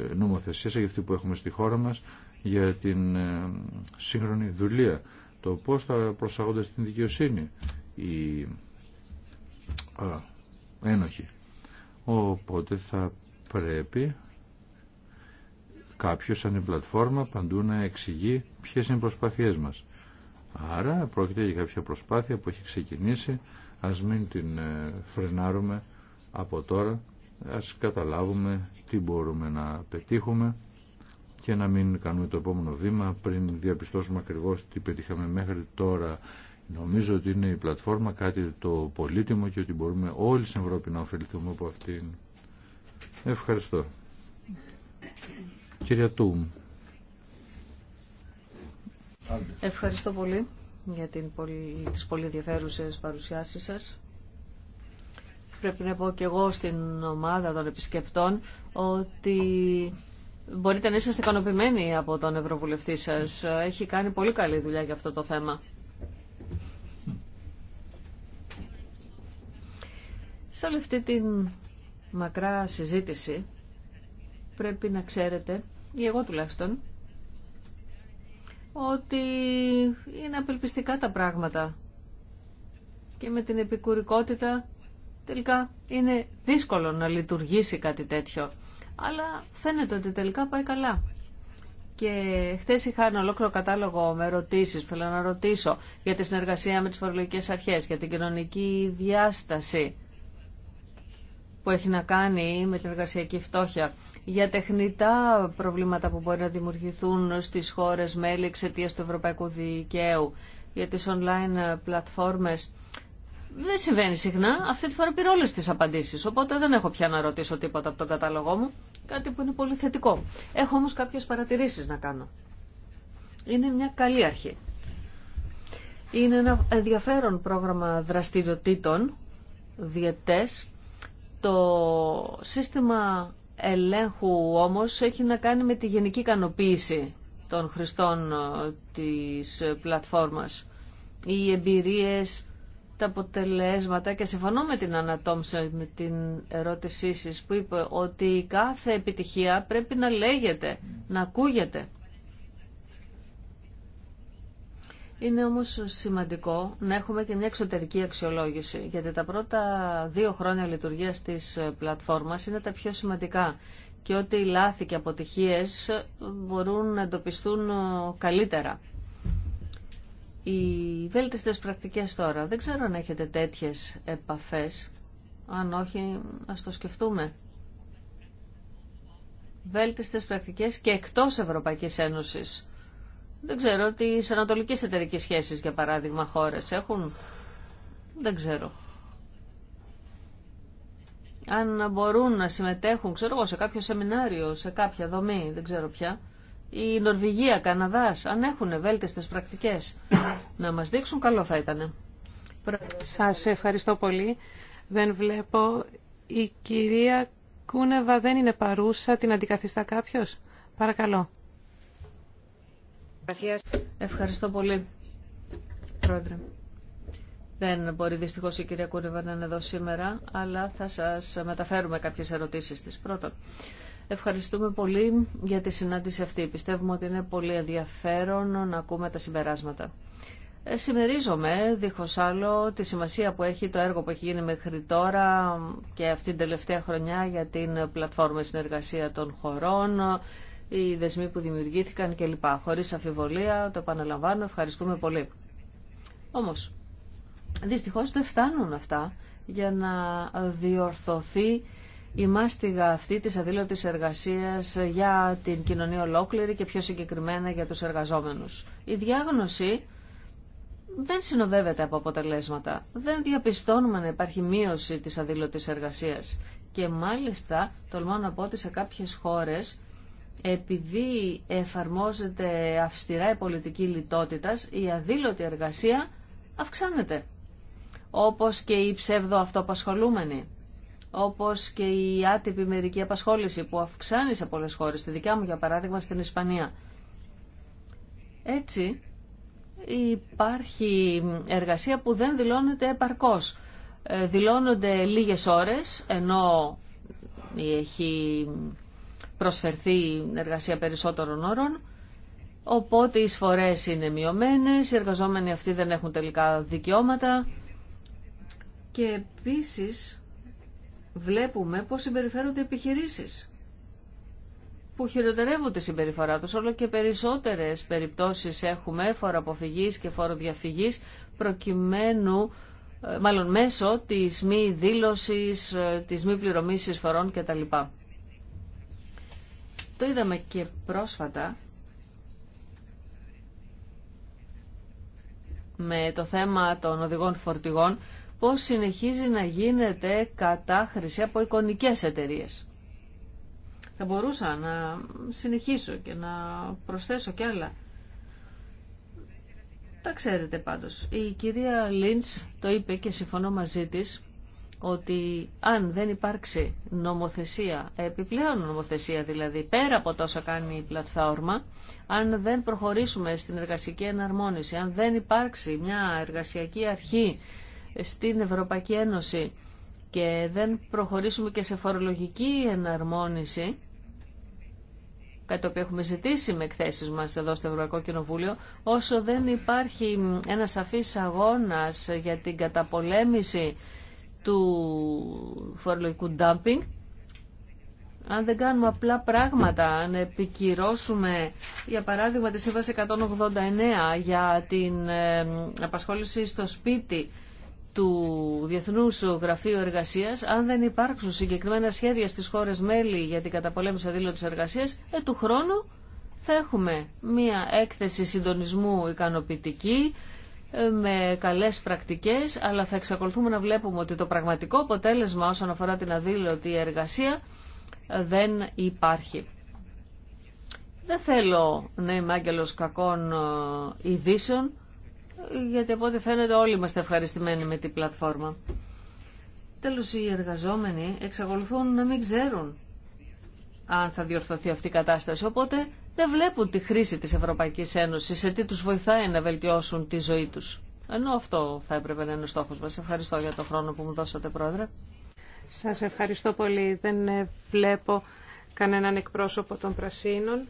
ε, νομοθεσία για αυτή που έχουμε στη χώρα μας για την ε, σύγχρονη δουλεία. Το πώς θα προσαγόνται στην δικαιοσύνη οι ένοχοι. Οπότε θα πρέπει κάποιο σαν την πλατφόρμα παντού να εξηγεί ποιε είναι οι προσπάθειές μας. Άρα πρόκειται για κάποια προσπάθεια που έχει ξεκινήσει, ας μην την ε, φρενάρουμε από τώρα, ας καταλάβουμε τι μπορούμε να πετύχουμε και να μην κάνουμε το επόμενο βήμα πριν διαπιστώσουμε ακριβώς τι πετύχαμε μέχρι τώρα. Νομίζω ότι είναι η πλατφόρμα κάτι το πολύτιμο και ότι μπορούμε όλοι στην Ευρώπη να ωφεληθούμε από αυτήν. Ευχαριστώ. Τούμ. Ευχαριστώ πολύ για την πολύ, τις πολύ ενδιαφέρουσες παρουσιάσεις σας. Πρέπει να πω και εγώ στην ομάδα των επισκεπτών ότι μπορείτε να είσαστε ικανοποιημένοι από τον Ευρωβουλευτή σας. Έχει κάνει πολύ καλή δουλειά για αυτό το θέμα. Σε αυτή την μακρά συζήτηση πρέπει να ξέρετε, ή εγώ τουλάχιστον, ότι είναι απελπιστικά τα πράγματα. Και με την επικουρικότητα τελικά είναι δύσκολο να λειτουργήσει κάτι τέτοιο. Αλλά φαίνεται ότι τελικά πάει καλά. Και χθε είχα ένα ολόκληρο κατάλογο με ερωτήσει θέλω να ρωτήσω για τη συνεργασία με τι φορολογικέ αρχέ, για την κοινωνική διάσταση που έχει να κάνει με την εργασιακή φτώχεια για τεχνητά προβλήματα που μπορεί να δημιουργηθούν στις χώρες μέλη εξαιτία του ευρωπαϊκού δικαίου, για τις online πλατφόρμες. Δεν συμβαίνει συχνά. Αυτή τη φορά πήρε όλε τι απαντήσει. Οπότε δεν έχω πια να ρωτήσω τίποτα από τον κατάλογό μου. Κάτι που είναι πολύ θετικό. Έχω όμως κάποιες παρατηρήσεις να κάνω. Είναι μια καλή αρχή. Είναι ένα ενδιαφέρον πρόγραμμα δραστηριοτήτων, διαιτές. Το σύστημα ελέγχου όμως έχει να κάνει με τη γενική ικανοποίηση των χρηστών ε, της πλατφόρμας. Οι εμπειρίες, τα αποτελέσματα και συμφωνώ με την ανατόμηση με την ερώτησή σας που είπε ότι κάθε επιτυχία πρέπει να λέγεται, να ακούγεται. Είναι όμως σημαντικό να έχουμε και μια εξωτερική αξιολόγηση, γιατί τα πρώτα δύο χρόνια λειτουργίας της πλατφόρμας είναι τα πιο σημαντικά και ότι λάθη και αποτυχίες μπορούν να εντοπιστούν καλύτερα. Οι βέλτιστες πρακτικές τώρα, δεν ξέρω αν έχετε τέτοιε επαφές, αν όχι ας το σκεφτούμε. Βέλτιστες πρακτικέ και εκτό Ευρωπαϊκή Ένωσης δεν ξέρω, τι ανατολικέ εταιρικέ σχέσεις, για παράδειγμα, χώρε έχουν. Δεν ξέρω. Αν μπορούν να συμμετέχουν, ξέρω εγώ, σε κάποιο σεμινάριο, σε κάποια δομή, δεν ξέρω πια. Η Νορβηγία, Καναδάς, αν έχουν τις πρακτικές να μας δείξουν, καλό θα ήταν. Σα ευχαριστώ πολύ. Δεν βλέπω. Η κυρία Κούνεβα δεν είναι παρούσα. Την αντικαθιστά κάποιο. Παρακαλώ. Ευχαριστώ πολύ, Πρόεδρε. Δεν μπορεί δυστυχώς η κυρία Κούρεβα να είναι εδώ σήμερα, αλλά θα σας μεταφέρουμε κάποιες ερωτήσεις της. Πρώτον, ευχαριστούμε πολύ για τη συνάντηση αυτή. Πιστεύουμε ότι είναι πολύ ενδιαφέρον να ακούμε τα συμπεράσματα. Ε, Σημερίζομαι, δίχως άλλο, τη σημασία που έχει το έργο που έχει γίνει μέχρι τώρα και αυτή την τελευταία χρονιά για την πλατφόρμα συνεργασία των χωρών, οι δεσμοί που δημιουργήθηκαν κλπ. Χωρίς αφιβολία, το επαναλαμβάνω, ευχαριστούμε πολύ. Όμως, δυστυχώς δεν φτάνουν αυτά για να διορθωθεί η μάστιγα αυτή της αδήλωτης εργασίας για την κοινωνία ολόκληρη και πιο συγκεκριμένα για τους εργαζόμενους. Η διάγνωση δεν συνοδεύεται από αποτελέσματα. Δεν διαπιστώνουμε να υπάρχει μείωση της αδήλωτης εργασίας. Και μάλιστα, τολμώ να πω ότι σε κάποιες χώρες επειδή εφαρμόζεται αυστηρά η πολιτική λιτότητας, η αδήλωτη εργασία αυξάνεται. Όπως και η ψευδο όπως και η άτυπη μερική απασχόληση που αυξάνει σε πολλές χώρες, στη δικιά μου για παράδειγμα στην Ισπανία. Έτσι υπάρχει εργασία που δεν δηλώνεται επαρκώς. Ε, δηλώνονται λίγες ώρες, ενώ έχει προσφερθεί εργασία περισσότερων όρων. Οπότε οι σφορές είναι μειωμένες, οι εργαζόμενοι αυτοί δεν έχουν τελικά δικαιώματα. Και επίσης βλέπουμε πώς συμπεριφέρονται οι επιχειρήσεις που χειροτερεύουν τη συμπεριφορά τους. Όλο και περισσότερες περιπτώσεις έχουμε φόρο αποφυγής και φόρο διαφυγής προκειμένου ε, μάλλον μέσω της μη δήλωσης, ε, της μη πληρωμής εισφορών κτλ. Το είδαμε και πρόσφατα με το θέμα των οδηγών φορτηγών πώς συνεχίζει να γίνεται κατάχρηση από εικονικές εταιρείες. Θα μπορούσα να συνεχίσω και να προσθέσω κι άλλα. Τα ξέρετε πάντως. Η κυρία Λίντς το είπε και συμφωνώ μαζί της ότι αν δεν υπάρξει νομοθεσία, επιπλέον νομοθεσία δηλαδή, πέρα από τόσα κάνει η πλατφόρμα, αν δεν προχωρήσουμε στην εργασιακή εναρμόνιση, αν δεν υπάρξει μια εργασιακή αρχή στην Ευρωπαϊκή Ένωση και δεν προχωρήσουμε και σε φορολογική εναρμόνιση, κάτι το οποίο έχουμε ζητήσει με εκθέσει μα εδώ στο Ευρωπαϊκό Κοινοβούλιο, όσο δεν υπάρχει ένα σαφή αγώνα για την καταπολέμηση του φορολογικού ντάμπινγκ. αν δεν κάνουμε απλά πράγματα, αν επικυρώσουμε για παράδειγμα τη Σύμβαση 189 για την ε, απασχόληση στο σπίτι του Διεθνούς Γραφείου Εργασίας, αν δεν υπάρξουν συγκεκριμένα σχέδια στις χώρες μέλη για την καταπολέμηση αδήλωτης εργασίας, ε, του χρόνου θα έχουμε μία έκθεση συντονισμού ικανοποιητική, με καλές πρακτικές, αλλά θα εξακολουθούμε να βλέπουμε ότι το πραγματικό αποτέλεσμα όσον αφορά την αδήλωτη εργασία δεν υπάρχει. Δεν θέλω να είμαι άγγελος κακών ε, ειδήσεων, γιατί από ό,τι φαίνεται όλοι είμαστε ευχαριστημένοι με την πλατφόρμα. Τέλος, οι εργαζόμενοι εξακολουθούν να μην ξέρουν αν θα διορθωθεί αυτή η κατάσταση, οπότε δεν βλέπουν τη χρήση της Ευρωπαϊκής Ένωσης, σε τι τους βοηθάει να βελτιώσουν τη ζωή τους. Ενώ αυτό θα έπρεπε να είναι ο στόχος μας. Ευχαριστώ για το χρόνο που μου δώσατε, Πρόεδρε. Σας ευχαριστώ πολύ. Δεν ε, βλέπω κανέναν εκπρόσωπο των Πρασίνων.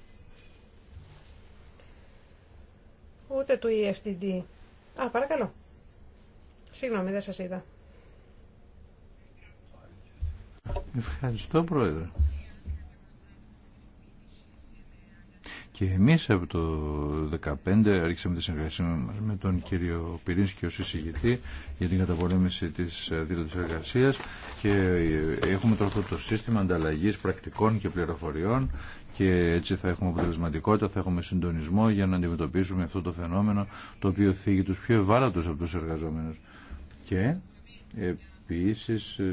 Ούτε του EFTD. Α, παρακαλώ. Συγγνώμη, δεν σας είδα. Ευχαριστώ, Πρόεδρε. Και εμείς από το 2015 άρχισαμε τη συνεργασία μας με τον κύριο Πυρίνσκι ως εισηγητή για την καταπολέμηση της δίδοτης εργασίας και έχουμε τώρα αυτό το σύστημα ανταλλαγής πρακτικών και πληροφοριών και έτσι θα έχουμε αποτελεσματικότητα, θα έχουμε συντονισμό για να αντιμετωπίσουμε αυτό το φαινόμενο το οποίο θίγει τους πιο ευάλωτους από τους εργαζόμενους. Και επίσης ε,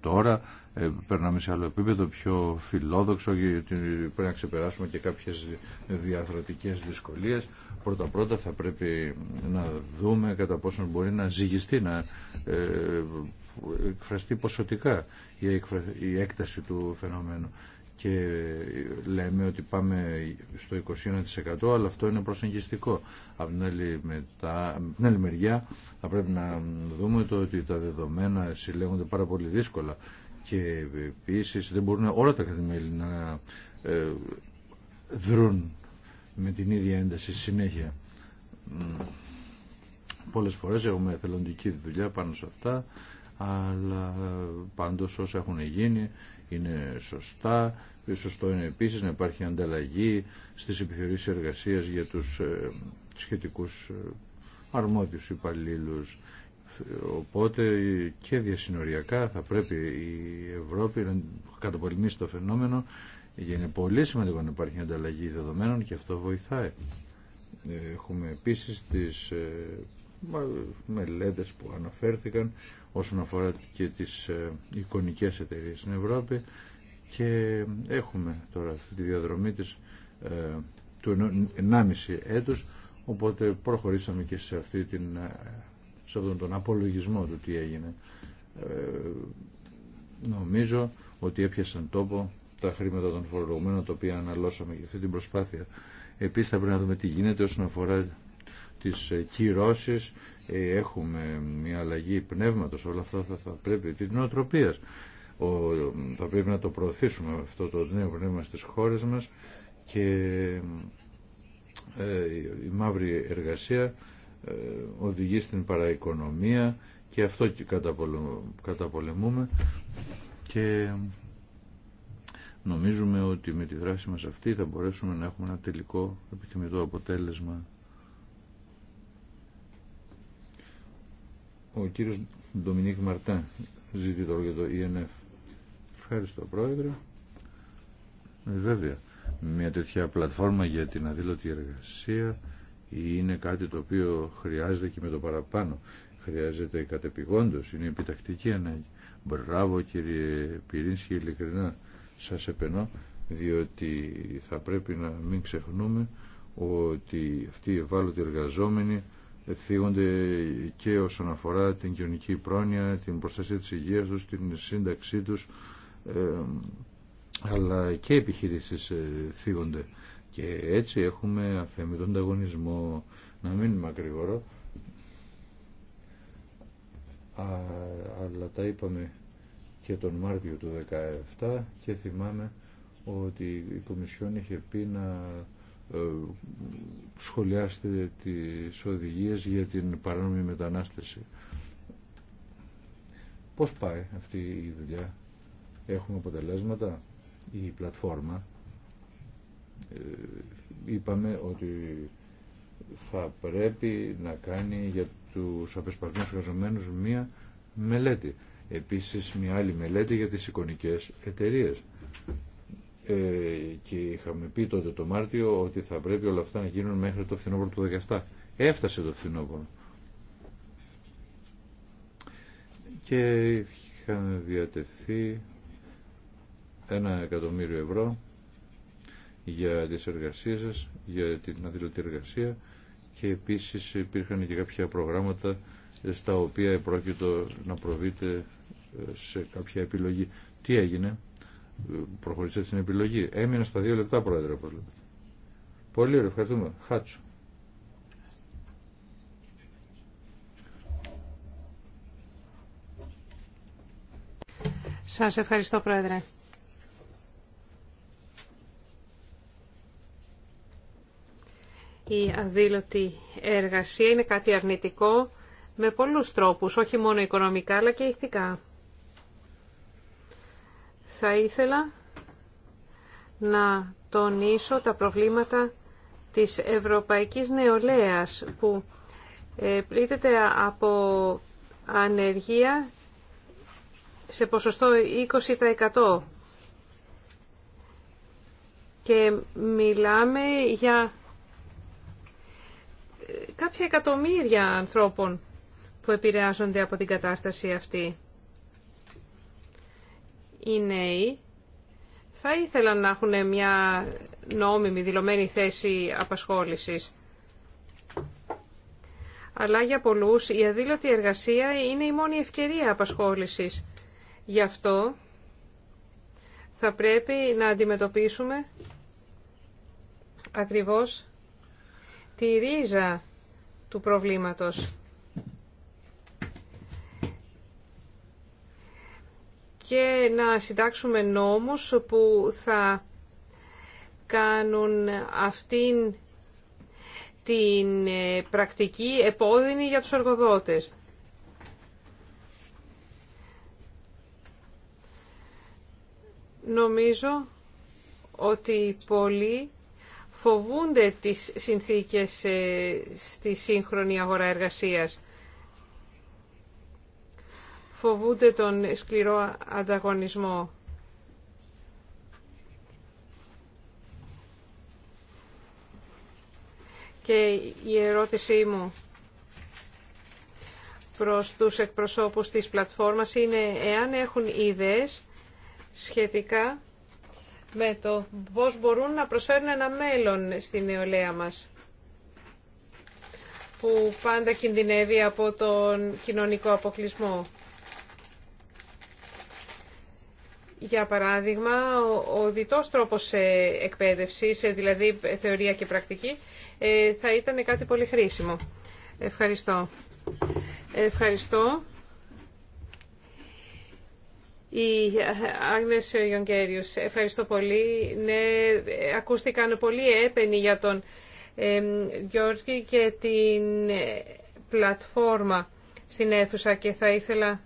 τώρα ε, περνάμε σε άλλο επίπεδο, πιο φιλόδοξο, γιατί πρέπει να ξεπεράσουμε και κάποιες διαθροτικές δυσκολίες. Πρώτα-πρώτα θα πρέπει να δούμε κατά πόσον μπορεί να ζυγιστεί, να ε, εκφραστεί ποσοτικά η έκταση του φαινομένου και λέμε ότι πάμε στο 21% αλλά αυτό είναι προσεγγιστικό. Από την άλλη, μετά, από την άλλη μεριά θα πρέπει να δούμε το ότι τα δεδομένα συλλέγονται πάρα πολύ δύσκολα και επίση δεν μπορούν όλα τα κρατημέλη να ε, δρουν με την ίδια ένταση συνέχεια. Πολλές φορές έχουμε εθελοντική δουλειά πάνω σε αυτά, αλλά πάντως όσα έχουν γίνει είναι σωστά. Σωστό είναι επίσης να υπάρχει ανταλλαγή στις επιχειρήσεις εργασίας για τους ε, σχετικούς ε, αρμόδιους υπαλλήλους. Οπότε και διασυνοριακά θα πρέπει η Ευρώπη να καταπολεμήσει το φαινόμενο γιατί είναι πολύ σημαντικό να υπάρχει ανταλλαγή δεδομένων και αυτό βοηθάει. Έχουμε επίσης τις ε, μελέτες που αναφέρθηκαν όσον αφορά και τις ε, εικονικές εταιρείες στην Ευρώπη και έχουμε τώρα τη διαδρομή της ε, του 1,5 έτους οπότε προχωρήσαμε και σε αυτή την σε αυτόν τον απολογισμό του τι έγινε. Ε, νομίζω ότι έπιασαν τόπο τα χρήματα των φορολογουμένων τα οποία αναλώσαμε για αυτή την προσπάθεια. Επίσης θα πρέπει να δούμε τι γίνεται όσον αφορά τις ε, κυρώσεις. Ε, έχουμε μια αλλαγή πνεύματος, όλα αυτά θα, θα πρέπει, την νοοτροπία Ο, θα πρέπει να το προωθήσουμε αυτό το νέο πνεύμα στις χώρες μας και ε, η μαύρη εργασία ε, οδηγεί στην παραοικονομία και αυτό καταπολεμούμε και νομίζουμε ότι με τη δράση μας αυτή θα μπορέσουμε να έχουμε ένα τελικό επιθυμητό αποτέλεσμα. Ο κύριος Ντομινίκ Μαρτάν ζητεί τώρα για το ΕΝΕΦ. E Ευχαριστώ πρόεδρε. Ε, βέβαια, μια τέτοια πλατφόρμα για την αδήλωτη εργασία είναι κάτι το οποίο χρειάζεται και με το παραπάνω. Χρειάζεται κατεπηγόντως, είναι επιτακτική ανάγκη. Μπράβο κύριε Πυρίνσκι, ειλικρινά σας επενώ, διότι θα πρέπει να μην ξεχνούμε ότι αυτοί οι ευάλωτοι εργαζόμενοι θίγονται και όσον αφορά την κοινωνική πρόνοια, την προστασία της υγείας τους, την σύνταξή τους, ε, αλλά και επιχειρήσεις ε, θίγονται. Και έτσι έχουμε τον ανταγωνισμό. Να μην μακρυγορό. Αλλά τα είπαμε και τον Μάρτιο του 2017 και θυμάμαι ότι η Κομισιόν είχε πει να ε, σχολιάστε τις οδηγίες για την παράνομη μετανάστευση. Πώς πάει αυτή η δουλειά, έχουμε αποτελέσματα, η πλατφόρμα ε, είπαμε ότι θα πρέπει να κάνει για τους απεσπασμένους εργαζομένους μία μελέτη. Επίσης μια άλλη μελέτη για τις εικονικές εταιρείε. Ε, και είχαμε πει τότε το Μάρτιο ότι θα πρέπει όλα αυτά να γίνουν μέχρι το φθινόπωρο του 2017. Έφτασε το φθινόπωρο. Και είχαν διατεθεί ένα εκατομμύριο ευρώ για τις εργασίες σας, για την αδειλωτή εργασία και επίσης υπήρχαν και κάποια προγράμματα στα οποία επρόκειτο να προβείτε ε, σε κάποια επιλογή. Τι έγινε, προχωρήσατε στην επιλογή. Έμεινα στα δύο λεπτά, Πρόεδρε, όπως λέτε. Πολύ ωραία, ευχαριστούμε. Χάτσο. Σας ευχαριστώ, Πρόεδρε. Η αδήλωτη εργασία είναι κάτι αρνητικό με πολλούς τρόπους, όχι μόνο οικονομικά αλλά και ηθικά. Θα ήθελα να τονίσω τα προβλήματα της ευρωπαϊκής νεολαίας που ε, πλήττεται από ανεργία σε ποσοστό 20% και μιλάμε για κάποια εκατομμύρια ανθρώπων που επηρεάζονται από την κατάσταση αυτή. Οι νέοι θα ήθελαν να έχουν μια νόμιμη δηλωμένη θέση απασχόλησης. Αλλά για πολλούς η αδήλωτη εργασία είναι η μόνη ευκαιρία απασχόλησης. Γι' αυτό θα πρέπει να αντιμετωπίσουμε ακριβώς τη ρίζα του προβλήματος. Και να συντάξουμε νόμους που θα κάνουν αυτήν την ε, πρακτική επώδυνη για τους εργοδότες. Νομίζω ότι πολλοί φοβούνται τις συνθήκες ε, στη σύγχρονη αγορά εργασίας. Φοβούνται τον σκληρό ανταγωνισμό. Και η ερώτησή μου προς τους εκπροσώπους της πλατφόρμας είναι εάν έχουν ιδέες σχετικά με το πώς μπορούν να προσφέρουν ένα μέλλον στην νεολαία μας που πάντα κινδυνεύει από τον κοινωνικό αποκλεισμό. Για παράδειγμα, ο διτός τρόπος εκπαίδευσης, δηλαδή θεωρία και πρακτική, ε, θα ήταν κάτι πολύ χρήσιμο. Ευχαριστώ. Ευχαριστώ. Η Άγνες Γιονγκέριους, ευχαριστώ πολύ. Ναι, ακούστηκαν πολύ έπαινοι για τον Γιώργη και την ε, πλατφόρμα στην αίθουσα και θα ήθελα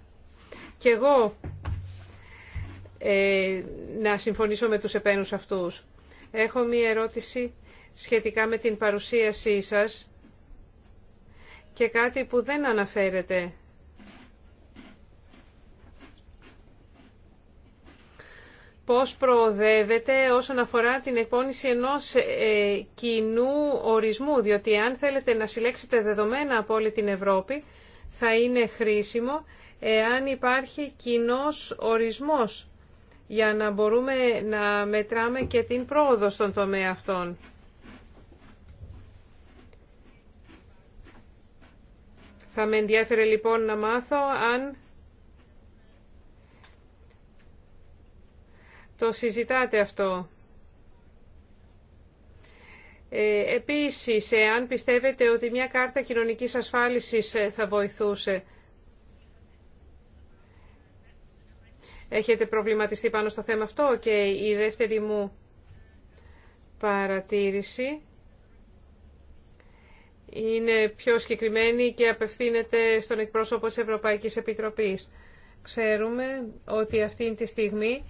και εγώ ε, να συμφωνήσω με τους επένους αυτούς. Έχω μία ερώτηση σχετικά με την παρουσίασή σας και κάτι που δεν αναφέρεται πώς προοδεύεται όσον αφορά την εκπόνηση ενός ε, κοινού ορισμού, διότι αν θέλετε να συλλέξετε δεδομένα από όλη την Ευρώπη, θα είναι χρήσιμο εάν υπάρχει κοινός ορισμός για να μπορούμε να μετράμε και την πρόοδο στον τομέα αυτών. Θα με ενδιαφέρε λοιπόν να μάθω αν Το συζητάτε αυτό. Ε, επίσης, εάν πιστεύετε ότι μια κάρτα κοινωνικής ασφάλισης ε, θα βοηθούσε, έχετε προβληματιστεί πάνω στο θέμα αυτό και η δεύτερη μου παρατήρηση είναι πιο συγκεκριμένη και απευθύνεται στον εκπρόσωπο της Ευρωπαϊκής Επιτροπής. Ξέρουμε ότι αυτή τη στιγμή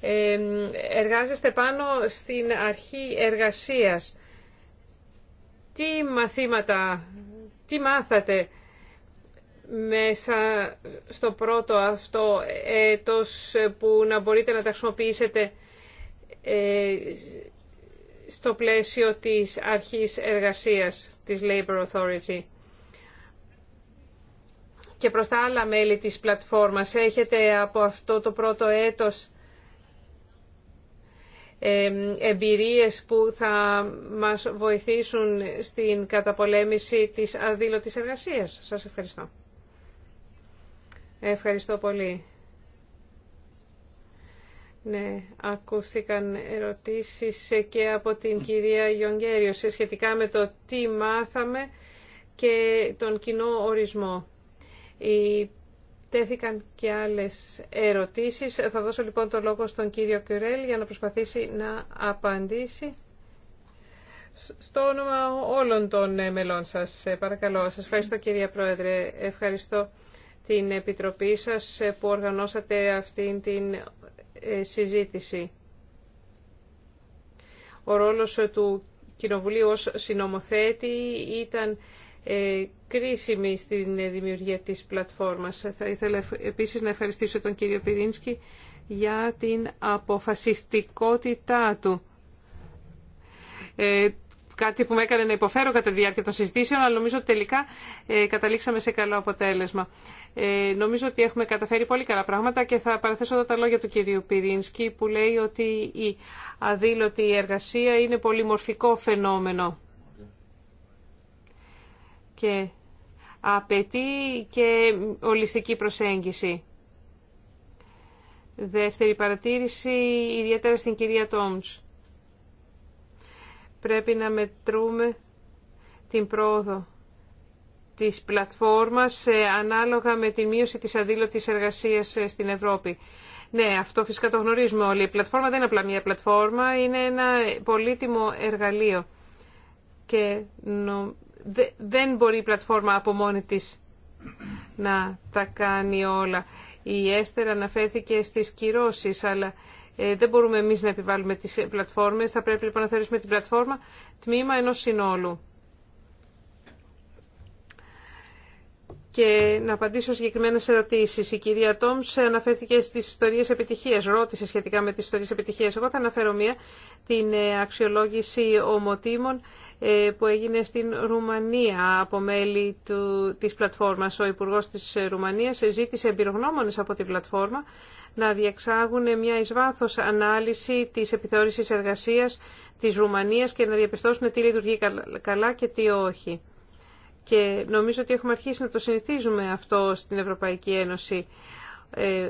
εργάζεστε πάνω στην αρχή εργασίας. Τι μαθήματα, τι μάθατε μέσα στο πρώτο αυτό έτος που να μπορείτε να τα χρησιμοποιήσετε ε, στο πλαίσιο της αρχής εργασίας της Labor Authority και προς τα άλλα μέλη της πλατφόρμας. Έχετε από αυτό το πρώτο έτος εμπειρίες που θα μας βοηθήσουν στην καταπολέμηση της αδήλωτης εργασίας. Σας ευχαριστώ. Ευχαριστώ πολύ. Ναι, ακούστηκαν ερωτήσεις και από την κυρία Γιονγκέριο σχετικά με το τι μάθαμε και τον κοινό ορισμό. Η Τέθηκαν και άλλες ερωτήσεις. Θα δώσω λοιπόν το λόγο στον κύριο Κιουρέλ για να προσπαθήσει να απαντήσει στο όνομα όλων των ε, μελών σας. Ε, παρακαλώ. Σας ευχαριστώ κύριε Πρόεδρε. Ευχαριστώ την Επιτροπή σας ε, που οργανώσατε αυτήν την συζήτηση. Ο ρόλος του Κοινοβουλίου ως συνομοθέτη ήταν ε, κρίσιμη στην ε, δημιουργία της πλατφόρμας. Θα ήθελα επίσης να ευχαριστήσω τον κύριο Πυρίνσκι για την αποφασιστικότητά του. Ε, κάτι που με έκανε να υποφέρω κατά τη διάρκεια των συζητήσεων, αλλά νομίζω τελικά ε, καταλήξαμε σε καλό αποτέλεσμα. νομίζω ότι έχουμε καταφέρει πολύ καλά πράγματα και θα παραθέσω εδώ τα λόγια του κυρίου Πυρίνσκι που λέει ότι η αδήλωτη εργασία είναι πολυμορφικό φαινόμενο και απαιτεί και ολιστική προσέγγιση. Δεύτερη παρατήρηση, ιδιαίτερα στην κυρία Τόμς. Πρέπει να μετρούμε την πρόοδο της πλατφόρμας ε, ανάλογα με τη μείωση της αδήλωτης εργασίας ε, στην Ευρώπη. Ναι, αυτό φυσικά το γνωρίζουμε όλοι. Η πλατφόρμα δεν είναι απλά μια πλατφόρμα, είναι ένα πολύτιμο εργαλείο. Και δεν μπορεί η πλατφόρμα από μόνη της να τα κάνει όλα. Η Έστερα αναφέρθηκε στις κυρώσεις, αλλά ε, δεν μπορούμε εμείς να επιβάλλουμε τις πλατφόρμες. Θα πρέπει λοιπόν να θεωρήσουμε την πλατφόρμα τμήμα ενός συνόλου. και να απαντήσω συγκεκριμένε ερωτήσει. Η κυρία Τόμ αναφέρθηκε στι ιστορίε επιτυχία, ρώτησε σχετικά με τι ιστορίε επιτυχία. Εγώ θα αναφέρω μία, την ε, αξιολόγηση ομοτήμων ε, που έγινε στην Ρουμανία από μέλη του, της πλατφόρμας. Ο Υπουργός της Ρουμανίας ζήτησε εμπειρογνώμονες από την πλατφόρμα να διεξάγουν μια ει ανάλυση της επιθεώρησης εργασίας της Ρουμανίας και να διαπιστώσουν τι λειτουργεί καλά και τι όχι. Και νομίζω ότι έχουμε αρχίσει να το συνηθίζουμε αυτό στην Ευρωπαϊκή Ένωση. Ε,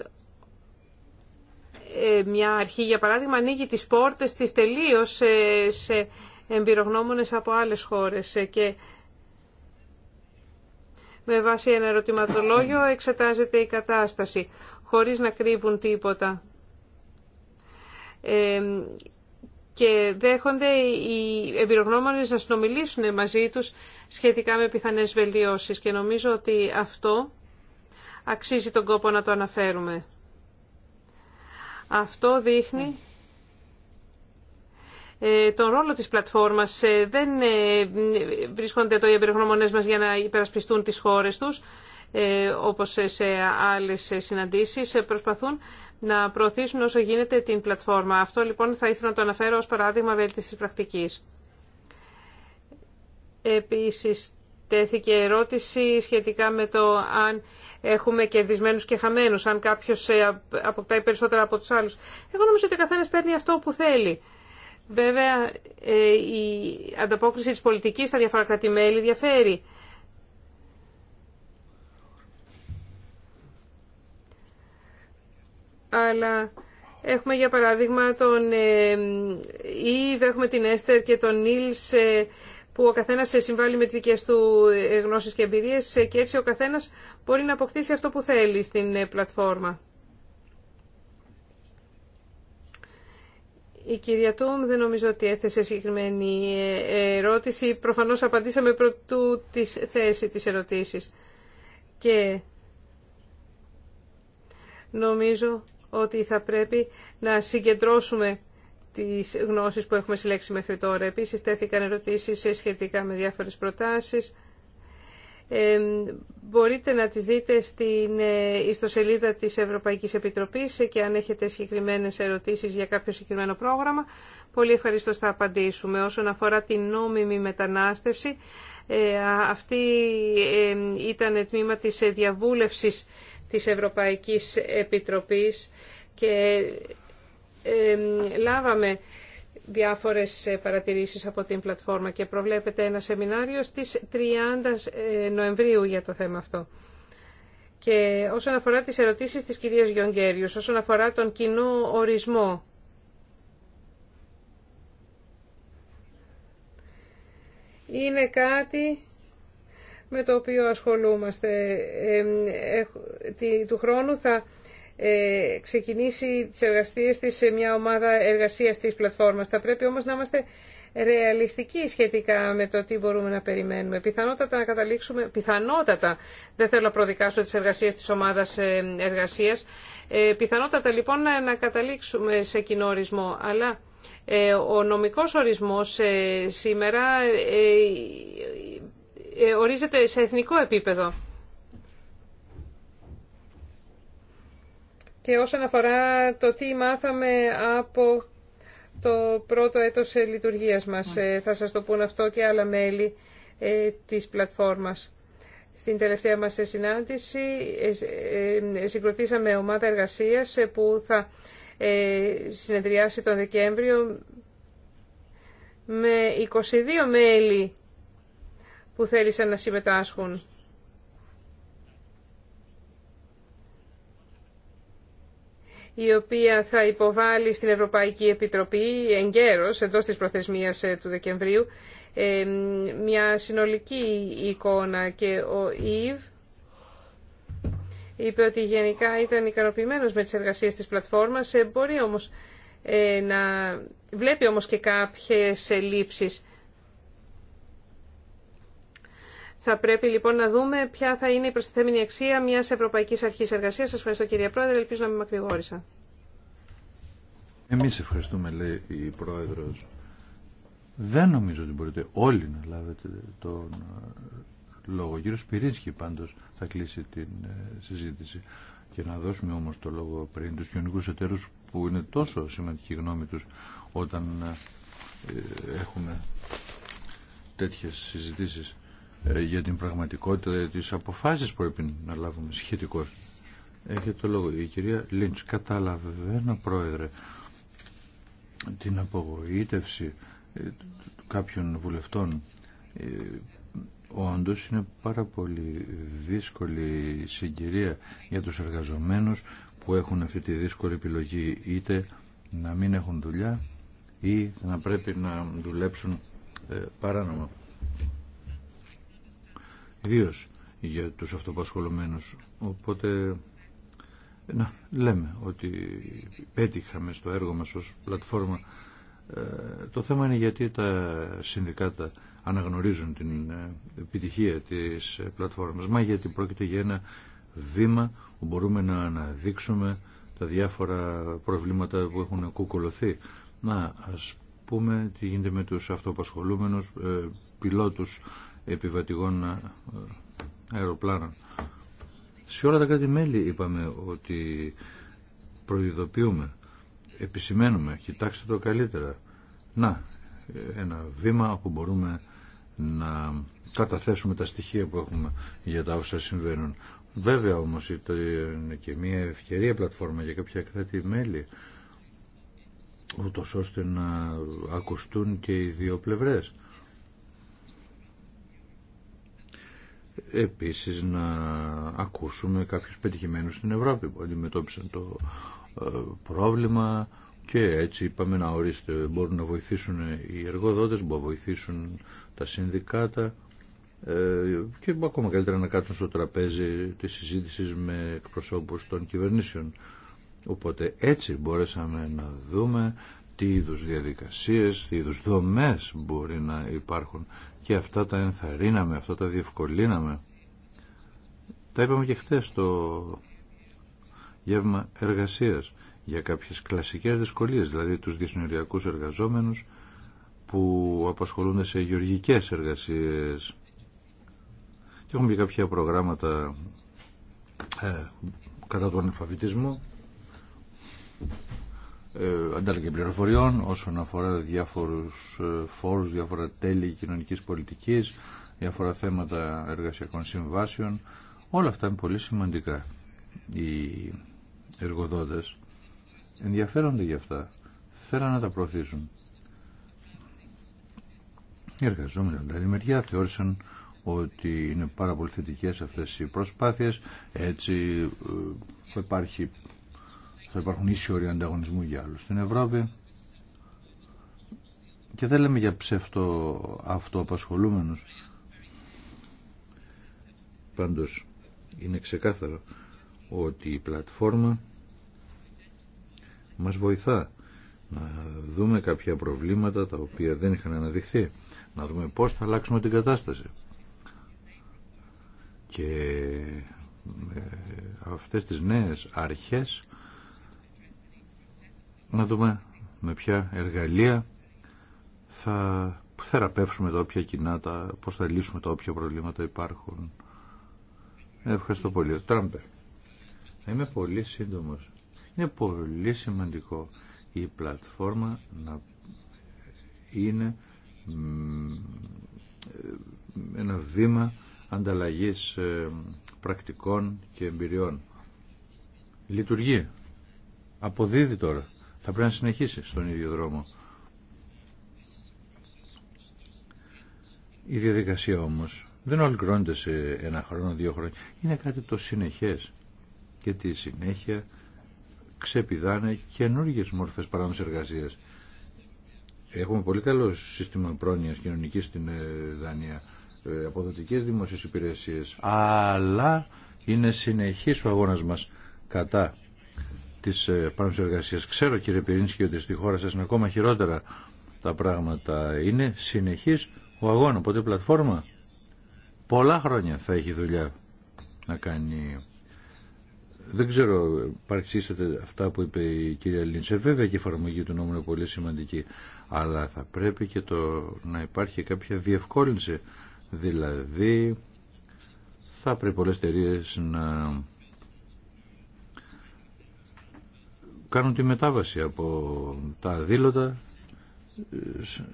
ε, μια αρχή, για παράδειγμα, ανοίγει τις πόρτες της τελείως ε, σε εμπειρογνώμονες από άλλες χώρες και με βάση ένα ερωτηματολόγιο εξετάζεται η κατάσταση, χωρίς να κρύβουν τίποτα και δέχονται οι εμπειρογνώμονες να συνομιλήσουν μαζί τους σχετικά με πιθανές βελτιώσεις και νομίζω ότι αυτό αξίζει τον κόπο να το αναφέρουμε. Αυτό δείχνει ε, τον ρόλο της πλατφόρμας. Ε, δεν ε, βρίσκονται το οι εμπειρογνώμονες μας για να υπερασπιστούν τις χώρες τους, όπως σε άλλες συναντήσεις. Προσπαθούν να προωθήσουν όσο γίνεται την πλατφόρμα. Αυτό λοιπόν θα ήθελα να το αναφέρω ως παράδειγμα βέλτισης πρακτικής. Επίσης, τέθηκε ερώτηση σχετικά με το αν έχουμε κερδισμένους και χαμένους, αν κάποιος ε, αποκτάει περισσότερα από τους άλλους. Εγώ νομίζω ότι ο καθένας παίρνει αυτό που θέλει. Βέβαια, ε, η ανταπόκριση της πολιτικής στα διάφορα κρατημέλη διαφέρει. αλλά έχουμε για παράδειγμα τον ε, Ιβ, έχουμε την Έστερ και τον Νίλς ε, που ο καθένας ε, συμβάλλει με τις δικές του γνώσεις και εμπειρίες και έτσι ο καθένας μπορεί να αποκτήσει αυτό που θέλει στην πλατφόρμα. Η κυρία Τούμ δεν νομίζω ότι έθεσε συγκεκριμένη ερώτηση. Προφανώς απαντήσαμε πρωτού τη θέση της ερωτήσης. Και νομίζω ότι θα πρέπει να συγκεντρώσουμε τις γνώσεις που έχουμε συλλέξει μέχρι τώρα. Επίσης, τέθηκαν ερωτήσεις σχετικά με διάφορες προτάσεις. Ε, μπορείτε να τις δείτε στην ε, ιστοσελίδα της Ευρωπαϊκής Επιτροπής και αν έχετε συγκεκριμένες ερωτήσεις για κάποιο συγκεκριμένο πρόγραμμα, πολύ ευχαριστώ θα απαντήσουμε. Όσον αφορά την νόμιμη μετανάστευση, ε, αυτή ήταν τμήμα της διαβούλευσης της Ευρωπαϊκής Επιτροπής και λάβαμε διάφορες παρατηρήσεις από την πλατφόρμα και προβλέπεται ένα σεμινάριο στις 30 ε, Νοεμβρίου για το θέμα αυτό. Και όσον αφορά τις ερωτήσεις της κυρίας Γιονγκέριου, όσον αφορά τον κοινό ορισμό, είναι κάτι με το οποίο ασχολούμαστε. Του χρόνου θα ε, ξεκινήσει τις εργασίες της σε μια ομάδα εργασίας της πλατφόρμας. Θα πρέπει όμως να είμαστε ρεαλιστικοί σχετικά με το τι μπορούμε να περιμένουμε. Πιθανότατα να καταλήξουμε, πιθανότατα, δεν θέλω να προδικάσω τις εργασίες της ομάδας ε, εργασίας, ε, πιθανότατα λοιπόν να καταλήξουμε σε κοινό ορισμό. Αλλά ο νομικός ορισμός σήμερα ε, ορίζεται σε εθνικό επίπεδο. Και όσον αφορά το τι μάθαμε από το πρώτο έτος ε, λειτουργίας μας, ε, θα σας το πούν αυτό και άλλα μέλη της πλατφόρμας. Στην τελευταία μας συνάντηση συγκροτήσαμε ομάδα εργασίας που θα συνεδριάσει τον Δεκέμβριο με 22 μέλη που θέλησαν να συμμετάσχουν. η οποία θα υποβάλει στην Ευρωπαϊκή Επιτροπή εγκαίρως, εντός της προθεσμίας ε, του Δεκεμβρίου, ε, μια συνολική εικόνα και ο Ιβ είπε ότι γενικά ήταν ικανοποιημένος με τις εργασίες της πλατφόρμας, ε, μπορεί όμως να βλέπει όμως και κάποιες ελλείψεις. Θα πρέπει λοιπόν να δούμε ποια θα είναι η προστιθέμενη αξία μιας Ευρωπαϊκής Αρχής Εργασίας. Σας ευχαριστώ κύριε Πρόεδρε, ελπίζω να μην μακρηγόρησα. Εμείς ευχαριστούμε λέει η Πρόεδρος. Δεν νομίζω ότι μπορείτε όλοι να λάβετε τον ε, λόγο. Ο κύριος Πυρίνσκι πάντως θα κλείσει την ε, συζήτηση. Και να δώσουμε όμως το λόγο πριν τους κοινωνικούς εταίρους που είναι τόσο σημαντική γνώμη τους όταν ε, έχουμε τέτοιες συζητήσεις. Ε, για την πραγματικότητα τις αποφάσεις που έπρεπε να λάβουμε σχετικώς. Έχετε το λόγο. Η κυρία Λίντς καταλαβαίνω πρόεδρε την απογοήτευση ε, κάποιων βουλευτών ε, όντω είναι πάρα πολύ δύσκολη συγκυρία για τους εργαζομένους που έχουν αυτή τη δύσκολη επιλογή είτε να μην έχουν δουλειά ή να πρέπει να δουλέψουν παράνομα ιδίω για τους αυτοπασχολουμένους. Οπότε, να, λέμε ότι πέτυχαμε στο έργο μας ως πλατφόρμα. Ε, το θέμα είναι γιατί τα συνδικάτα αναγνωρίζουν την ε, επιτυχία της ε, πλατφόρμας, μα γιατί πρόκειται για ένα βήμα που μπορούμε να αναδείξουμε τα διάφορα προβλήματα που έχουν κουκολωθεί. Να, ας πούμε τι γίνεται με τους αυτοπασχολούμενους, ε, πιλότους, επιβατηγών ε, αεροπλάνων. Σε όλα τα κράτη-μέλη είπαμε ότι προειδοποιούμε, επισημαίνουμε, κοιτάξτε το καλύτερα. Να, ένα βήμα που μπορούμε να καταθέσουμε τα στοιχεία που έχουμε για τα όσα συμβαίνουν. Βέβαια όμως είναι και μια ευκαιρία πλατφόρμα για κάποια κράτη-μέλη ούτως ώστε να ακουστούν και οι δύο πλευρές. επίσης να ακούσουμε κάποιους πετυχημένους στην Ευρώπη που αντιμετώπισαν το ε, πρόβλημα και έτσι είπαμε να ορίστε μπορούν να βοηθήσουν οι εργοδότες, μπορούν να βοηθήσουν τα συνδικάτα ε, και ακόμα καλύτερα να κάτσουν στο τραπέζι της συζήτηση με εκπροσώπους των κυβερνήσεων. Οπότε έτσι μπορέσαμε να δούμε τι είδους διαδικασίες, τι είδους δομές μπορεί να υπάρχουν και αυτά τα ενθαρρύναμε, αυτά τα διευκολύναμε. Τα είπαμε και χτες στο γεύμα εργασίας για κάποιες κλασικές δυσκολίες, δηλαδή τους δυσνοριακούς εργαζόμενους που απασχολούνται σε γεωργικές εργασίες. Και έχουμε και κάποια προγράμματα ε, κατά τον αλφαβητισμό ε, ανταλλαγή πληροφοριών όσον αφορά διάφορους ε, φόρους, διάφορα τέλη κοινωνικής πολιτικής, διάφορα θέματα εργασιακών συμβάσεων. Όλα αυτά είναι πολύ σημαντικά. Οι εργοδότες ενδιαφέρονται για αυτά. Θέλαν να τα προωθήσουν. Οι εργαζόμενοι από την άλλη μεριά θεώρησαν ότι είναι πάρα πολύ θετικές αυτές οι προσπάθειες. Έτσι ε, υπάρχει θα υπάρχουν ίσοι όροι ανταγωνισμού για άλλους στην Ευρώπη και δεν λέμε για ψευτο αυτοαπασχολούμενους πάντως είναι ξεκάθαρο ότι η πλατφόρμα μας βοηθά να δούμε κάποια προβλήματα τα οποία δεν είχαν αναδειχθεί να δούμε πώς θα αλλάξουμε την κατάσταση και αυτές τις νέες αρχές να δούμε με ποια εργαλεία θα θεραπεύσουμε τα όποια κοινά, τα, πώς θα λύσουμε τα όποια προβλήματα υπάρχουν. Ευχαριστώ πολύ. Τράμπερ. είμαι πολύ σύντομος. Είναι πολύ σημαντικό η πλατφόρμα να είναι ένα βήμα ανταλλαγής ε, πρακτικών και εμπειριών. Λειτουργεί. Αποδίδει τώρα θα πρέπει να συνεχίσει στον ίδιο δρόμο. Η διαδικασία όμως δεν ολοκληρώνεται σε ένα χρόνο, δύο χρόνια. Είναι κάτι το συνεχές και τη συνέχεια ξεπηδάνε καινούργιε μόρφες παράνομης εργασίας. Έχουμε πολύ καλό σύστημα πρόνοιας κοινωνικής στην ε, Δανία, ε, αποδοτικές δημόσιες υπηρεσίες, αλλά είναι συνεχής ο αγώνας μας κατά της ε, πάνω εργασίας. Ξέρω κύριε Πυρίνσκι ότι στη χώρα σα είναι ακόμα χειρότερα τα πράγματα. Είναι συνεχή ο αγώνα, οπότε η πλατφόρμα πολλά χρόνια θα έχει δουλειά να κάνει. Δεν ξέρω, παρεξήσατε αυτά που είπε η κυρία Λίντσε. Βέβαια και η εφαρμογή του νόμου είναι πολύ σημαντική. Αλλά θα πρέπει και το να υπάρχει κάποια διευκόλυνση. Δηλαδή, θα πρέπει πολλές εταιρείε να κάνουν τη μετάβαση από τα αδήλωτα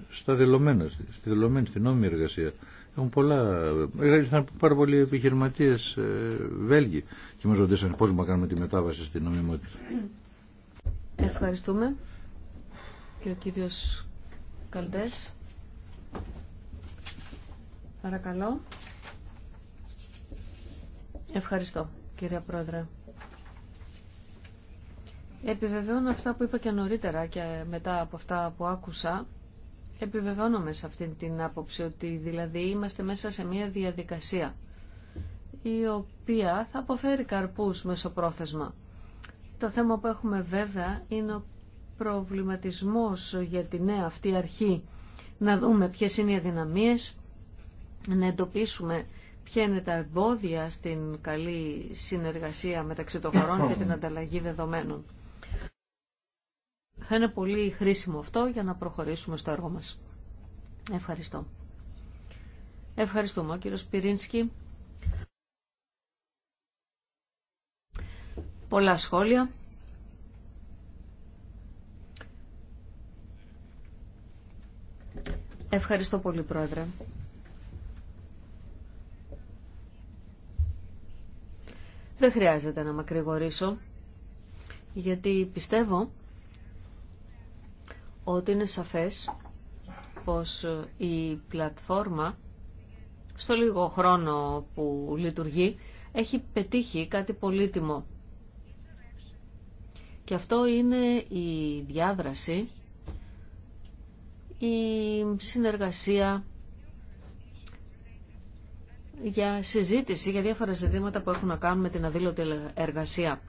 στα δελωμένα, στη δηλωμένη, στην νόμιμη εργασία. Έχουν πολλά. Ε, πάρα πολλοί επιχειρηματίε ε, Βέλγοι και μα ρωτήσαν πώ μπορούμε να κάνουμε τη μετάβαση στην νομιμότητα. Ευχαριστούμε. Και ο κύριο Καλτέ. Παρακαλώ. Ευχαριστώ, κύριε Πρόεδρε. Επιβεβαιώνω αυτά που είπα και νωρίτερα και μετά από αυτά που άκουσα. Επιβεβαιώνομαι σε αυτή την άποψη ότι δηλαδή είμαστε μέσα σε μια διαδικασία η οποία θα αποφέρει καρπούς μεσοπρόθεσμα. Το θέμα που έχουμε βέβαια είναι ο προβληματισμός για τη νέα αυτή αρχή. Να δούμε ποιες είναι οι αδυναμίες, να εντοπίσουμε ποια είναι τα εμπόδια στην καλή συνεργασία μεταξύ των χωρών και την ανταλλαγή δεδομένων. Θα είναι πολύ χρήσιμο αυτό για να προχωρήσουμε στο έργο μας. Ευχαριστώ. Ευχαριστούμε, κύριο Σπυρίνσκι. Πολλά σχόλια. Ευχαριστώ πολύ, Πρόεδρε. Δεν χρειάζεται να μακρηγορήσω, γιατί πιστεύω ότι είναι σαφές πως η πλατφόρμα στο λίγο χρόνο που λειτουργεί έχει πετύχει κάτι πολύτιμο. Και αυτό είναι η διάδραση, η συνεργασία για συζήτηση για διάφορα ζητήματα που έχουν να κάνουν με την αδήλωτη εργασία.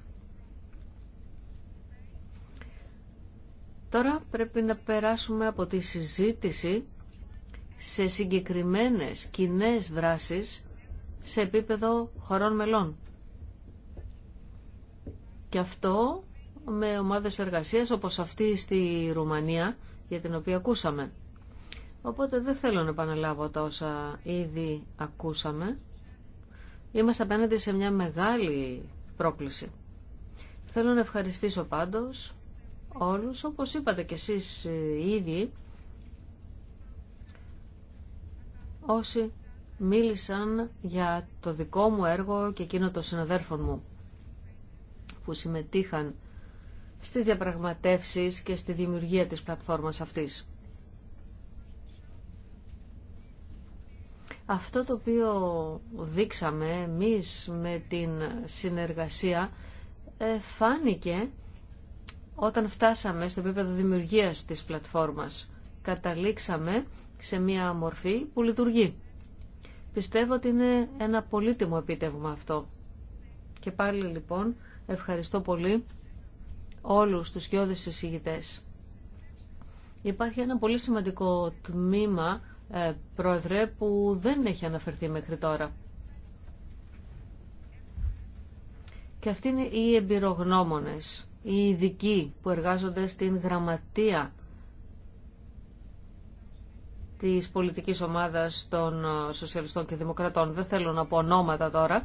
Τώρα πρέπει να περάσουμε από τη συζήτηση σε συγκεκριμένες κοινέ δράσεις σε επίπεδο χωρών μελών. Και αυτό με ομάδες εργασίας όπως αυτή στη Ρουμανία για την οποία ακούσαμε. Οπότε δεν θέλω να επαναλάβω τα όσα ήδη ακούσαμε. Είμαστε απέναντι σε μια μεγάλη πρόκληση. Θέλω να ευχαριστήσω πάντως όλους, όπως είπατε και εσείς ε, ήδη, όσοι μίλησαν για το δικό μου έργο και εκείνο των συναδέρφων μου που συμμετείχαν στις διαπραγματεύσεις και στη δημιουργία της πλατφόρμας αυτής. Αυτό το οποίο δείξαμε εμείς με την συνεργασία ε, φάνηκε όταν φτάσαμε στο επίπεδο δημιουργίας της πλατφόρμας, καταλήξαμε σε μια μορφή που λειτουργεί. Πιστεύω ότι είναι ένα πολύτιμο επίτευγμα αυτό. Και πάλι λοιπόν ευχαριστώ πολύ όλους τους γιώδες εισηγητές. Υπάρχει ένα πολύ σημαντικό τμήμα, ε, πρόεδρε, που δεν έχει αναφερθεί μέχρι τώρα. Και αυτοί είναι οι εμπειρογνώμονες οι ειδικοί που εργάζονται στην γραμματεία της πολιτικής ομάδας των ε, Σοσιαλιστών και Δημοκρατών. Δεν θέλω να πω ονόματα τώρα,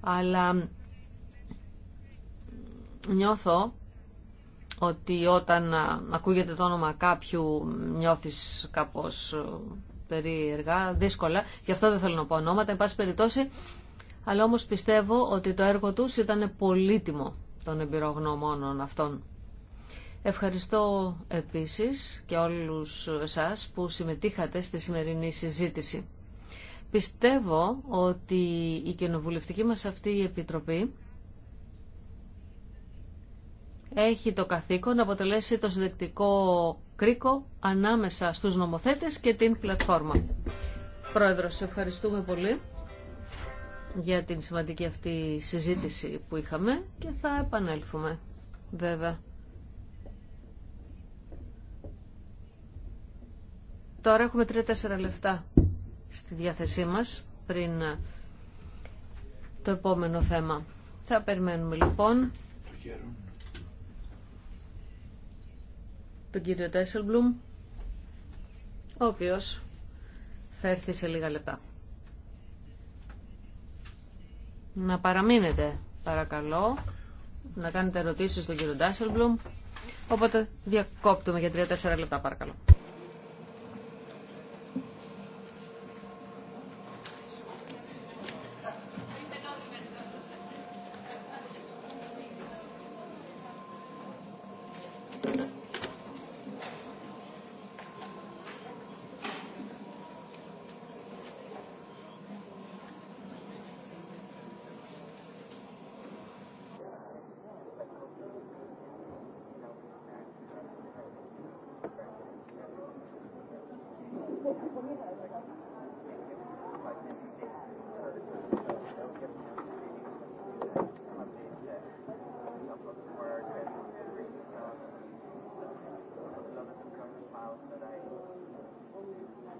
αλλά νιώθω ότι όταν ε, ακούγεται το όνομα κάποιου νιώθεις κάπως ε, περίεργα, δύσκολα. Γι' αυτό δεν θέλω να πω ονόματα, εν περιπτώσει. Αλλά όμως πιστεύω ότι το έργο τους ήταν πολύτιμο των εμπειρογνωμόνων αυτών. Ευχαριστώ επίσης και όλους εσάς που συμμετείχατε στη σημερινή συζήτηση. Πιστεύω ότι η κοινοβουλευτική μας αυτή η Επιτροπή έχει το καθήκον να αποτελέσει το συνδεκτικό κρίκο ανάμεσα στους νομοθέτες και την πλατφόρμα. Πρόεδρος, ευχαριστούμε πολύ για την σημαντική αυτή συζήτηση που είχαμε και θα επανέλθουμε βέβαια. Τώρα έχουμε 3-4 λεπτά στη διάθεσή μας πριν το επόμενο θέμα. Θα περιμένουμε λοιπόν τον κύριο Τέσσελμπλουμ, ο οποίος θα έρθει σε λίγα λεπτά. να παραμείνετε παρακαλώ, να κάνετε ερωτήσεις στον κύριο Ντάσελμπλουμ. Οπότε διακόπτουμε για 3-4 λεπτά παρακαλώ.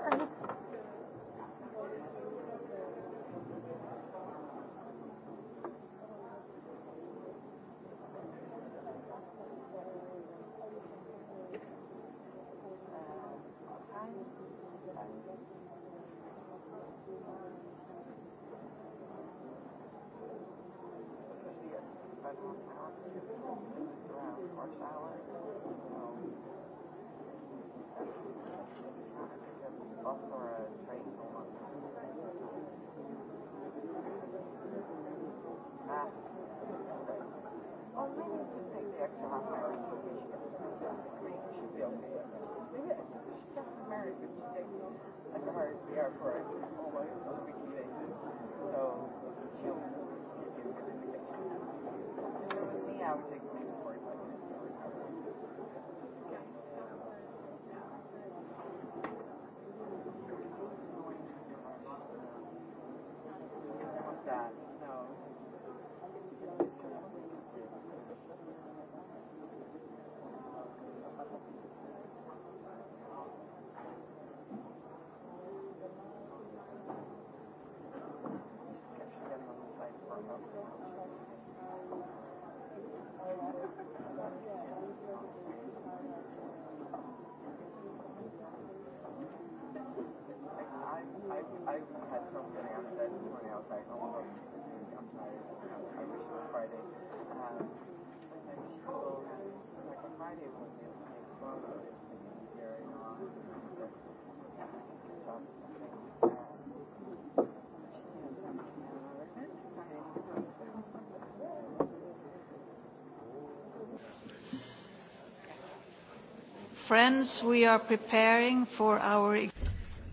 Thank you.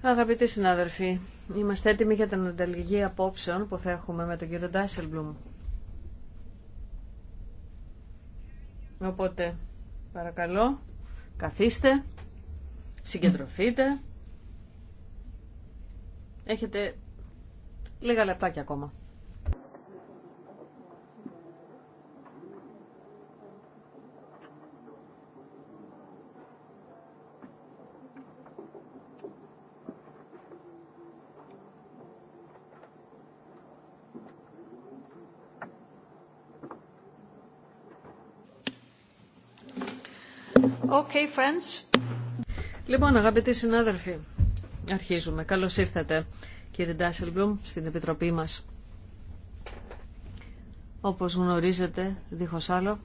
Αγαπητοί συνάδελφοι, είμαστε έτοιμοι για την ανταλλαγή απόψεων που θα έχουμε με τον κύριο Ντάσελμπλουμ. Οπότε, παρακαλώ, καθίστε, συγκεντρωθείτε. Έχετε λίγα λεπτάκια ακόμα. Λοιπόν, αγαπητοί συνάδελφοι, αρχίζουμε. Καλώς ήρθατε, κύριε Ντάσελμπλουμ, στην Επιτροπή μας. Όπως γνωρίζετε, δίχως άλλο,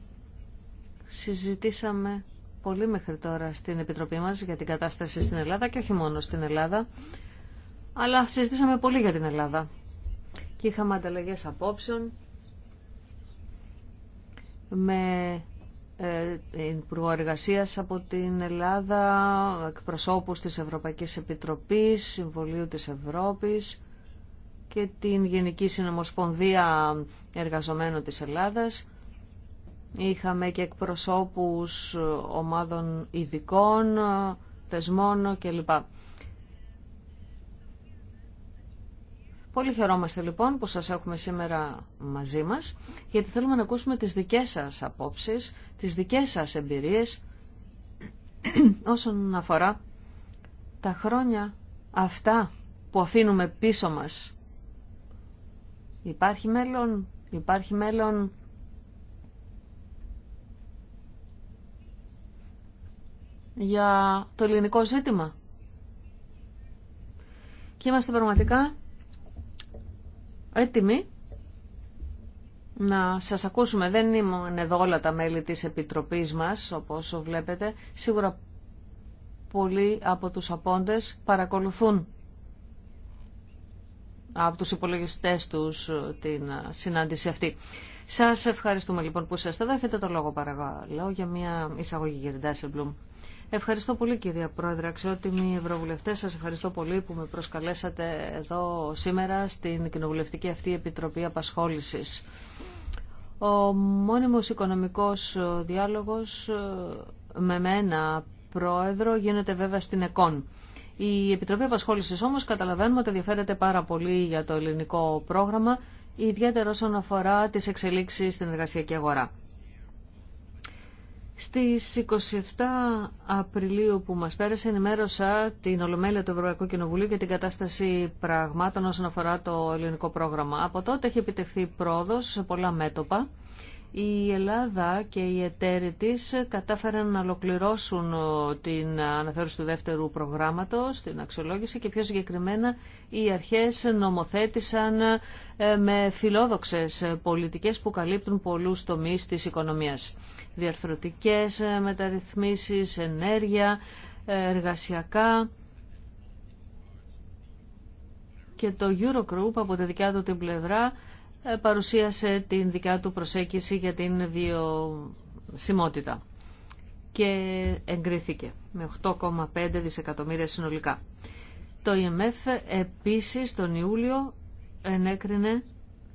συζητήσαμε πολύ μέχρι τώρα στην Επιτροπή μας για την κατάσταση στην Ελλάδα και όχι μόνο στην Ελλάδα, αλλά συζητήσαμε πολύ για την Ελλάδα. Και είχαμε ανταλλαγές απόψεων με ε, Υπουργό Εργασία από την Ελλάδα, εκπροσώπου της Ευρωπαϊκής Επιτροπής, Συμβουλίου της Ευρώπης και την Γενική Συνομοσπονδία Εργαζομένων της Ελλάδας. Είχαμε και εκπροσώπους ομάδων ειδικών, θεσμών κλπ. Πολύ χαιρόμαστε λοιπόν που σας έχουμε σήμερα μαζί μας, γιατί θέλουμε να ακούσουμε τις δικές σας απόψεις, τις δικές σας εμπειρίες *clears throat* όσον αφορά τα χρόνια αυτά που αφήνουμε πίσω μας. Υπάρχει μέλλον, υπάρχει μέλλον για το ελληνικό ζήτημα. Και είμαστε πραγματικά έτοιμοι να σας ακούσουμε. Δεν ήμουν εδώ όλα τα μέλη της Επιτροπής μας, όπως βλέπετε. Σίγουρα πολλοί από τους απόντες παρακολουθούν από τους υπολογιστές τους ε, την ε, συνάντηση αυτή. Σας ευχαριστούμε λοιπόν που είστε εδώ. Έχετε το λόγο παρακαλώ για μια εισαγωγή την Ευχαριστώ πολύ κυρία Πρόεδρε, αξιότιμοι ευρωβουλευτές. Σας ευχαριστώ πολύ που με προσκαλέσατε εδώ σήμερα στην κοινοβουλευτική αυτή Επιτροπή Απασχόλησης. Ο μόνιμος οικονομικός διάλογος ε, με μένα πρόεδρο γίνεται βέβαια στην ΕΚΟΝ. Η Επιτροπή Απασχόλησης όμως καταλαβαίνουμε ότι ενδιαφέρεται πάρα πολύ για το ελληνικό πρόγραμμα, ιδιαίτερα όσον αφορά τις εξελίξεις στην εργασιακή αγορά. Στις 27 Απριλίου που μας πέρασε ενημέρωσα την Ολομέλεια του Ευρωπαϊκού Κοινοβουλίου για την κατάσταση πραγμάτων όσον αφορά το ελληνικό πρόγραμμα. Από τότε έχει επιτευχθεί πρόοδος σε πολλά μέτωπα. Η Ελλάδα και οι εταίροι της κατάφεραν να ολοκληρώσουν ε, την αναθεώρηση του δεύτερου προγράμματος, την αξιολόγηση και πιο συγκεκριμένα οι αρχές νομοθέτησαν ε, με φιλόδοξες πολιτικές που καλύπτουν πολλούς τομείς της οικονομίας διαρθρωτικές ε, μεταρρυθμίσεις, ενέργεια, ε, εργασιακά. Και το Eurogroup από τη δικιά του την πλευρά ε, παρουσίασε την δικιά του προσέγγιση για την βιωσιμότητα και εγκρίθηκε με 8,5 δισεκατομμύρια συνολικά. Το IMF e επίσης τον Ιούλιο ενέκρινε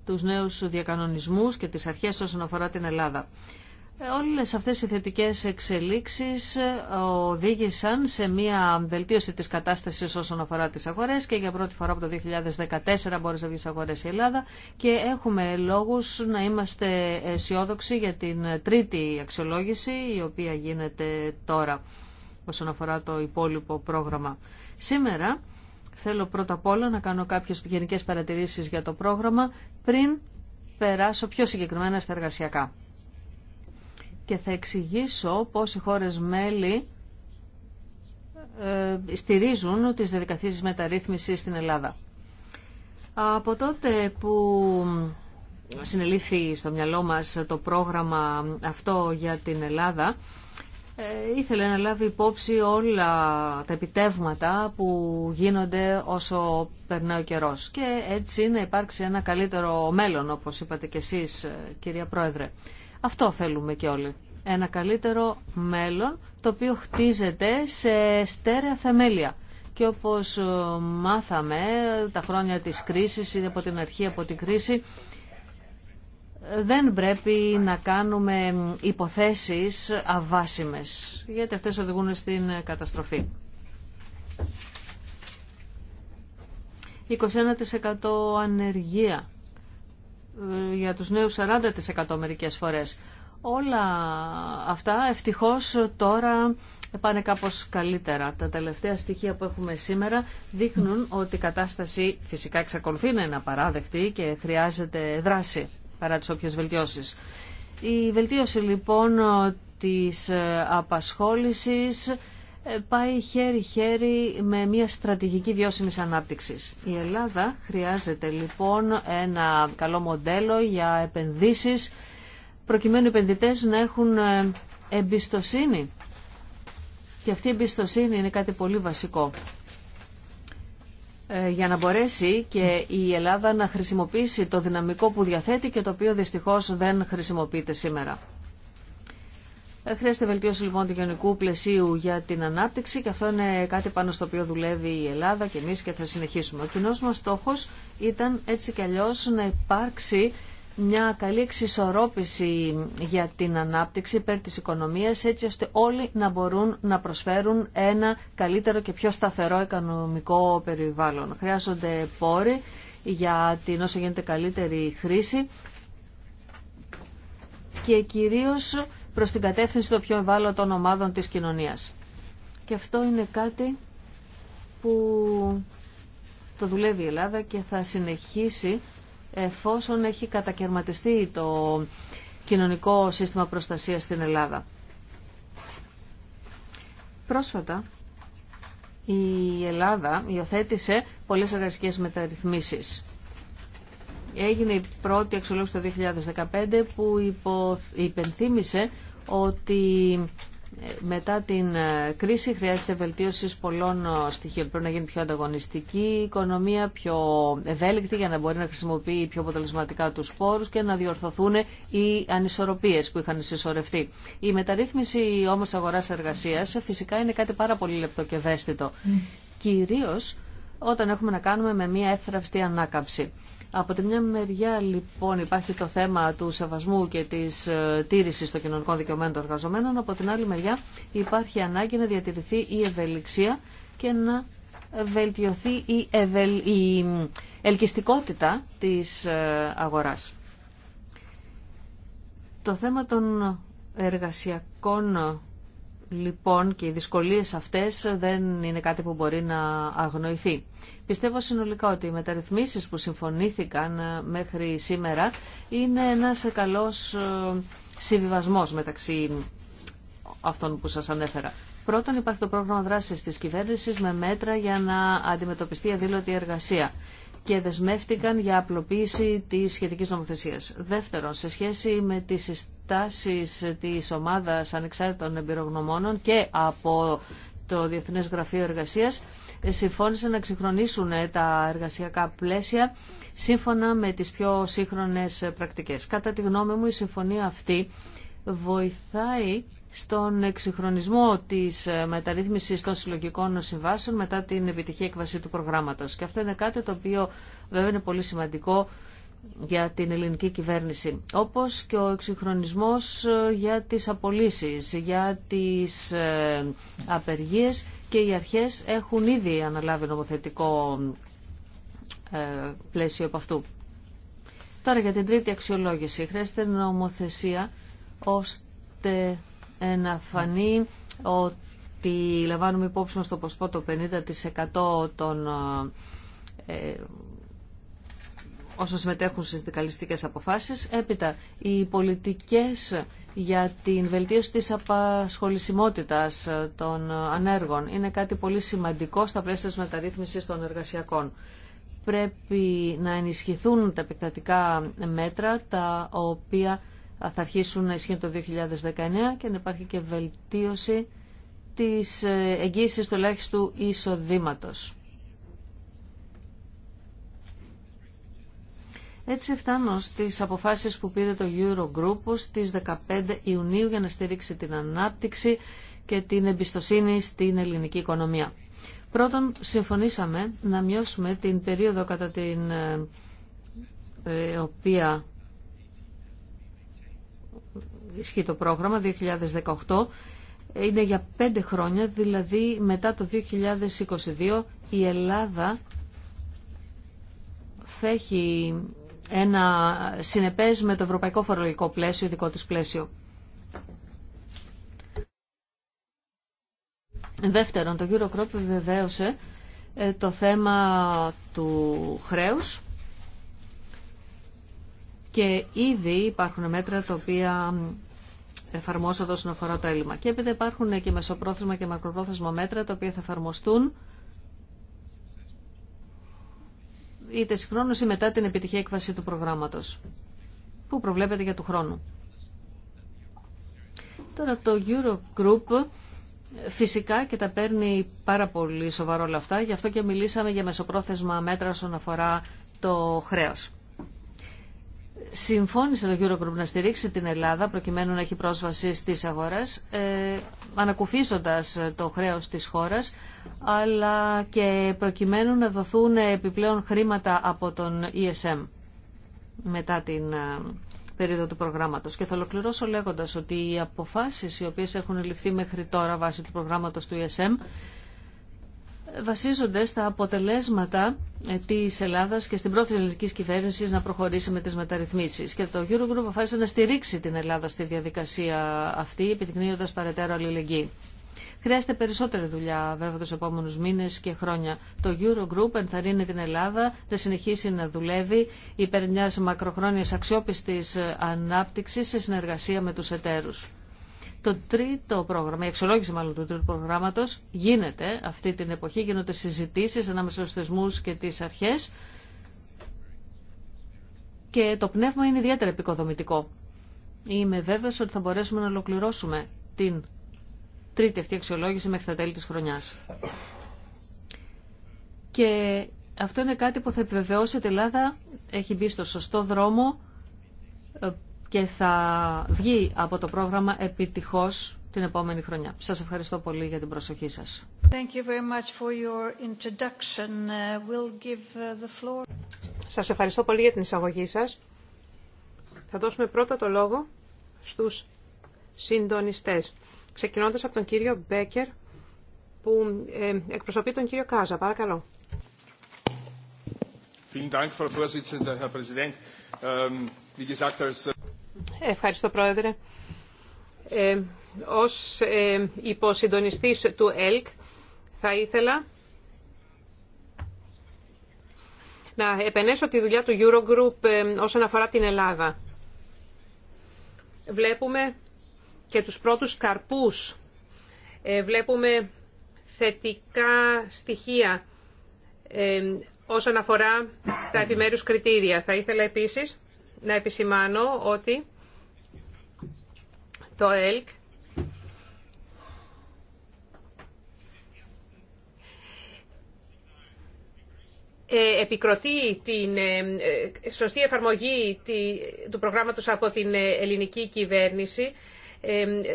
τους νέους διακανονισμούς και τις αρχές όσον αφορά την Ελλάδα. Όλες αυτές οι θετικές εξελίξεις οδήγησαν σε μια βελτίωση της κατάστασης όσον αφορά τις αγορές και για πρώτη φορά από το 2014 μπορεί να βγει σε αγορές η Ελλάδα και έχουμε λόγους να είμαστε αισιόδοξοι για την τρίτη αξιολόγηση η οποία γίνεται τώρα όσον αφορά το υπόλοιπο πρόγραμμα. Σήμερα θέλω πρώτα απ' όλα να κάνω κάποιες γενικές παρατηρήσεις για το πρόγραμμα πριν περάσω πιο συγκεκριμένα στα εργασιακά και θα εξηγήσω πώς οι χώρες μέλη ε, στηρίζουν τις διαδικασίες μεταρρύθμισης στην Ελλάδα. Από τότε που συνελήφθη στο μυαλό μας το πρόγραμμα αυτό για την Ελλάδα, ε, ήθελε να λάβει υπόψη όλα τα επιτεύγματα που γίνονται όσο περνάει ο καιρός και έτσι να υπάρξει ένα καλύτερο μέλλον, όπως είπατε και εσείς ε, κυρία Πρόεδρε. Αυτό θέλουμε και όλοι. Ένα καλύτερο μέλλον το οποίο χτίζεται σε στέρεα θεμέλια. Και όπως ε, μάθαμε τα χρόνια της κρίσης ή από την αρχή από την κρίση, δεν πρέπει να κάνουμε υποθέσεις αβάσιμες, γιατί αυτές οδηγούν στην καταστροφή. 21% ανεργία για τους νέους 40% μερικές φορές. Όλα αυτά ευτυχώς τώρα πάνε κάπως καλύτερα. Τα τελευταία στοιχεία που έχουμε σήμερα δείχνουν ότι η κατάσταση φυσικά εξακολουθεί να είναι απαράδεκτη και χρειάζεται δράση παρά τις όποιες βελτιώσεις. Η βελτίωση λοιπόν της ε, απασχόλησης ε, πάει χέρι-χέρι με μια στρατηγική βιώσιμης ανάπτυξης. Η Ελλάδα χρειάζεται λοιπόν ένα καλό μοντέλο για επενδύσεις προκειμένου οι επενδυτές να έχουν ε, εμπιστοσύνη. Και αυτή η εμπιστοσύνη είναι κάτι πολύ βασικό ε, για να μπορέσει και η Ελλάδα να χρησιμοποιήσει το δυναμικό που διαθέτει και το οποίο δυστυχώς δεν χρησιμοποιείται σήμερα. Ε, χρειάζεται βελτίωση λοιπόν του γενικού πλαισίου για την ανάπτυξη και αυτό είναι κάτι πάνω στο οποίο δουλεύει η Ελλάδα και εμείς και θα συνεχίσουμε. Ο κοινό μας στόχος ήταν έτσι κι αλλιώ να υπάρξει μια καλή εξισορρόπηση για την ανάπτυξη υπέρ της οικονομίας έτσι ώστε όλοι να μπορούν να προσφέρουν ένα καλύτερο και πιο σταθερό οικονομικό περιβάλλον. Χρειάζονται πόροι για την όσο γίνεται καλύτερη χρήση και κυρίως προς την κατεύθυνση των πιο ευάλωτων ομάδων της κοινωνίας. Και αυτό είναι κάτι που το δουλεύει η Ελλάδα και θα συνεχίσει εφόσον έχει κατακαιρματιστεί το κοινωνικό σύστημα προστασίας στην Ελλάδα. Πρόσφατα η Ελλάδα υιοθέτησε πολλές εργασικές μεταρρυθμίσεις έγινε η πρώτη αξιολόγηση το 2015 που υπο... υπενθύμησε ότι ε, μετά την ε, κρίση χρειάζεται βελτίωση πολλών ε, στοιχείων. Πρέπει να γίνει πιο ανταγωνιστική η οικονομία, πιο ευέλικτη για να μπορεί να χρησιμοποιεί πιο αποτελεσματικά τους πόρους και να διορθωθούν οι ανισορροπίες που είχαν συσσωρευτεί. Η μεταρρύθμιση όμως αγοράς εργασίας φυσικά είναι κάτι πάρα πολύ λεπτό και ευαίσθητο. Κυρίως όταν έχουμε να κάνουμε με μια εύθραυστη ανάκαμψη. Από τη μια μεριά λοιπόν υπάρχει το θέμα του σεβασμού και της ε, τήρησης των κοινωνικών δικαιωμένων των εργαζομένων, από την άλλη μεριά υπάρχει ανάγκη να διατηρηθεί η ευελιξία και να βελτιωθεί η, η ελκυστικότητα της ε, αγοράς. Το θέμα των εργασιακών λοιπόν και οι δυσκολίες αυτές δεν είναι κάτι που μπορεί να αγνοηθεί. Πιστεύω συνολικά ότι οι μεταρρυθμίσεις που συμφωνήθηκαν ε, μέχρι σήμερα είναι ένας καλό ε, συμβιβασμό μεταξύ αυτών που σας ανέφερα. Πρώτον υπάρχει το πρόγραμμα δράσης τη κυβέρνηση με μέτρα για να αντιμετωπιστεί αδήλωτη εργασία και δεσμεύτηκαν για απλοποίηση της σχετικής νομοθεσίας. Δεύτερον, σε σχέση με τις συστάσει της ομάδας ανεξάρτητων εμπειρογνωμόνων και από το Διεθνές Γραφείο Εργασίας, συμφώνησαν να ξεχρονίσουν ε, τα εργασιακά πλαίσια σύμφωνα με τις πιο σύγχρονες πρακτικές. Κατά τη γνώμη μου η συμφωνία αυτή βοηθάει στον εξυγχρονισμό της ε, μεταρρύθμισης των συλλογικών συμβάσεων μετά την επιτυχή έκβαση του προγράμματος. Και αυτό είναι κάτι το οποίο βέβαια είναι πολύ σημαντικό για την ελληνική κυβέρνηση. Όπως και ο εξυγχρονισμός ε, για τις απολύσεις, για τις απεργίες και οι αρχές έχουν ήδη αναλάβει νομοθετικό ε, πλαίσιο από αυτού. Τώρα για την τρίτη αξιολόγηση. Χρειάζεται νομοθεσία ώστε να φανεί ότι λαμβάνουμε υπόψη μας το ποσό το 50% των ε, όσων συμμετέχουν στις δικαλιστικές αποφάσεις. Έπειτα, οι πολιτικές για την βελτίωση της απασχολησιμότητας ε, των ε, ανέργων. Είναι κάτι πολύ σημαντικό στα πλαίσια της μεταρρύθμισης των εργασιακών. Πρέπει να ενισχυθούν τα επεκτατικά μέτρα τα οποία θα αρχίσουν να ισχύουν το 2019 και να υπάρχει και βελτίωση της ε, εγγύησης του ελάχιστου εισοδήματος. Έτσι φτάνω στις αποφάσεις που πήρε το Eurogroup στις 15 Ιουνίου για να στηρίξει την ανάπτυξη και την εμπιστοσύνη στην ελληνική οικονομία. Πρώτον, συμφωνήσαμε να μειώσουμε την περίοδο κατά την ε, ε, οποία ισχύει το πρόγραμμα 2018 είναι για πέντε χρόνια, δηλαδή μετά το 2022 η Ελλάδα φέχει ένα συνεπές με το ευρωπαϊκό φορολογικό πλαίσιο, ειδικό της πλαίσιο. Δεύτερον, το κύριο Κρόπη βεβαίωσε ε, το θέμα του χρέους και ήδη υπάρχουν μέτρα τα οποία εφαρμόζονται όσον αφορά το έλλειμμα. Και έπειτα υπάρχουν και μεσοπρόθεσμα και μακροπρόθεσμα μέτρα τα οποία θα εφαρμοστούν είτε συγχρόνως ή μετά την επιτυχία έκβαση του προγράμματος που προβλέπεται για του χρόνου. Τώρα το Eurogroup φυσικά και τα παίρνει πάρα πολύ σοβαρό όλα αυτά, γι' αυτό και μιλήσαμε για μεσοπρόθεσμα μέτρα όσον αφορά το χρέος. Συμφώνησε το Eurogroup να στηρίξει την Ελλάδα προκειμένου να έχει πρόσβαση στις αγορές, ε, ανακουφίσοντας το χρέος της χώρας αλλά και προκειμένου να δοθούν επιπλέον χρήματα από τον ESM μετά την ε, περίοδο του προγράμματο. Και θα ολοκληρώσω λέγοντα ότι οι αποφάσει οι οποίε έχουν ληφθεί μέχρι τώρα βάσει του προγράμματο του ESM βασίζονται στα αποτελέσματα ε, τη Ελλάδα και στην πρώτη ελληνική κυβέρνηση να προχωρήσει με τι μεταρρυθμίσει. Και το Eurogroup αποφάσισε να στηρίξει την Ελλάδα στη διαδικασία αυτή, επιδεικνύοντα παρετέρω αλληλεγγύη. Χρειάζεται περισσότερη δουλειά βέβαια του επόμενου μήνε και χρόνια. Το Eurogroup ενθαρρύνει την Ελλάδα να συνεχίσει να δουλεύει υπέρ μια μακροχρόνιας αξιόπιστης ανάπτυξη σε συνεργασία με του εταίρου. Το τρίτο πρόγραμμα, η εξολόγηση μάλλον του τρίτου προγράμματο, γίνεται αυτή την εποχή, γίνονται συζητήσει ανάμεσα στου θεσμού και τι αρχέ. και το πνεύμα είναι ιδιαίτερα επικοδομητικό. Είμαι βέβαιο ότι θα μπορέσουμε να ολοκληρώσουμε την τρίτη αυτή αξιολόγηση μέχρι τα τέλη της χρονιάς. Και αυτό είναι κάτι που θα επιβεβαιώσει ότι η Ελλάδα έχει μπει στο σωστό δρόμο ε, και θα βγει από το πρόγραμμα επιτυχώς την επόμενη χρονιά. Σας ευχαριστώ πολύ για την προσοχή σας. Thank Σας ευχαριστώ πολύ για την εισαγωγή σας. Θα δώσουμε πρώτα το λόγο στους συντονιστές ξεκινώντας από τον κύριο Μπέκερ που ε, εκπροσωπεί τον κύριο Κάζα. Παρακαλώ. Ähm, äh, Ευχαριστώ, Πρόεδρε. Ε, ως ε, υποσυντονιστής του ΕΛΚ θα ήθελα να επενέσω τη δουλειά του Eurogroup ε, όσον αφορά την Ελλάδα. Βλέπουμε και τους πρώτους καρπούς. Ε, βλέπουμε θετικά στοιχεία ε, όσον αφορά τα επιμέρους κριτήρια. Θα ήθελα επίσης να επισημάνω ότι το ΕΛΚ ε, επικροτεί την σωστή εφαρμογή του προγράμματος από την ελληνική κυβέρνηση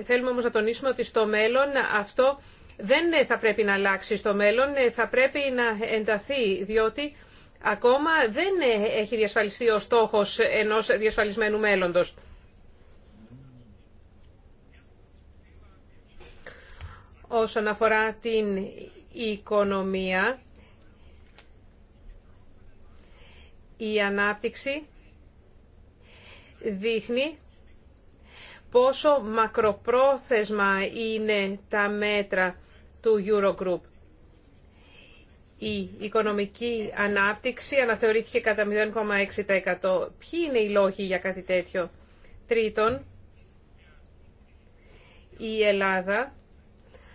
Θέλουμε όμως να τονίσουμε ότι στο μέλλον αυτό δεν θα πρέπει να αλλάξει στο μέλλον, θα πρέπει να ενταθεί, διότι ακόμα δεν έχει διασφαλιστεί ο στόχος ενός διασφαλισμένου μέλλοντος. Όσον αφορά την οικονομία, η ανάπτυξη δείχνει πόσο μακροπρόθεσμα είναι τα μέτρα του Eurogroup. Η οικονομική ανάπτυξη αναθεωρήθηκε κατά 0,6%. Ποιοι είναι οι λόγοι για κάτι τέτοιο. Τρίτον, η Ελλάδα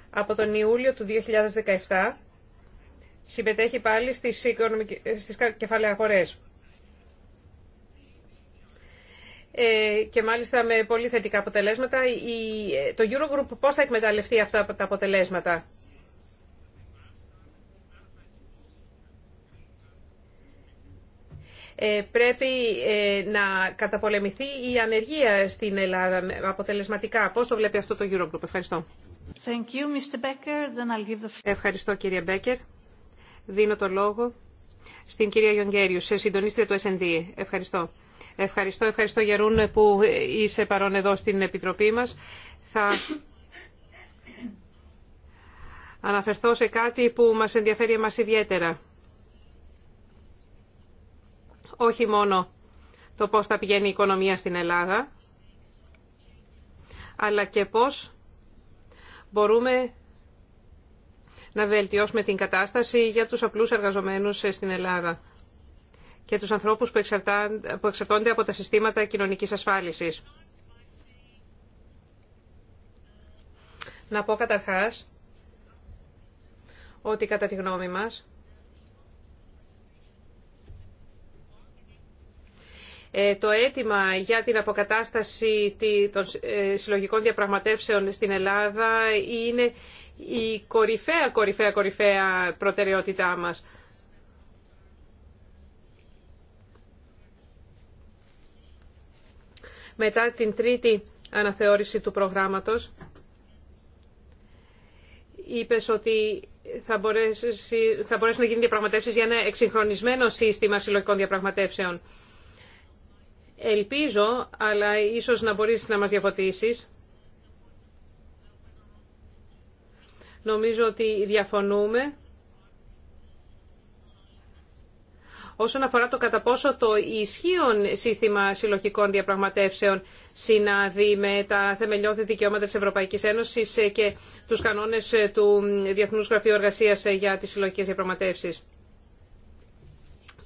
από τον Ιούλιο του 2017 συμμετέχει πάλι στις, οικονομικ... στις Ε, και μάλιστα με πολύ θετικά αποτελέσματα. Το Eurogroup πώς θα εκμεταλλευτεί αυτά τα αποτελέσματα. Ε, πρέπει ε, να καταπολεμηθεί η ανεργία στην Ελλάδα αποτελεσματικά. Πώς το βλέπει αυτό το Eurogroup. Ευχαριστώ. Thank you, Mr. Then I'll give the... Ευχαριστώ κύριε Μπέκερ. Δίνω το λόγο στην κυρία Γιονγκέριου, σε συντονίστρια του S&D. Ευχαριστώ. Ευχαριστώ, ευχαριστώ Γερούν που είσαι παρόν εδώ στην Επιτροπή μας. Θα αναφερθώ σε κάτι που μας ενδιαφέρει εμάς ιδιαίτερα. Όχι μόνο το πώς θα πηγαίνει η οικονομία στην Ελλάδα, αλλά και πώς μπορούμε να βελτιώσουμε την κατάσταση για τους απλούς εργαζομένους στην Ελλάδα και τους ανθρώπους που, που εξαρτώνται από τα συστήματα κοινωνικής ασφάλισης. Να πω καταρχάς ότι κατά τη γνώμη μας ε, το αίτημα για την αποκατάσταση των ε, συλλογικών διαπραγματεύσεων στην Ελλάδα είναι η κορυφαία, κορυφαία, κορυφαία προτεραιότητά μας. μετά την τρίτη αναθεώρηση του προγράμματος. Είπες ότι θα, μπορέσει, θα μπορέσουν να γίνουν διαπραγματεύσεις για ένα εξυγχρονισμένο σύστημα συλλογικών διαπραγματεύσεων. Ελπίζω, αλλά ίσως να μπορείς να μας διαφωτίσεις. Νομίζω ότι διαφωνούμε όσον αφορά το κατά πόσο το ισχύον σύστημα συλλογικών διαπραγματεύσεων συνάδει με τα θεμελιώδη δικαιώματα της Ευρωπαϊκής Ένωσης και τους κανόνες του Διεθνούς Γραφείου Εργασίας για τις συλλογικές διαπραγματεύσεις.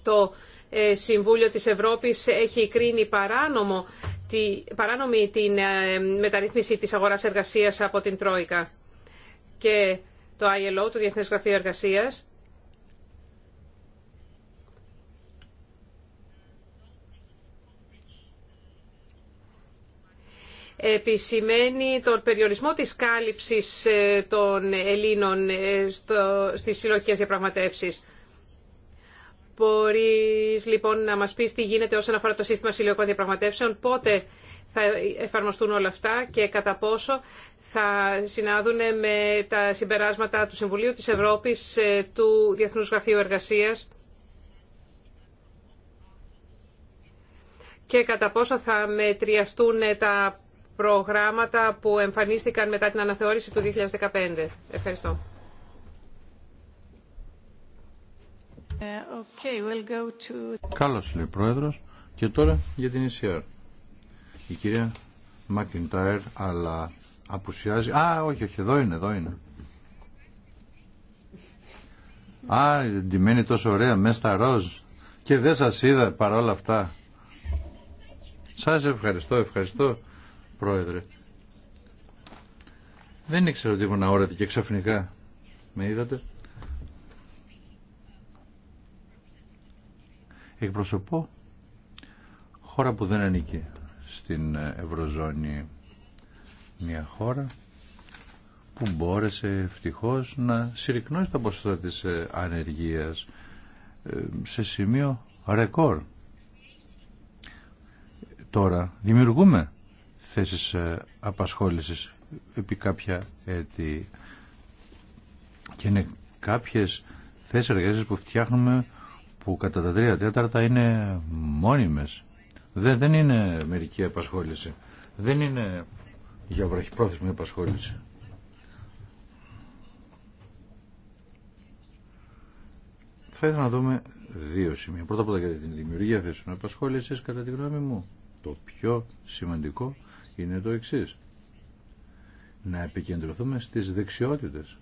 Το ε, Συμβούλιο της Ευρώπης έχει κρίνει παράνομο, τη, παράνομη την ε, μεταρρύθμιση της αγοράς εργασίας από την Τρόικα. Και το ILO, το Διεθνές Γραφείο Εργασίας, επισημαίνει τον περιορισμό της κάλυψης ε, των Ελλήνων ε, στις συλλογικές διαπραγματεύσεις. Μπορείς λοιπόν να μας πεις τι γίνεται όσον αφορά το σύστημα συλλογικών διαπραγματεύσεων, πότε θα εφαρμοστούν όλα αυτά και κατά πόσο θα συνάδουν με τα συμπεράσματα του Συμβουλίου της Ευρώπης, ε, του Διεθνούς Γραφείου Εργασίας και κατά πόσο θα μετριαστούν τα προγράμματα που εμφανίστηκαν μετά την αναθεώρηση του 2015. Ευχαριστώ. Ε, okay, we'll go to... Καλώς λέει Πρόεδρος. Και τώρα για την ECR. Η κυρία Μακιντάιρ, αλλά απουσιάζει. Α, όχι, όχι, εδώ είναι, εδώ είναι. Α, ντυμένη τόσο ωραία, μέσα στα ροζ. Και δεν σας είδα παρόλα αυτά. Σας ευχαριστώ, ευχαριστώ Πρόεδρε. Δεν ήξερα ότι ήμουν αόρατη και ξαφνικά με είδατε. Εκπροσωπώ χώρα που δεν ανήκει στην Ευρωζώνη. Μια χώρα που μπόρεσε ευτυχώς να συρρυκνώσει τα ποσοστά της ε, ανεργίας ε, σε σημείο ρεκόρ. Τώρα δημιουργούμε θέσεις ε, απασχόλησης επί κάποια έτη. Και είναι κάποιες θέσεις εργασίας που φτιάχνουμε που κατά τα τρία τέταρτα είναι μόνιμες. Δεν, δεν είναι μερική απασχόληση. Δεν είναι για βραχυπρόθεσμη απασχόληση. Θα ήθελα να δούμε δύο σημεία. Πρώτα απ' όλα για την δημιουργία θέσεων απασχόλησης κατά τη γνώμη μου, το πιο σημαντικό είναι το εξής. Να επικεντρωθούμε στις δεξιότητες.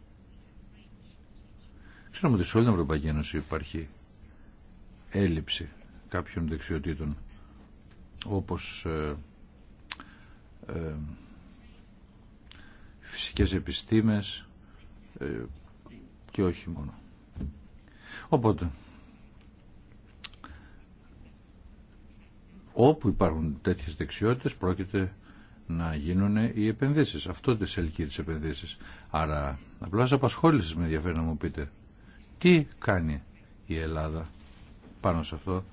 Ξέρουμε ότι σε όλη την Ευρωπαϊκή Ένωση υπάρχει έλλειψη κάποιων δεξιοτήτων όπως ε, ε φυσικές επιστήμες ε, και όχι μόνο. Οπότε, όπου υπάρχουν τέτοιες δεξιότητες πρόκειται να γίνουν οι επενδύσεις. Αυτό τις ελκύει τις επενδύσεις. Άρα απλά απασχόλησης με ενδιαφέρει να μου πείτε τι κάνει η Ελλάδα πάνω σε αυτό.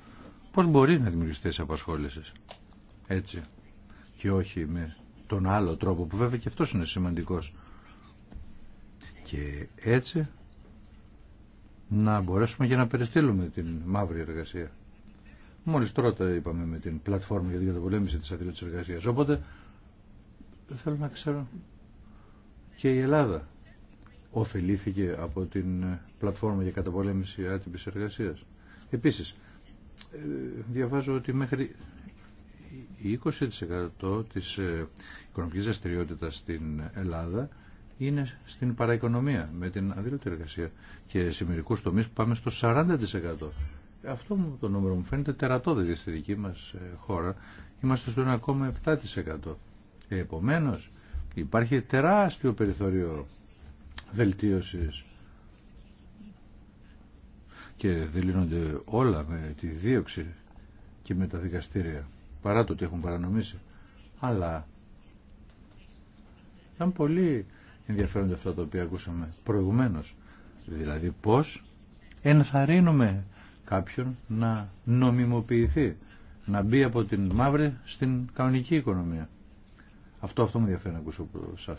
Πώς μπορεί να δημιουργηθεί σε απασχόλησης. Έτσι. Και όχι με τον άλλο τρόπο που βέβαια και αυτός είναι σημαντικός. Και έτσι να μπορέσουμε για να περιστύλουμε την μαύρη εργασία. Μόλις τώρα είπαμε με την πλατφόρμα για την καταπολέμηση της αδειλωτής εργασίας. Οπότε θέλω να ξέρω και η Ελλάδα ωφελήθηκε από την πλατφόρμα για καταπολέμηση άτυπης εργασίας. Επίσης, ε, διαβάζω ότι μέχρι 20% της ε, οικονομικής δραστηριότητα στην Ελλάδα είναι στην παραοικονομία με την αδίλωτη εργασία και σε μερικού τομείς πάμε στο 40%. Αυτό το νούμερο μου φαίνεται τερατώδη στη δική μας ε, χώρα. Είμαστε στο 1,7%. Επομένως υπάρχει τεράστιο περιθώριο βελτίωσης και δεν όλα με τη δίωξη και με τα δικαστήρια παρά το ότι έχουν παρανομήσει αλλά ήταν πολύ ενδιαφέροντα αυτά τα οποία ακούσαμε προηγουμένως δηλαδή πως ενθαρρύνουμε κάποιον να νομιμοποιηθεί να μπει από την μαύρη στην κανονική οικονομία αυτό, αυτό με ενδιαφέρει να ακούσω από εσά.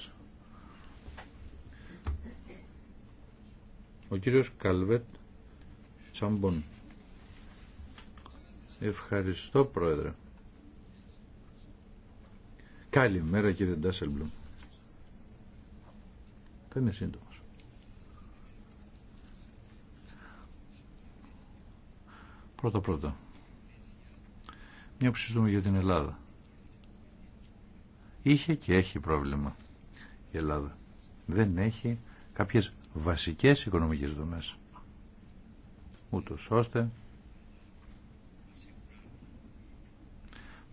Ο κύριος Καλβέτ Τσαμπον. Ευχαριστώ πρόεδρε. Καλημέρα κύριε Ντάσελμπλουμ. Θα είμαι σύντομο. Πρώτα πρώτα. Μια που συζητούμε για την Ελλάδα είχε και έχει πρόβλημα η Ελλάδα. Δεν έχει κάποιες βασικές οικονομικές δομές. Ούτως ώστε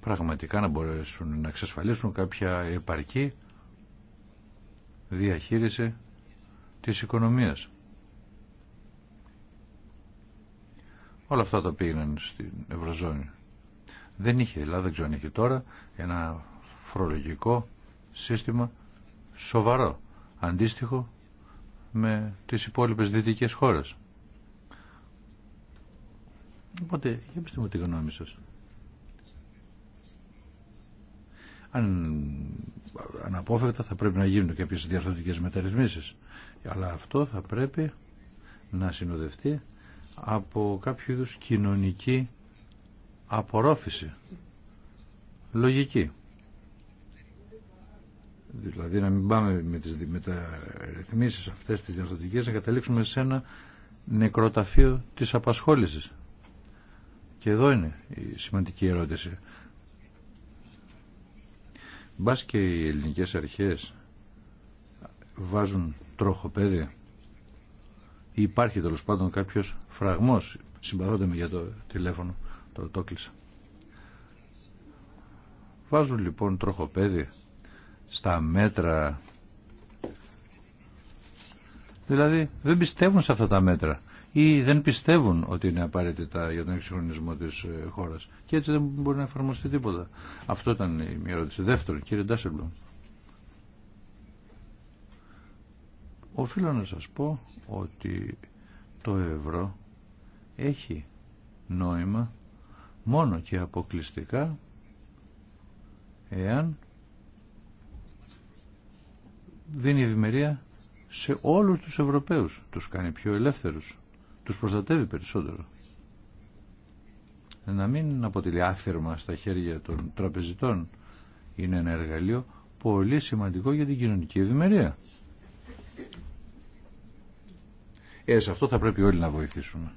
πραγματικά να μπορέσουν να εξασφαλίσουν κάποια επαρκή διαχείριση της οικονομίας. Όλα αυτά τα πήγαιναν στην Ευρωζώνη. Δεν είχε η Ελλάδα, δεν ξέρω αν έχει τώρα, ένα φορολογικό σύστημα σοβαρό, αντίστοιχο με τις υπόλοιπες δυτικές χώρες. Οπότε, για πιστεύω μου τη γνώμη σας. Αν αναπόφευκτα θα πρέπει να γίνουν κάποιες διαρθρωτικές μεταρρυθμίσεις. Αλλά αυτό θα πρέπει να συνοδευτεί από κάποιο είδου κοινωνική απορρόφηση. Λογική. Δηλαδή να μην πάμε με τις μεταρρυθμίσεις αυτές τις διορθωτικές να καταλήξουμε σε ένα νεκροταφείο της απασχόλησης. Και εδώ είναι η σημαντική ερώτηση. Μπας και οι ελληνικές αρχές βάζουν τροχοπέδια ή υπάρχει τέλο πάντων κάποιος φραγμός. συμπαθώντα με για το τηλέφωνο, το, το κλείσα. Βάζουν λοιπόν τροχοπέδια στα μέτρα. Δηλαδή δεν πιστεύουν σε αυτά τα μέτρα ή δεν πιστεύουν ότι είναι απαραίτητα για τον εξυγχρονισμό της ε, χώρας. Και έτσι δεν μπορεί να εφαρμοστεί τίποτα. Αυτό ήταν η μια ερώτηση. Δεύτερον, κύριε Ντάσελμπλουμ. Οφείλω να σας πω ότι το ευρώ έχει νόημα μόνο και αποκλειστικά εάν δίνει ευημερία σε όλους τους Ευρωπαίους. Τους κάνει πιο ελεύθερους. Τους προστατεύει περισσότερο. Να μην αποτελεί στα χέρια των τραπεζιτών. Είναι ένα εργαλείο πολύ σημαντικό για την κοινωνική ευημερία. Ε, σε αυτό θα πρέπει όλοι να βοηθήσουμε.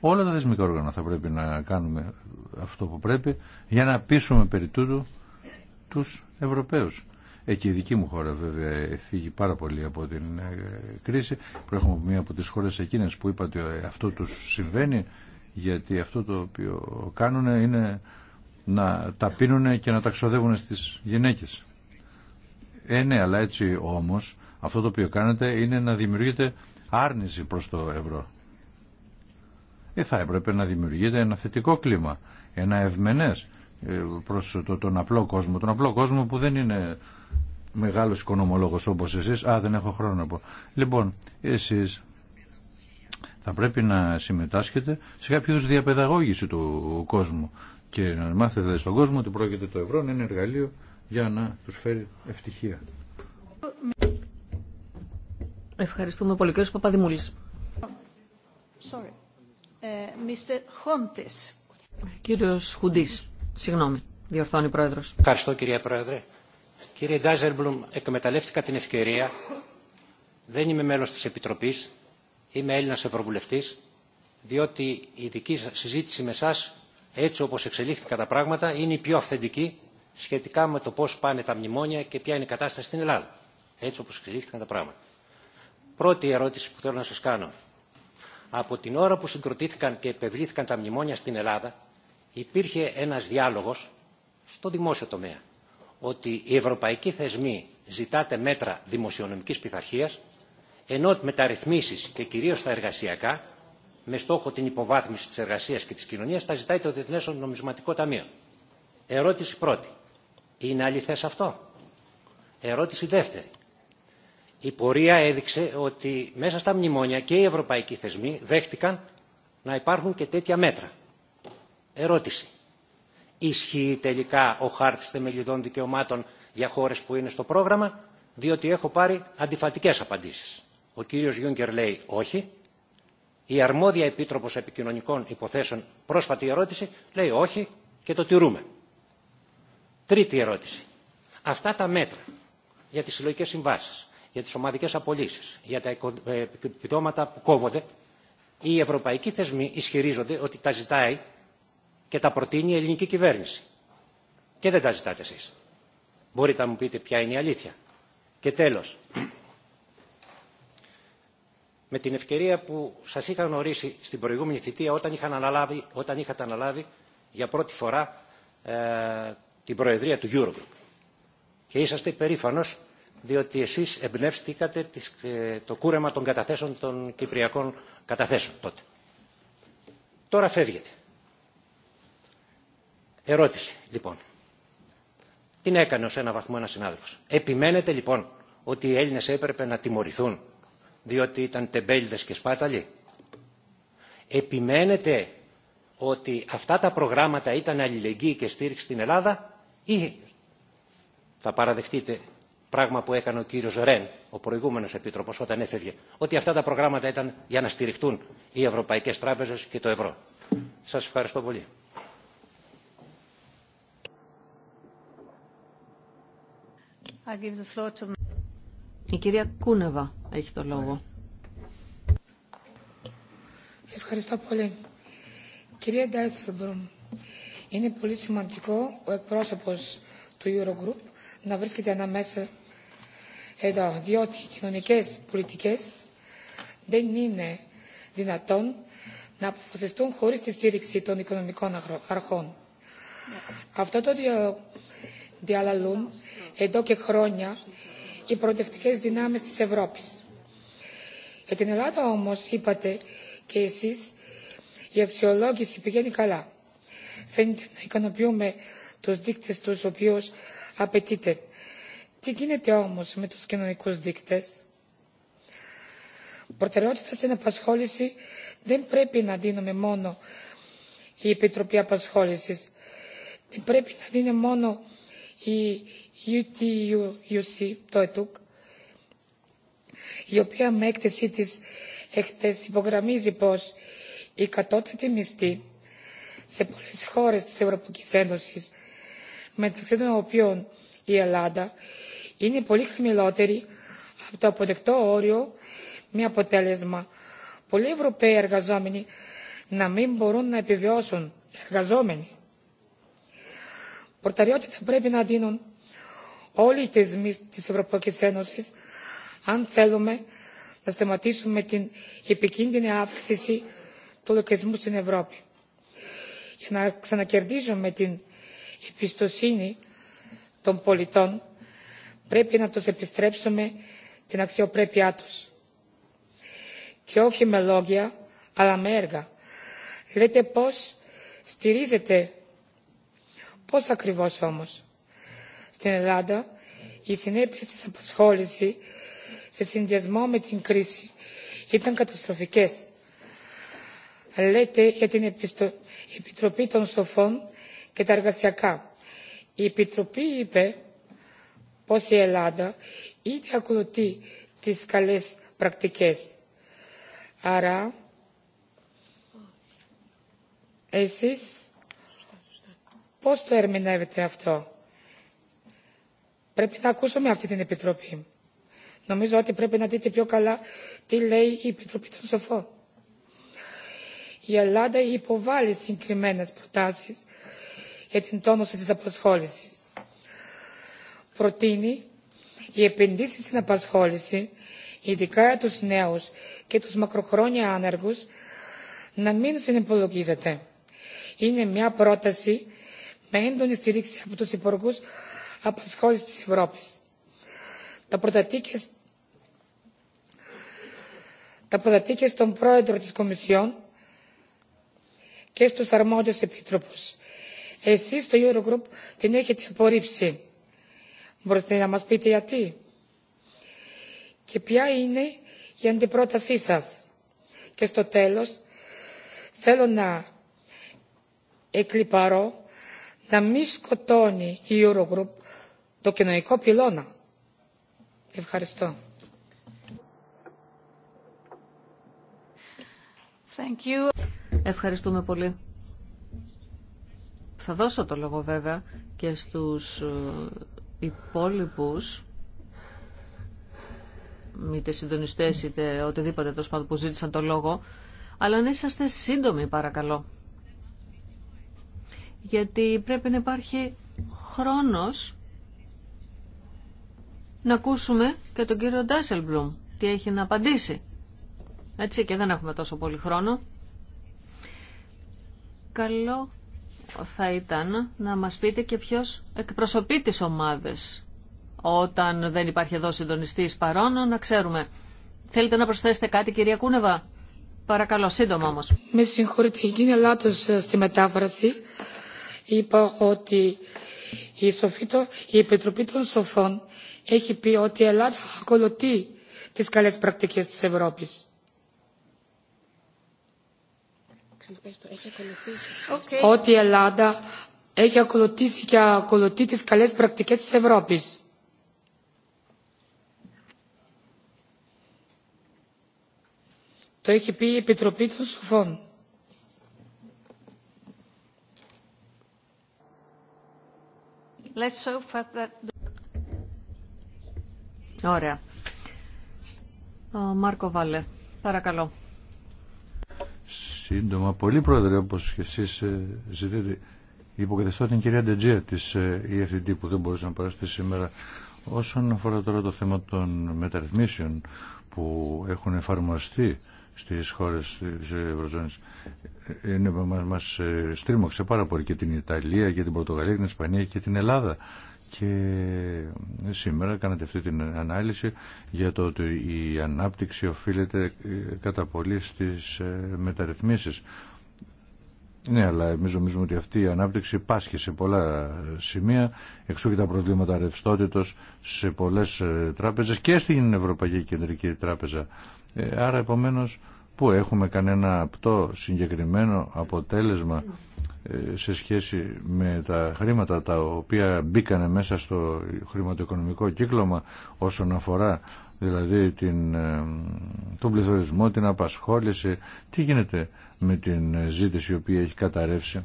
Όλα τα θεσμικά όργανα θα πρέπει να κάνουμε αυτό που πρέπει για να πείσουμε περί τούτου τους Ευρωπαίους. Εκεί η δική μου χώρα βέβαια φύγει πάρα πολύ από την ε, κρίση. Προέχουμε μία από τις χώρες εκείνες που είπατε ε, αυτό τους συμβαίνει γιατί αυτό το οποίο κάνουν είναι να τα πίνουν και να τα ξοδεύουν στις γυναίκες. Ε, ναι, αλλά έτσι όμως αυτό το οποίο κάνετε είναι να δημιουργείτε άρνηση προς το ευρώ ε, θα έπρεπε να δημιουργείται ένα θετικό κλίμα, ένα ευμενές ε, προς το, τον απλό κόσμο, τον απλό κόσμο που δεν είναι μεγάλος οικονομολόγος όπως εσείς. Α, δεν έχω χρόνο να Λοιπόν, εσείς θα πρέπει να συμμετάσχετε σε κάποιο διαπαιδαγώγηση του κόσμου και να μάθετε στον κόσμο ότι πρόκειται το ευρώ να είναι εργαλείο για να τους φέρει ευτυχία. Ευχαριστούμε πολύ. Κύριος Παπαδημούλης. Sorry. Ε, Κύριος Χουντής, συγγνώμη, διορθώνει πρόεδρος. Ευχαριστώ κύριε πρόεδρε. Κύριε Ντάζερμπλουμ, εκμεταλλεύτηκα την ευκαιρία. Δεν είμαι μέλος της Επιτροπής, είμαι Έλληνας Ευρωβουλευτής, διότι η δική συζήτηση με εσάς, έτσι όπως εξελίχθηκαν τα πράγματα, είναι η πιο αυθεντική σχετικά με το πώς πάνε τα μνημόνια και ποια είναι η κατάσταση στην Ελλάδα. Έτσι όπως εξελίχθηκαν τα πράγματα. Πρώτη ερώτηση που θέλω να σας κάνω από την ώρα που συγκροτήθηκαν και επευλήθηκαν τα μνημόνια στην Ελλάδα υπήρχε ένας διάλογος στο δημόσιο τομέα ότι οι ευρωπαϊκοί θεσμοί ζητάτε μέτρα δημοσιονομικής πειθαρχία, ενώ μεταρρυθμίσεις και κυρίως τα εργασιακά με στόχο την υποβάθμιση της εργασίας και της κοινωνίας τα ζητάει το Διεθνές Νομισματικό Ταμείο. Ερώτηση πρώτη. Είναι αληθές αυτό. Ερώτηση δεύτερη η πορεία έδειξε ότι μέσα στα μνημόνια και οι ευρωπαϊκοί θεσμοί δέχτηκαν να υπάρχουν και τέτοια μέτρα. Ερώτηση. Ισχύει τελικά ο χάρτης θεμελιδών δικαιωμάτων για χώρες που είναι στο πρόγραμμα, διότι έχω πάρει αντιφατικές απαντήσεις. Ο κύριος Γιούγκερ λέει όχι. Η αρμόδια Επίτροπος Επικοινωνικών Υποθέσεων πρόσφατη ερώτηση λέει όχι και το τηρούμε. Τρίτη ερώτηση. Αυτά τα μέτρα για τις συλλογικές συμβάσεις για τις ομαδικές απολύσεις, για τα ε, επιπτώματα που κόβονται, οι ευρωπαϊκοί θεσμοί ισχυρίζονται ότι τα ζητάει και τα προτείνει η ελληνική κυβέρνηση. Και δεν τα ζητάτε εσείς. Μπορείτε να μου πείτε ποια είναι η αλήθεια. Και τέλος, με την ευκαιρία που σας είχα γνωρίσει στην προηγούμενη θητεία όταν, είχα αναλάβει, όταν είχατε αναλάβει για πρώτη φορά ε, την Προεδρία του Eurogroup. Και είσαστε περήφανος διότι εσείς εμπνεύστηκατε ε, το κούρεμα των καταθέσεων των κυπριακών καταθέσεων τότε. Τώρα φεύγετε. Ερώτηση, λοιπόν. Την έκανε ως ένα βαθμό ένα συνάδελφος. Επιμένετε, λοιπόν, ότι οι Έλληνες έπρεπε να τιμωρηθούν, διότι ήταν τεμπέλιδες και σπάταλοι. Επιμένετε ότι αυτά τα προγράμματα ήταν αλληλεγγύη και στήριξη στην Ελλάδα ή θα παραδεχτείτε Πράγμα που έκανε ο κύριος Ρεν, ο προηγούμενος επίτροπος, όταν έφευγε. Ότι αυτά τα προγράμματα ήταν για να στηριχτούν οι ευρωπαϊκές τράπεζες και το ευρώ. Σας ευχαριστώ πολύ. Η κυρία Κούνεβα έχει το λόγο. Ευχαριστώ πολύ. Κυρία Ντάισελμπρουμ, είναι πολύ σημαντικό ο εκπρόσωπος του Eurogroup να βρίσκεται ανάμεσα εδώ, διότι οι κοινωνικές πολιτικές δεν είναι δυνατόν να αποφασιστούν χωρίς τη στήριξη των οικονομικών αρχών. Αυτό το διαλαλούν εδώ και χρόνια οι προοδευτικές δυνάμεις της Ευρώπης. Για την Ελλάδα όμως είπατε και εσείς η αξιολόγηση πηγαίνει καλά. Φαίνεται να ικανοποιούμε τους δείκτες τους οποίους απαιτείται. Τι γίνεται όμω με τους κοινωνικούς δείκτε. Προτεραιότητα στην απασχόληση δεν πρέπει να δίνουμε μόνο η Επιτροπή απασχόληση, Δεν πρέπει να δίνει μόνο η UTUC, το ΕΤΟΚ, η οποία με έκθεσή τη εχθέ υπογραμμίζει πως η κατώτατη μισθή σε πολλέ χώρε της Ευρωπαϊκή Ένωσης, μεταξύ των οποίων η Ελλάδα, είναι πολύ χαμηλότερη από το αποδεκτό όριο με αποτέλεσμα πολλοί Ευρωπαίοι εργαζόμενοι να μην μπορούν να επιβιώσουν εργαζόμενοι. Προτεραιότητα πρέπει να δίνουν όλοι οι θεσμοί της Ευρωπαϊκής Ένωσης αν θέλουμε να σταματήσουμε την επικίνδυνη αύξηση του λογισμού στην Ευρώπη. Για να ξανακερδίζουμε την εμπιστοσύνη των πολιτών πρέπει να τους επιστρέψουμε την αξιοπρέπειά τους. Και όχι με λόγια, αλλά με έργα. Λέτε πώς στηρίζετε. Πώς ακριβώς όμως. Στην Ελλάδα η συνέπειες της απασχόληση σε συνδυασμό με την κρίση ήταν καταστροφικές. Λέτε για την Επιτροπή των Σοφών και τα εργασιακά. Η Επιτροπή είπε πως η Ελλάδα ήδη ακολουθεί τις καλές πρακτικές. Άρα, εσείς πώς το ερμηνεύετε αυτό. Πρέπει να ακούσουμε αυτή την Επιτροπή. Νομίζω ότι πρέπει να δείτε πιο καλά τι λέει η Επιτροπή των Σοφών. Η Ελλάδα υποβάλλει συγκεκριμένε προτάσει για την τόνωση τη απασχόληση προτείνει η επενδύσεις στην απασχόληση, ειδικά για τους νέους και τους μακροχρόνια άνεργους, να μην συνυπολογίζεται. Είναι μια πρόταση με έντονη στήριξη από τους υπουργούς απασχόλησης της Ευρώπης. Τα προτατήκες τα προτατήκε στον πρόεδρο της Κομισιόν και στους αρμόδιους επιτρόπους. Εσείς στο Eurogroup την έχετε απορρίψει. Μπορείτε να μας πείτε γιατί. Και ποια είναι η αντιπρότασή σας. Και στο τέλος θέλω να εκλυπαρώ να μη σκοτώνει η Eurogroup το κοινωνικό πυλώνα. Ευχαριστώ. Ευχαριστούμε πολύ. Θα δώσω το λόγο βέβαια και στους ε, υπόλοιπους είτε συντονιστέ είτε οτιδήποτε τόσο πάντων που ζήτησαν το λόγο, αλλά να είσαστε σύντομοι παρακαλώ. Γιατί πρέπει να υπάρχει χρόνος να ακούσουμε και τον κύριο Ντάσελμπλουμ τι έχει να απαντήσει. Έτσι και δεν έχουμε τόσο πολύ χρόνο. Καλό θα ήταν να μας πείτε και ποιος εκπροσωπεί τις ομάδες όταν δεν υπάρχει εδώ συντονιστής παρόν, να ξέρουμε. Θέλετε να προσθέσετε κάτι κυρία Κούνεβα. Παρακαλώ, σύντομα όμως. Με συγχωρείτε, γίνει λάθος ε, στη μετάφραση. Είπα ότι η, η Επιτροπή των Σοφών έχει πει ότι η Ελλάδα ακολουθεί τις καλές πρακτικές της Ευρώπης ότι η Ελλάδα έχει ακολουθήσει και ακολουθεί τις καλές πρακτικές της Ευρώπης. Το έχει πει η Επιτροπή των Σοφών. Ωραία. Μάρκο Βάλε, παρακαλώ. Σύντομα, πολύ πρόεδρε, όπω και εσείς ε, ζητείτε, υποκαθιστώ την κυρία Ντετζία της ε, EFD που δεν μπορούσε να παραστεί σήμερα. Όσον αφορά τώρα το θέμα των μεταρρυθμίσεων που έχουν εφαρμοστεί στις χώρες τη Ευρωζώνη, μα ε, μας, στρίμωξε πάρα πολύ και την Ιταλία και την Πορτογαλία και την Ισπανία και την Ελλάδα και σήμερα κάνατε αυτή την ανάλυση για το ότι η ανάπτυξη οφείλεται ε, κατά πολύ στις ε, μεταρρυθμίσεις. Ναι, αλλά εμείς νομίζουμε ότι αυτή η ανάπτυξη πάσχει σε πολλά σημεία, εξού και τα προβλήματα ρευστότητα σε πολλές ε, τράπεζες και στην Ευρωπαϊκή Κεντρική Τράπεζα. Άρα, επομένως, που έχουμε κανένα απτό συγκεκριμένο αποτέλεσμα ε, σε σχέση με τα χρήματα τα οποία μπήκανε μέσα στο χρηματοοικονομικό κύκλωμα όσον αφορά δηλαδή την, ε, τον πληθωρισμό, την απασχόληση, τι γίνεται με την ζήτηση η οποία έχει καταρρεύσει.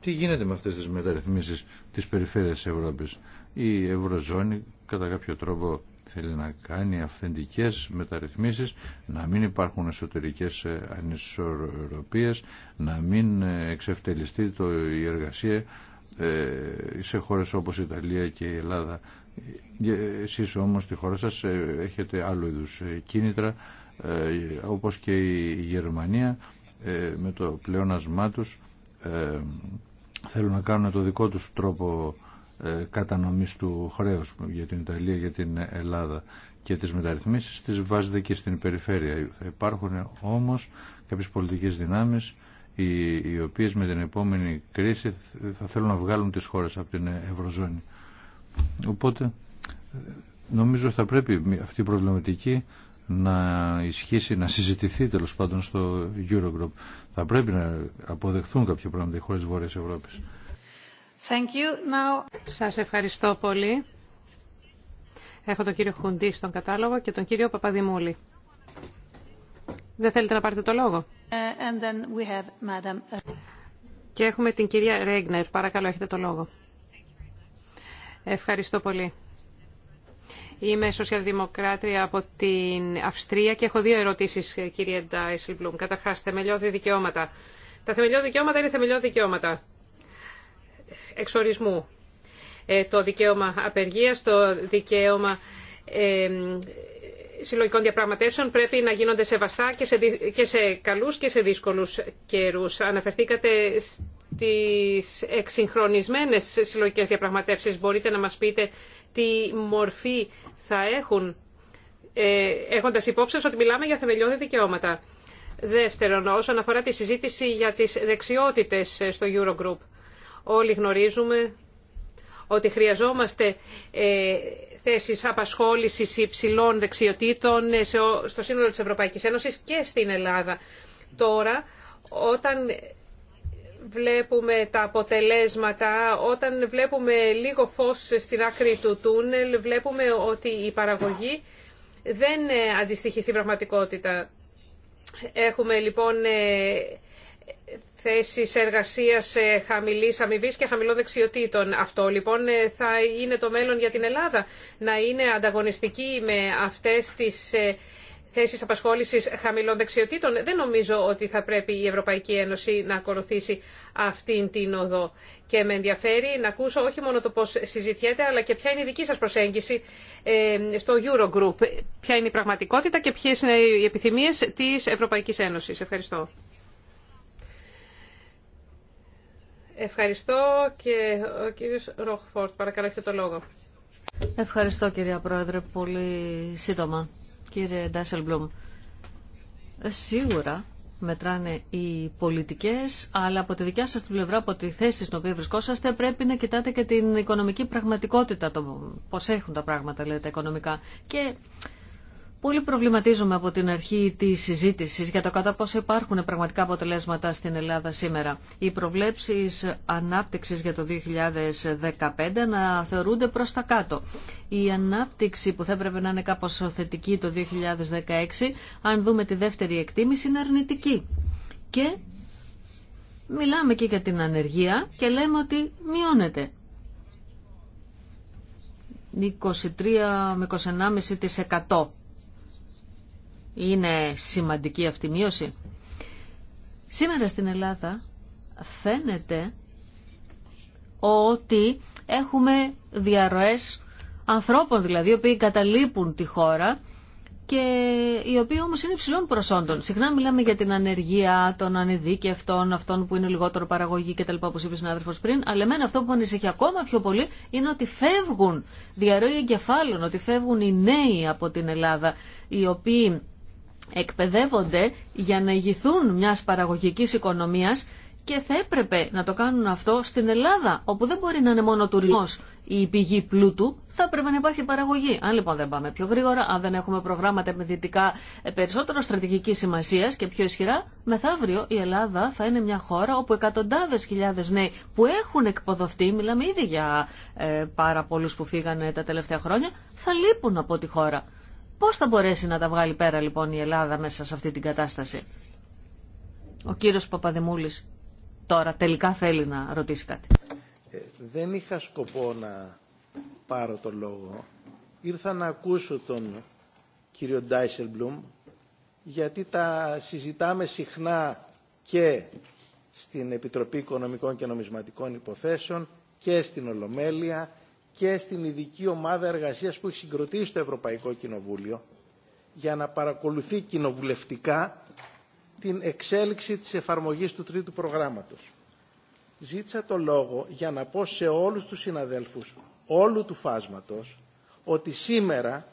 Τι γίνεται με αυτές τις μεταρρυθμίσεις της περιφέρειας της Ευρώπης. Η Ευρωζώνη κατά κάποιο τρόπο θέλει να κάνει αυθεντικές μεταρρυθμίσεις, να μην υπάρχουν εσωτερικές ε, ανισορροπίες, να μην ε, εξευτελιστεί το, η εργασία ε, σε χώρες όπως η Ιταλία και η Ελλάδα. Εσείς όμως στη χώρα σας έχετε άλλου είδους κίνητρα, όπως και η Γερμανία με το πλεόνασμά τους θέλουν να κάνουν το δικό τους τρόπο ε, κατανομής του χρέους για την Ιταλία, για την Ελλάδα και τις μεταρρυθμίσεις τις βάζετε και στην περιφέρεια. Θα υπάρχουν όμως κάποιες πολιτικές δυνάμεις οι, οι οποίες με την επόμενη κρίση θα θέλουν να βγάλουν τις χώρες από την Ευρωζώνη. Οπότε νομίζω θα πρέπει αυτή η προβληματική να ισχύσει, να συζητηθεί τέλο πάντων στο Eurogroup. Θα πρέπει να αποδεχθούν κάποια πράγματα οι χώρες Βόρειας Ευρώπης. Thank Σας ευχαριστώ πολύ. Έχω τον κύριο Χουντή στον κατάλογο και τον κύριο Παπαδημούλη. Δεν θέλετε να πάρετε το λόγο. Uh, and then we have Και έχουμε την κυρία Ρέγνερ. Παρακαλώ, έχετε το λόγο. Ευχαριστώ πολύ. Είμαι σοσιαλδημοκράτρια από την Αυστρία και έχω δύο ερωτήσεις, κύριε Ντάισλμπλουμ. Καταρχάς, θεμελιώδη δικαιώματα. Τα θεμελιώδη δικαιώματα είναι θεμελιώδη δικαιώματα εξορισμού. Ε, το δικαίωμα απεργίας, το δικαίωμα ε, συλλογικών διαπραγματεύσεων πρέπει να γίνονται σεβαστά και σε, και σε καλούς και σε δύσκολους καιρούς. Αναφερθήκατε στις εξυγχρονισμένες συλλογικές διαπραγματεύσεις. Μπορείτε να μας πείτε τι μορφή θα έχουν, ε, έχοντας υπόψη ότι μιλάμε για θεμελιώδη δικαιώματα. Δεύτερον, όσον αφορά τη συζήτηση για τις δεξιότητες στο Eurogroup. Όλοι γνωρίζουμε ότι χρειαζόμαστε ε, θέσεις απασχόλησης υψηλών δεξιοτήτων ε, στο σύνολο της Ευρωπαϊκής Ένωσης και στην Ελλάδα. Τώρα, όταν βλέπουμε τα αποτελέσματα, όταν βλέπουμε λίγο φως στην άκρη του τούνελ, βλέπουμε ότι η παραγωγή δεν ε, αντιστοιχεί στην πραγματικότητα. Έχουμε λοιπόν θέσεις εργασίας ε, χαμηλής αμοιβή και χαμηλών δεξιοτήτων. Αυτό λοιπόν ε, θα είναι το μέλλον για την Ελλάδα, να είναι ανταγωνιστική με αυτές τις ε, θέσεις απασχόλησης χαμηλών δεξιοτήτων. Δεν νομίζω ότι θα πρέπει η Ευρωπαϊκή Ένωση να ακολουθήσει αυτήν την οδό. Και με ενδιαφέρει να ακούσω όχι μόνο το πώς συζητιέται, αλλά και ποια είναι η δική σας προσέγγιση στο Eurogroup. Ποια είναι η πραγματικότητα και ποιες είναι οι επιθυμίες της Ευρωπαϊκής Ένωσης. Ευχαριστώ. Ευχαριστώ και ο κύριος Ροχφόρτ, παρακαλώ έχετε το λόγο. Ευχαριστώ κυρία Πρόεδρε, πολύ σύντομα. Κύριε Ντάσελμπλουμ, σίγουρα μετράνε οι πολιτικές, αλλά από τη δικιά σας την πλευρά, από τη θέση στην οποία βρισκόσαστε, πρέπει να κοιτάτε και την οικονομική πραγματικότητα, το πώς έχουν τα πράγματα, λέτε, οικονομικά. Και Πολύ προβληματίζομαι από την αρχή τη συζήτηση για το κατά πόσο υπάρχουν πραγματικά αποτελέσματα στην Ελλάδα σήμερα. Οι προβλέψει ανάπτυξη για το 2015 να θεωρούνται προ τα κάτω. Η ανάπτυξη που θα έπρεπε να είναι κάπω θετική το 2016, αν δούμε τη δεύτερη εκτίμηση, είναι αρνητική. Και μιλάμε και για την ανεργία και λέμε ότι μειώνεται. 23 με 21,5% είναι σημαντική αυτή η μείωση. Σήμερα στην Ελλάδα φαίνεται ότι έχουμε διαρροές ανθρώπων δηλαδή, οι οποίοι καταλείπουν τη χώρα και οι οποίοι όμως είναι υψηλών προσόντων. Συχνά μιλάμε για την ανεργία των ανεδίκευτων, αυτών που είναι λιγότερο παραγωγή κτλ. όπως είπε συνάδελφος πριν, αλλά εμένα αυτό που ανησυχεί ακόμα πιο πολύ είναι ότι φεύγουν διαρροή εγκεφάλων, ότι φεύγουν οι νέοι από την Ελλάδα, οι οποίοι εκπαιδεύονται για να ηγηθούν μιας παραγωγικής οικονομίας και θα έπρεπε να το κάνουν αυτό στην Ελλάδα, όπου δεν μπορεί να είναι μόνο τουρισμό η πηγή πλούτου, θα έπρεπε να υπάρχει παραγωγή. Αν λοιπόν δεν πάμε πιο γρήγορα, αν δεν έχουμε προγράμματα επενδυτικά ε, περισσότερο στρατηγική σημασία και πιο ισχυρά, μεθαύριο η Ελλάδα θα είναι μια χώρα όπου εκατοντάδε χιλιάδε νέοι που έχουν εκποδοθεί, μιλάμε ήδη για ε, πάρα πολλού που φύγανε τα τελευταία χρόνια, θα λείπουν από τη χώρα. Πώς θα μπορέσει να τα βγάλει πέρα λοιπόν η Ελλάδα μέσα σε αυτή την κατάσταση. Ο κύριος Παπαδημούλης τώρα τελικά θέλει να ρωτήσει κάτι. Ε, δεν είχα σκοπό να πάρω το λόγο. Ήρθα να ακούσω τον κύριο Ντάισελμπλουμ γιατί τα συζητάμε συχνά και στην Επιτροπή Οικονομικών και Νομισματικών Υποθέσεων και στην Ολομέλεια και στην ειδική ομάδα εργασίας που έχει συγκροτήσει το Ευρωπαϊκό Κοινοβούλιο για να παρακολουθεί κοινοβουλευτικά την εξέλιξη της εφαρμογής του τρίτου προγράμματος. Ζήτησα το λόγο για να πω σε όλους τους συναδέλφους όλου του φάσματος ότι σήμερα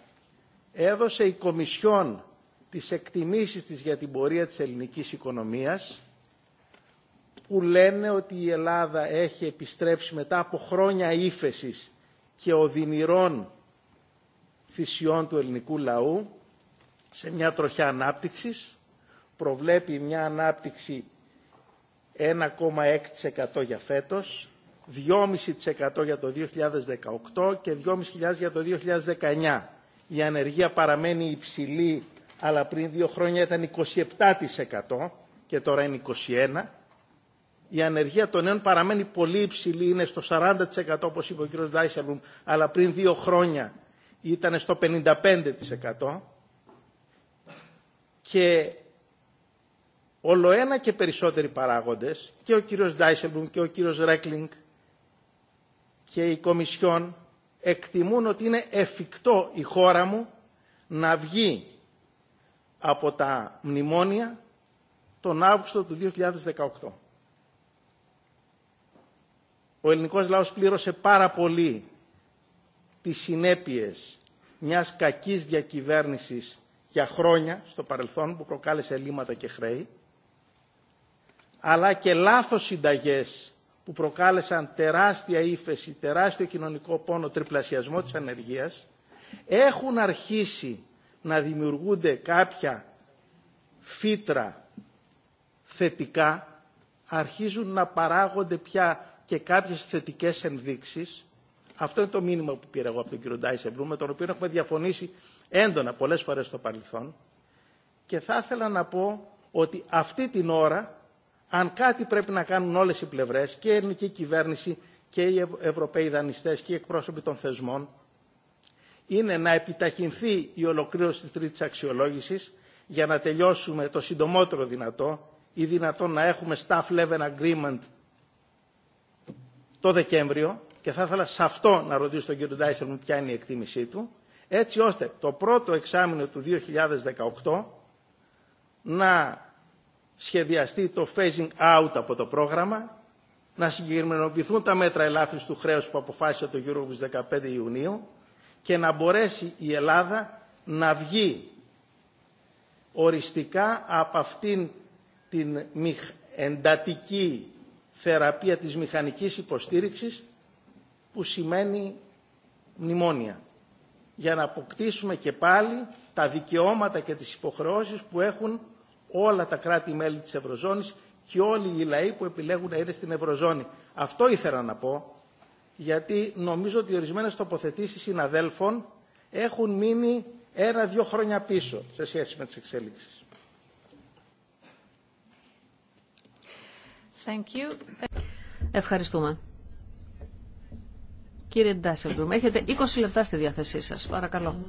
έδωσε η Κομισιόν τις εκτιμήσεις της για την πορεία της ελληνικής οικονομίας που λένε ότι η Ελλάδα έχει επιστρέψει μετά από χρόνια ύφεσης και οδυνηρών θυσιών του ελληνικού λαού σε μια τροχιά ανάπτυξης. Προβλέπει μια ανάπτυξη 1,6% για φέτος, 2,5% για το 2018 και 2,5% για το 2019. Η ανεργία παραμένει υψηλή, αλλά πριν δύο χρόνια ήταν 27% και τώρα είναι 21% η ανεργία των νέων παραμένει πολύ υψηλή, είναι στο 40% όπως είπε ο κ. Ντάισελουμ, αλλά πριν δύο χρόνια ήταν στο 55% και όλο ένα και περισσότεροι παράγοντες και ο κύριος Ντάισελμπλουμ και ο κύριος Ρέκλινγκ και η Κομισιόν εκτιμούν ότι είναι εφικτό η χώρα μου να βγει από τα μνημόνια τον Αύγουστο του 2018. Ο ελληνικός λαός πλήρωσε πάρα πολύ τις συνέπειες μιας κακής διακυβέρνησης για χρόνια στο παρελθόν που προκάλεσε ελλείμματα και χρέη, αλλά και λάθος συνταγές που προκάλεσαν τεράστια ύφεση, τεράστιο κοινωνικό πόνο, τριπλασιασμό της ανεργίας, έχουν αρχίσει να δημιουργούνται κάποια φύτρα θετικά, αρχίζουν να παράγονται πια και κάποιες θετικές ενδείξεις. Αυτό είναι το μήνυμα που πήρα εγώ από τον κύριο Ντάισεμπλου, με τον οποίο έχουμε διαφωνήσει έντονα πολλές φορές στο παρελθόν. Και θα ήθελα να πω ότι αυτή την ώρα, αν κάτι πρέπει να κάνουν όλες οι πλευρές, και η ελληνική κυβέρνηση και οι Ευρωπαίοι δανειστές και οι εκπρόσωποι των θεσμών, είναι να επιταχυνθεί η ολοκλήρωση της τρίτης αξιολόγησης για να τελειώσουμε το συντομότερο δυνατό ή δυνατόν να έχουμε staff level agreement το Δεκέμβριο και θα ήθελα σε αυτό να ρωτήσω τον κύριο μου ποια είναι η εκτίμησή του, έτσι ώστε το πρώτο εξάμεινο του 2018 να σχεδιαστεί το phasing out από το πρόγραμμα, να συγκεκριμενοποιηθούν τα μέτρα ελάφρυνσης του χρέους που αποφάσισε το του 15 Ιουνίου και να μπορέσει η Ελλάδα να βγει οριστικά από αυτήν την εντατική θεραπεία της μηχανικής υποστήριξης που σημαίνει μνημόνια για να αποκτήσουμε και πάλι τα δικαιώματα και τις υποχρεώσεις που έχουν όλα τα κράτη-μέλη της Ευρωζώνης και όλοι οι λαοί που επιλέγουν να είναι στην Ευρωζώνη. Αυτό ήθελα να πω, γιατί νομίζω ότι ορισμένες τοποθετήσεις συναδέλφων έχουν μείνει ένα-δύο χρόνια πίσω σε σχέση με τις εξέλιξεις. Ευχαριστούμε. Κύριε Ντάσελμπλουμ, έχετε 20 λεπτά στη διάθεσή σας, παρακαλώ,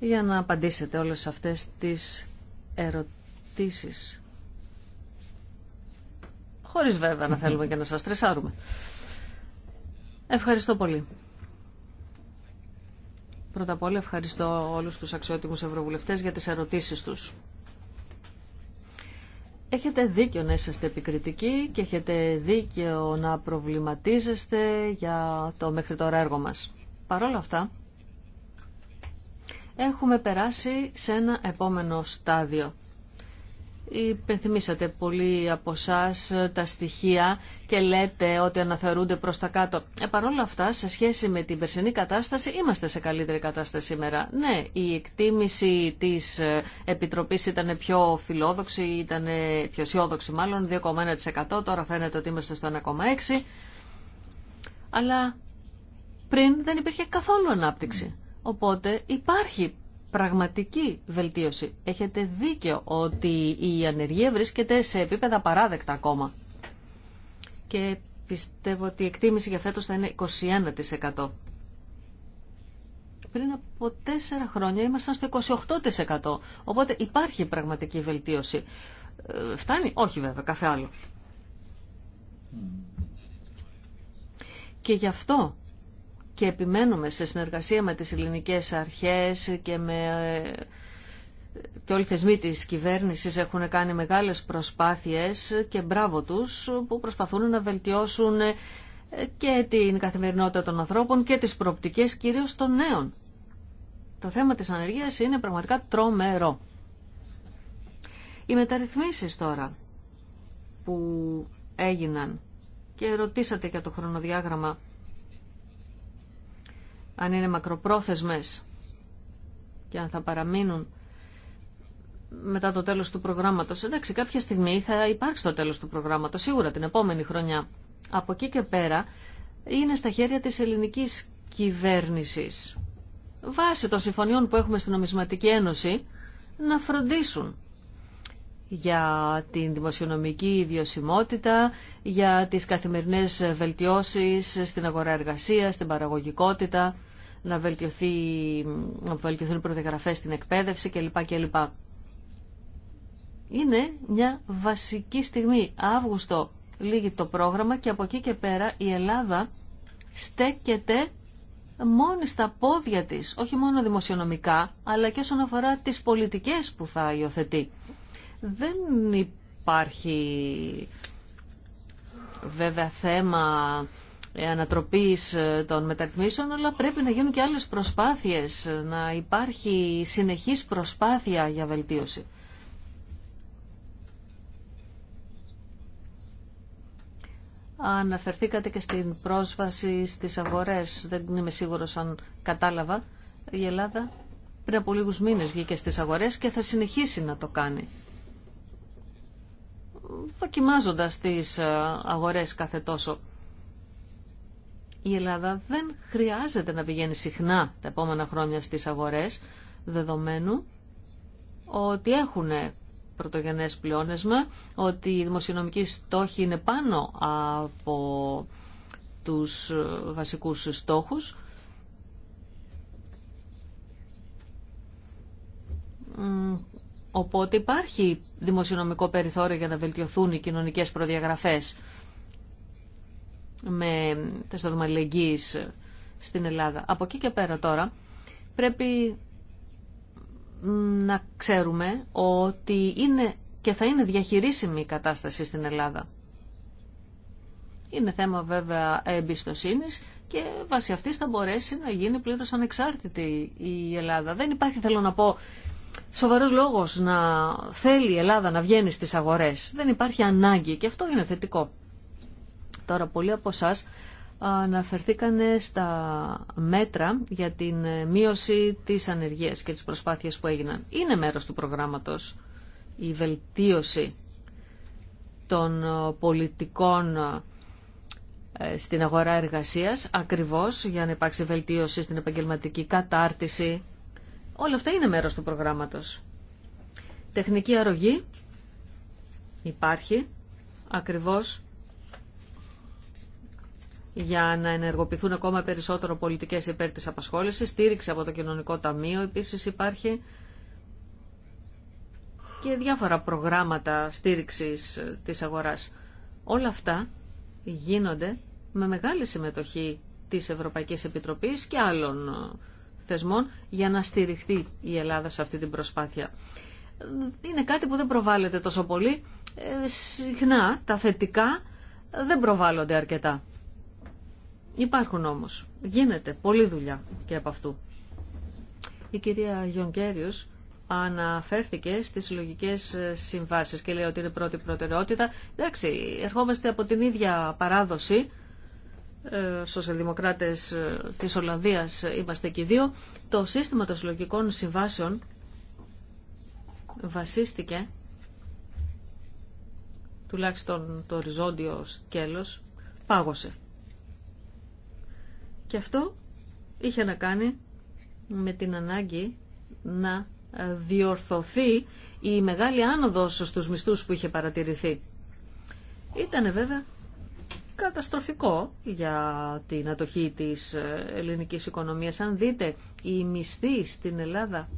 για να απαντήσετε όλες αυτές τις ερωτήσεις. Χωρίς βέβαια να θέλουμε και να σας τρεσάρουμε. Ευχαριστώ πολύ. Πρώτα απ' όλα ευχαριστώ όλους τους αξιότιμους ευρωβουλευτές για τις ερωτήσεις τους. Έχετε δίκιο να είσαστε επικριτικοί και έχετε δίκιο να προβληματίζεστε για το μέχρι τώρα έργο μας. Παρ' όλα αυτά, έχουμε περάσει σε ένα επόμενο στάδιο Υπενθυμίσατε πολύ από εσά τα στοιχεία και λέτε ότι αναθεωρούνται προς τα κάτω. Ε, Παρ' όλα αυτά, σε σχέση με την περσινή κατάσταση, είμαστε σε καλύτερη κατάσταση σήμερα. Ναι, η εκτίμηση της ε, Επιτροπής ήταν πιο φιλόδοξη, ήταν ε, πιο αισιόδοξη μάλλον, 2,1%. Τώρα φαίνεται ότι είμαστε στο 1,6%. Αλλά πριν δεν υπήρχε καθόλου ανάπτυξη. Οπότε υπάρχει πραγματική βελτίωση. Έχετε δίκιο ότι η ανεργία βρίσκεται σε επίπεδα παράδεκτα ακόμα. Και πιστεύω ότι η εκτίμηση για φέτος θα είναι 21%. Πριν από τέσσερα χρόνια ήμασταν στο 28%. Οπότε υπάρχει πραγματική βελτίωση. Ε, φτάνει? Όχι βέβαια, κάθε άλλο. Και γι' αυτό και επιμένουμε σε συνεργασία με τις ελληνικές αρχές και με και όλοι οι θεσμοί της κυβέρνησης έχουν κάνει μεγάλες προσπάθειες και μπράβο τους που προσπαθούν να βελτιώσουν και την καθημερινότητα των ανθρώπων και τις προοπτικές κυρίως των νέων. Το θέμα της ανεργίας είναι πραγματικά τρομερό. Οι μεταρρυθμίσεις τώρα που έγιναν και ρωτήσατε για το χρονοδιάγραμμα αν είναι μακροπρόθεσμες και αν θα παραμείνουν μετά το τέλος του προγράμματος. Εντάξει, κάποια στιγμή θα υπάρξει το τέλος του προγράμματος, σίγουρα την επόμενη χρονιά. Από εκεί και πέρα είναι στα χέρια της ελληνικής κυβέρνησης. Βάσει των συμφωνιών που έχουμε στην Ομισματική Ένωση να φροντίσουν για την δημοσιονομική βιωσιμότητα, για τις καθημερινές βελτιώσεις στην αγορά εργασίας, στην παραγωγικότητα, να, βελτιωθεί, να βελτιωθούν οι προδιαγραφές στην εκπαίδευση κλπ. κλπ. Είναι μια βασική στιγμή. Αύγουστο λύγει το πρόγραμμα και από εκεί και πέρα η Ελλάδα στέκεται μόνη στα πόδια της, όχι μόνο δημοσιονομικά, αλλά και όσον αφορά τις πολιτικές που θα υιοθετεί. Δεν υπάρχει βέβαια θέμα ανατροπής των μεταρρυθμίσεων, αλλά πρέπει να γίνουν και άλλες προσπάθειες, να υπάρχει συνεχής προσπάθεια για βελτίωση. Αναφερθήκατε και στην πρόσβαση στις αγορές. Δεν είμαι σίγουρος αν κατάλαβα. Η Ελλάδα πριν από λίγους μήνες βγήκε στις αγορές και θα συνεχίσει να το κάνει δοκιμάζοντας τις ε, αγορές κάθε τόσο. Η Ελλάδα δεν χρειάζεται να πηγαίνει συχνά τα επόμενα χρόνια στις αγορές, δεδομένου ότι έχουν πρωτογενές πλεόνεσμα, ότι οι δημοσιονομικοί στόχοι είναι πάνω από τους ε, βασικούς στόχους. Οπότε υπάρχει δημοσιονομικό περιθώριο για να βελτιωθούν οι κοινωνικές προδιαγραφές με τα στόδομα στην Ελλάδα. Από εκεί και πέρα τώρα πρέπει να ξέρουμε ότι είναι και θα είναι διαχειρίσιμη η κατάσταση στην Ελλάδα. Είναι θέμα βέβαια εμπιστοσύνης και βάσει αυτής θα μπορέσει να γίνει πλήρως ανεξάρτητη η Ελλάδα. Δεν υπάρχει, θέλω να πω, σοβαρός λόγος να θέλει η Ελλάδα να βγαίνει στις αγορές. Δεν υπάρχει ανάγκη και αυτό είναι θετικό. Τώρα πολλοί από εσά αναφερθήκανε στα μέτρα για την μείωση της ανεργίας και τις προσπάθειες που έγιναν. Είναι μέρος του προγράμματος η βελτίωση των πολιτικών ε, στην αγορά εργασίας, ακριβώς για να υπάρξει βελτίωση στην επαγγελματική κατάρτιση, Όλα αυτά είναι μέρος του προγράμματος. Τεχνική αρρωγή υπάρχει ακριβώς για να ενεργοποιηθούν ακόμα περισσότερο πολιτικές υπέρ της απασχόλησης. Στήριξη από το Κοινωνικό Ταμείο επίσης υπάρχει και διάφορα προγράμματα στήριξης της αγοράς. Όλα αυτά γίνονται με μεγάλη συμμετοχή της Ευρωπαϊκής Επιτροπής και άλλων θεσμών για να στηριχτεί η Ελλάδα σε αυτή την προσπάθεια. Είναι κάτι που δεν προβάλλεται τόσο πολύ. Ε, συχνά τα θετικά δεν προβάλλονται αρκετά. Υπάρχουν όμως. Γίνεται πολλή δουλειά και από αυτού. Η κυρία Γιονκέριους αναφέρθηκε στις συλλογικέ ε, συμβάσεις και λέει ότι είναι πρώτη προτεραιότητα. Εντάξει, ερχόμαστε από την ίδια παράδοση ε, σοσιαλδημοκράτες ε, της Ολλανδίας είμαστε και δύο, το σύστημα των συλλογικών συμβάσεων βασίστηκε τουλάχιστον το οριζόντιο σκέλος πάγωσε. Και αυτό είχε να κάνει με την ανάγκη να διορθωθεί η μεγάλη άνοδος στους μισθούς που είχε παρατηρηθεί. Ήταν βέβαια καταστροφικό για την ατοχή της ε, ελληνικής οικονομίας. Αν δείτε, οι μισθοί στην Ελλάδα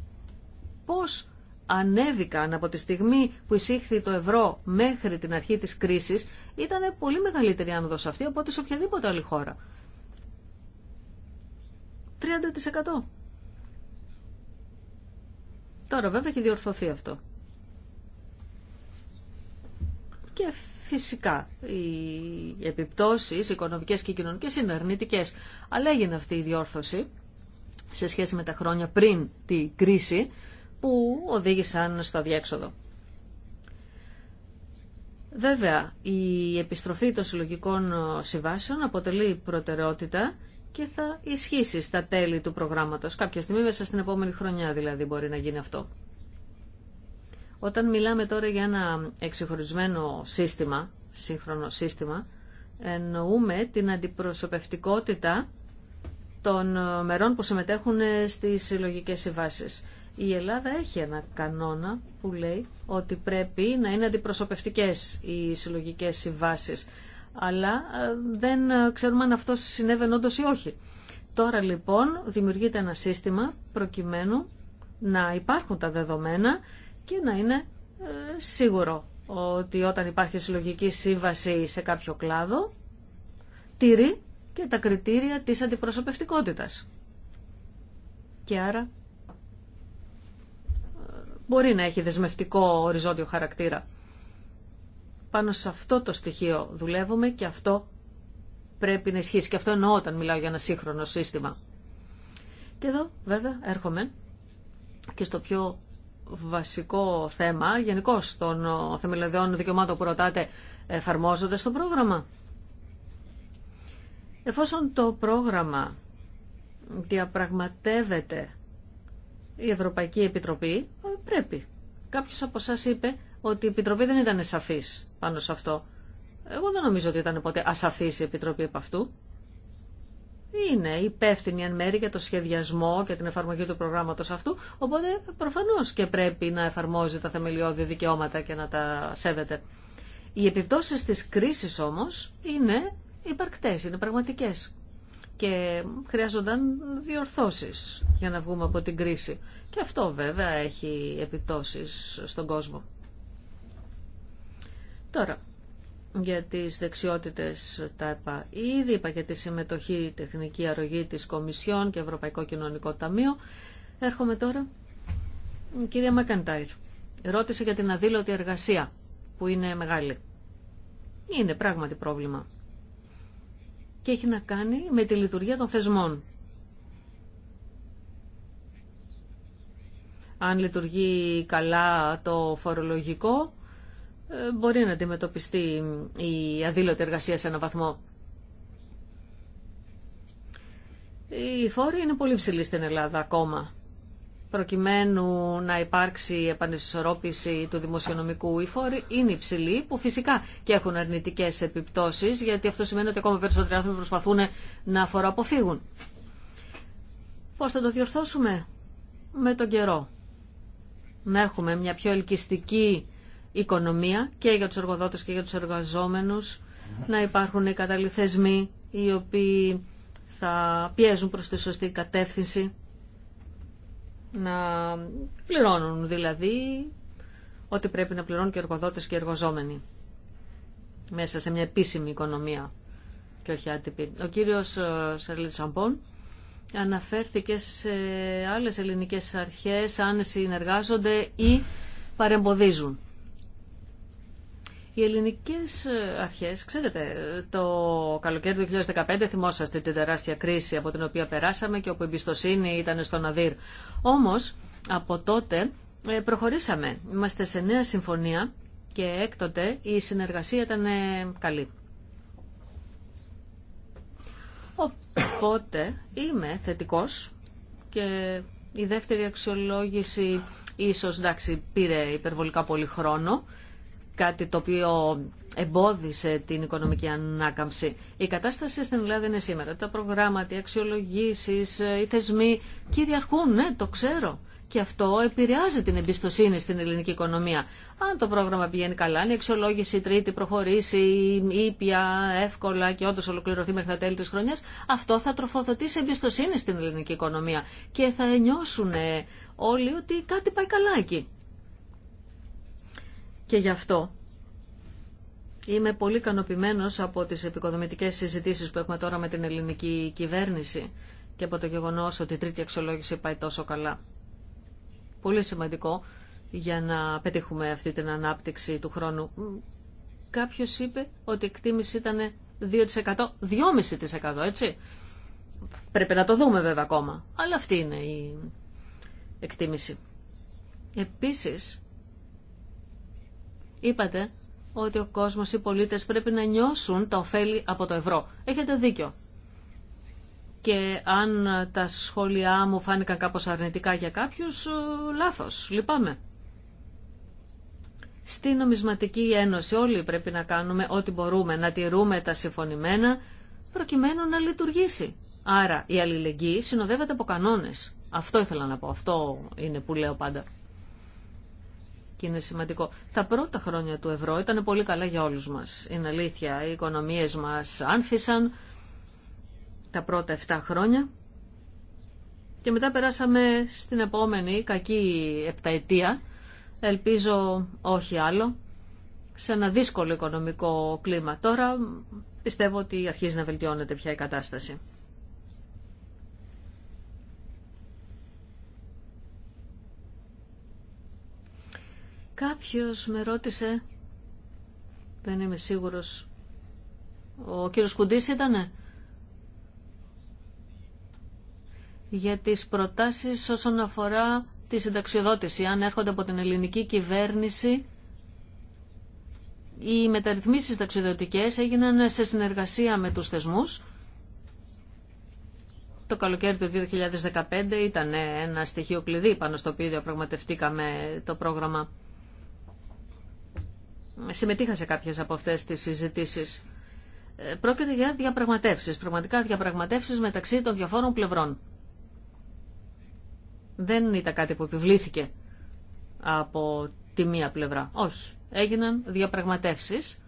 πώς ανέβηκαν από τη στιγμή που εισήχθη το ευρώ μέχρι την αρχή της κρίσης, ήταν πολύ μεγαλύτερη άνοδος αυτή από ό,τι σε οποιαδήποτε άλλη χώρα. 30%. Τώρα βέβαια έχει διορθωθεί αυτό και φυσικά οι επιπτώσεις οικονομικές και κοινωνικές είναι αρνητικές. Αλλά έγινε αυτή η διόρθωση σε σχέση με τα χρόνια πριν την κρίση που οδήγησαν στο διέξοδο. Βέβαια, η επιστροφή των συλλογικών συμβάσεων αποτελεί προτεραιότητα και θα ισχύσει στα τέλη του προγράμματος. Κάποια στιγμή μέσα στην επόμενη χρονιά δηλαδή μπορεί να γίνει αυτό. Όταν μιλάμε τώρα για ένα εξυγχωρισμένο σύστημα, σύγχρονο σύστημα, εννοούμε την αντιπροσωπευτικότητα των μερών που συμμετέχουν στις συλλογικέ συμβάσει. Η Ελλάδα έχει ένα κανόνα που λέει ότι πρέπει να είναι αντιπροσωπευτικές οι συλλογικέ συμβάσει. Αλλά ε, δεν ξέρουμε αν αυτό συνέβαινε όντω ή όχι. Τώρα λοιπόν δημιουργείται ένα σύστημα προκειμένου να υπάρχουν τα δεδομένα και να είναι ε, σίγουρο ότι όταν υπάρχει συλλογική σύμβαση σε κάποιο κλάδο, τηρεί και τα κριτήρια της αντιπροσωπευτικότητας. Και άρα ε, μπορεί να έχει δεσμευτικό οριζόντιο χαρακτήρα. Πάνω σε αυτό το στοιχείο δουλεύουμε και αυτό πρέπει να ισχύσει. Και αυτό εννοώ όταν μιλάω για ένα σύγχρονο σύστημα. Και εδώ βέβαια έρχομαι και στο πιο βασικό θέμα γενικώ των ε, θεμελιωδών δικαιωμάτων που ρωτάτε εφαρμόζονται στο πρόγραμμα. Εφόσον το πρόγραμμα διαπραγματεύεται η Ευρωπαϊκή Επιτροπή, ε, πρέπει. Κάποιος από εσά είπε ότι η Επιτροπή δεν ήταν σαφής πάνω σε αυτό. Εγώ δεν νομίζω ότι ήταν ποτέ ασαφής η Επιτροπή από αυτού είναι υπεύθυνη εν μέρη για το σχεδιασμό και την εφαρμογή του προγράμματος αυτού, οπότε προφανώς και πρέπει να εφαρμόζει τα θεμελιώδη δικαιώματα και να τα σέβεται. Οι επιπτώσεις της κρίση όμως είναι υπαρκτέ, είναι πραγματικές και χρειάζονταν διορθώσεις για να βγούμε από την κρίση. Και αυτό βέβαια έχει επιπτώσει στον κόσμο. Τώρα, για τις δεξιότητες τα ΕΠΑ. Ήδη είπα για τη συμμετοχή τεχνική αρρωγή της Κομισιόν και Ευρωπαϊκό Κοινωνικό Ταμείο. Έρχομαι τώρα. κυρία Μακαντάιρ, ρώτησε για την αδήλωτη εργασία που είναι μεγάλη. Είναι πράγματι πρόβλημα. Και έχει να κάνει με τη λειτουργία των θεσμών. Αν λειτουργεί καλά το φορολογικό, ε, μπορεί να αντιμετωπιστεί η αδήλωτη εργασία σε έναν βαθμό. Οι φόροι είναι πολύ ψηλοί στην Ελλάδα ακόμα. Προκειμένου να υπάρξει επανεσυσορρόπηση του δημοσιονομικού, οι φόροι είναι υψηλοί, που φυσικά και έχουν αρνητικέ επιπτώσει, γιατί αυτό σημαίνει ότι ακόμα περισσότεροι άνθρωποι προσπαθούν να φοροαποφύγουν. Πώ θα το διορθώσουμε, με τον καιρό. Να έχουμε μια πιο ελκυστική οικονομία και για τους εργοδότες και για τους εργαζόμενους, να υπάρχουν οι καταληθεσμοί οι οποίοι θα πιέζουν προς τη σωστή κατεύθυνση, να πληρώνουν δηλαδή ό,τι πρέπει να πληρώνουν και εργοδότες και εργοζόμενοι μέσα σε μια επίσημη οικονομία και όχι άτυπη. Ο κύριος ε, Σαρλίτ Σαμπών αναφέρθηκε σε άλλες ελληνικές αρχές αν συνεργάζονται ή παρεμποδίζουν. Οι ελληνικές ε, αρχές, ξέρετε, το καλοκαίρι του 2015 θυμόσαστε την τεράστια κρίση από την οποία περάσαμε και όπου η εμπιστοσύνη ήταν στο Αδύρ. Όμως, από τότε ε, προχωρήσαμε. Είμαστε σε νέα συμφωνία και έκτοτε η συνεργασία ήταν ε, καλή. Οπότε είμαι θετικός και η δεύτερη αξιολόγηση ίσως εντάξει, πήρε υπερβολικά πολύ χρόνο κάτι το οποίο εμπόδισε την οικονομική ανάκαμψη. Η κατάσταση στην Ελλάδα είναι σήμερα. Τα προγράμματα, οι αξιολογήσει, ε, οι θεσμοί κυριαρχούν, ναι, το ξέρω. Και αυτό επηρεάζει την εμπιστοσύνη στην ελληνική οικονομία. Αν το πρόγραμμα πηγαίνει καλά, αν η αξιολόγηση τρίτη προχωρήσει ήπια, εύκολα και όντω ολοκληρωθεί μέχρι τα τέλη τη χρονιά, αυτό θα τροφοδοτήσει εμπιστοσύνη στην ελληνική οικονομία. Και θα νιώσουν όλοι ότι κάτι πάει καλά εκεί. Και γι' αυτό είμαι πολύ ικανοποιημένο από τις επικοδομητικές συζητήσεις που έχουμε τώρα με την ελληνική κυβέρνηση και από το γεγονός ότι η τρίτη αξιολόγηση πάει τόσο καλά. Πολύ σημαντικό για να πετύχουμε αυτή την ανάπτυξη του χρόνου. Κάποιος είπε ότι η εκτίμηση ήταν 2%, 2,5% έτσι. Πρέπει να το δούμε βέβαια ακόμα. Αλλά αυτή είναι η εκτίμηση. Επίσης, Είπατε ότι ο κόσμος, οι πολίτες πρέπει να νιώσουν τα ωφέλη από το ευρώ. Έχετε δίκιο. Και αν τα σχόλιά μου φάνηκαν κάπως αρνητικά για κάποιους, λάθος. Λυπάμαι. Στη Νομισματική Ένωση όλοι πρέπει να κάνουμε ό,τι μπορούμε, να τηρούμε τα συμφωνημένα, προκειμένου να λειτουργήσει. Άρα η αλληλεγγύη συνοδεύεται από κανόνες. Αυτό ήθελα να πω, αυτό είναι που λέω πάντα και είναι σημαντικό. Τα πρώτα χρόνια του ευρώ ήταν πολύ καλά για όλους μας. Είναι αλήθεια, οι οικονομίες μας άνθησαν τα πρώτα 7 χρόνια και μετά περάσαμε στην επόμενη κακή επταετία, ελπίζω όχι άλλο, σε ένα δύσκολο οικονομικό κλίμα. Τώρα πιστεύω ότι αρχίζει να βελτιώνεται πια η κατάσταση. Κάποιος με ρώτησε, δεν είμαι σίγουρος, ο κύριος Κουντής ήτανε, για τις προτάσεις όσον αφορά τη συνταξιοδότηση, αν έρχονται από την ελληνική κυβέρνηση οι μεταρρυθμίσεις ταξιδιωτικές έγιναν σε συνεργασία με τους θεσμούς. Το καλοκαίρι του 2015 ήταν ένα στοιχείο κλειδί πάνω στο οποίο διαπραγματευτήκαμε το πρόγραμμα συμμετείχα σε κάποιες από αυτές τις συζητήσεις. Ε, πρόκειται για διαπραγματεύσεις, πραγματικά διαπραγματεύσεις μεταξύ των διαφόρων πλευρών. Δεν ήταν κάτι που επιβλήθηκε από τη μία πλευρά. Όχι. Έγιναν διαπραγματεύσεις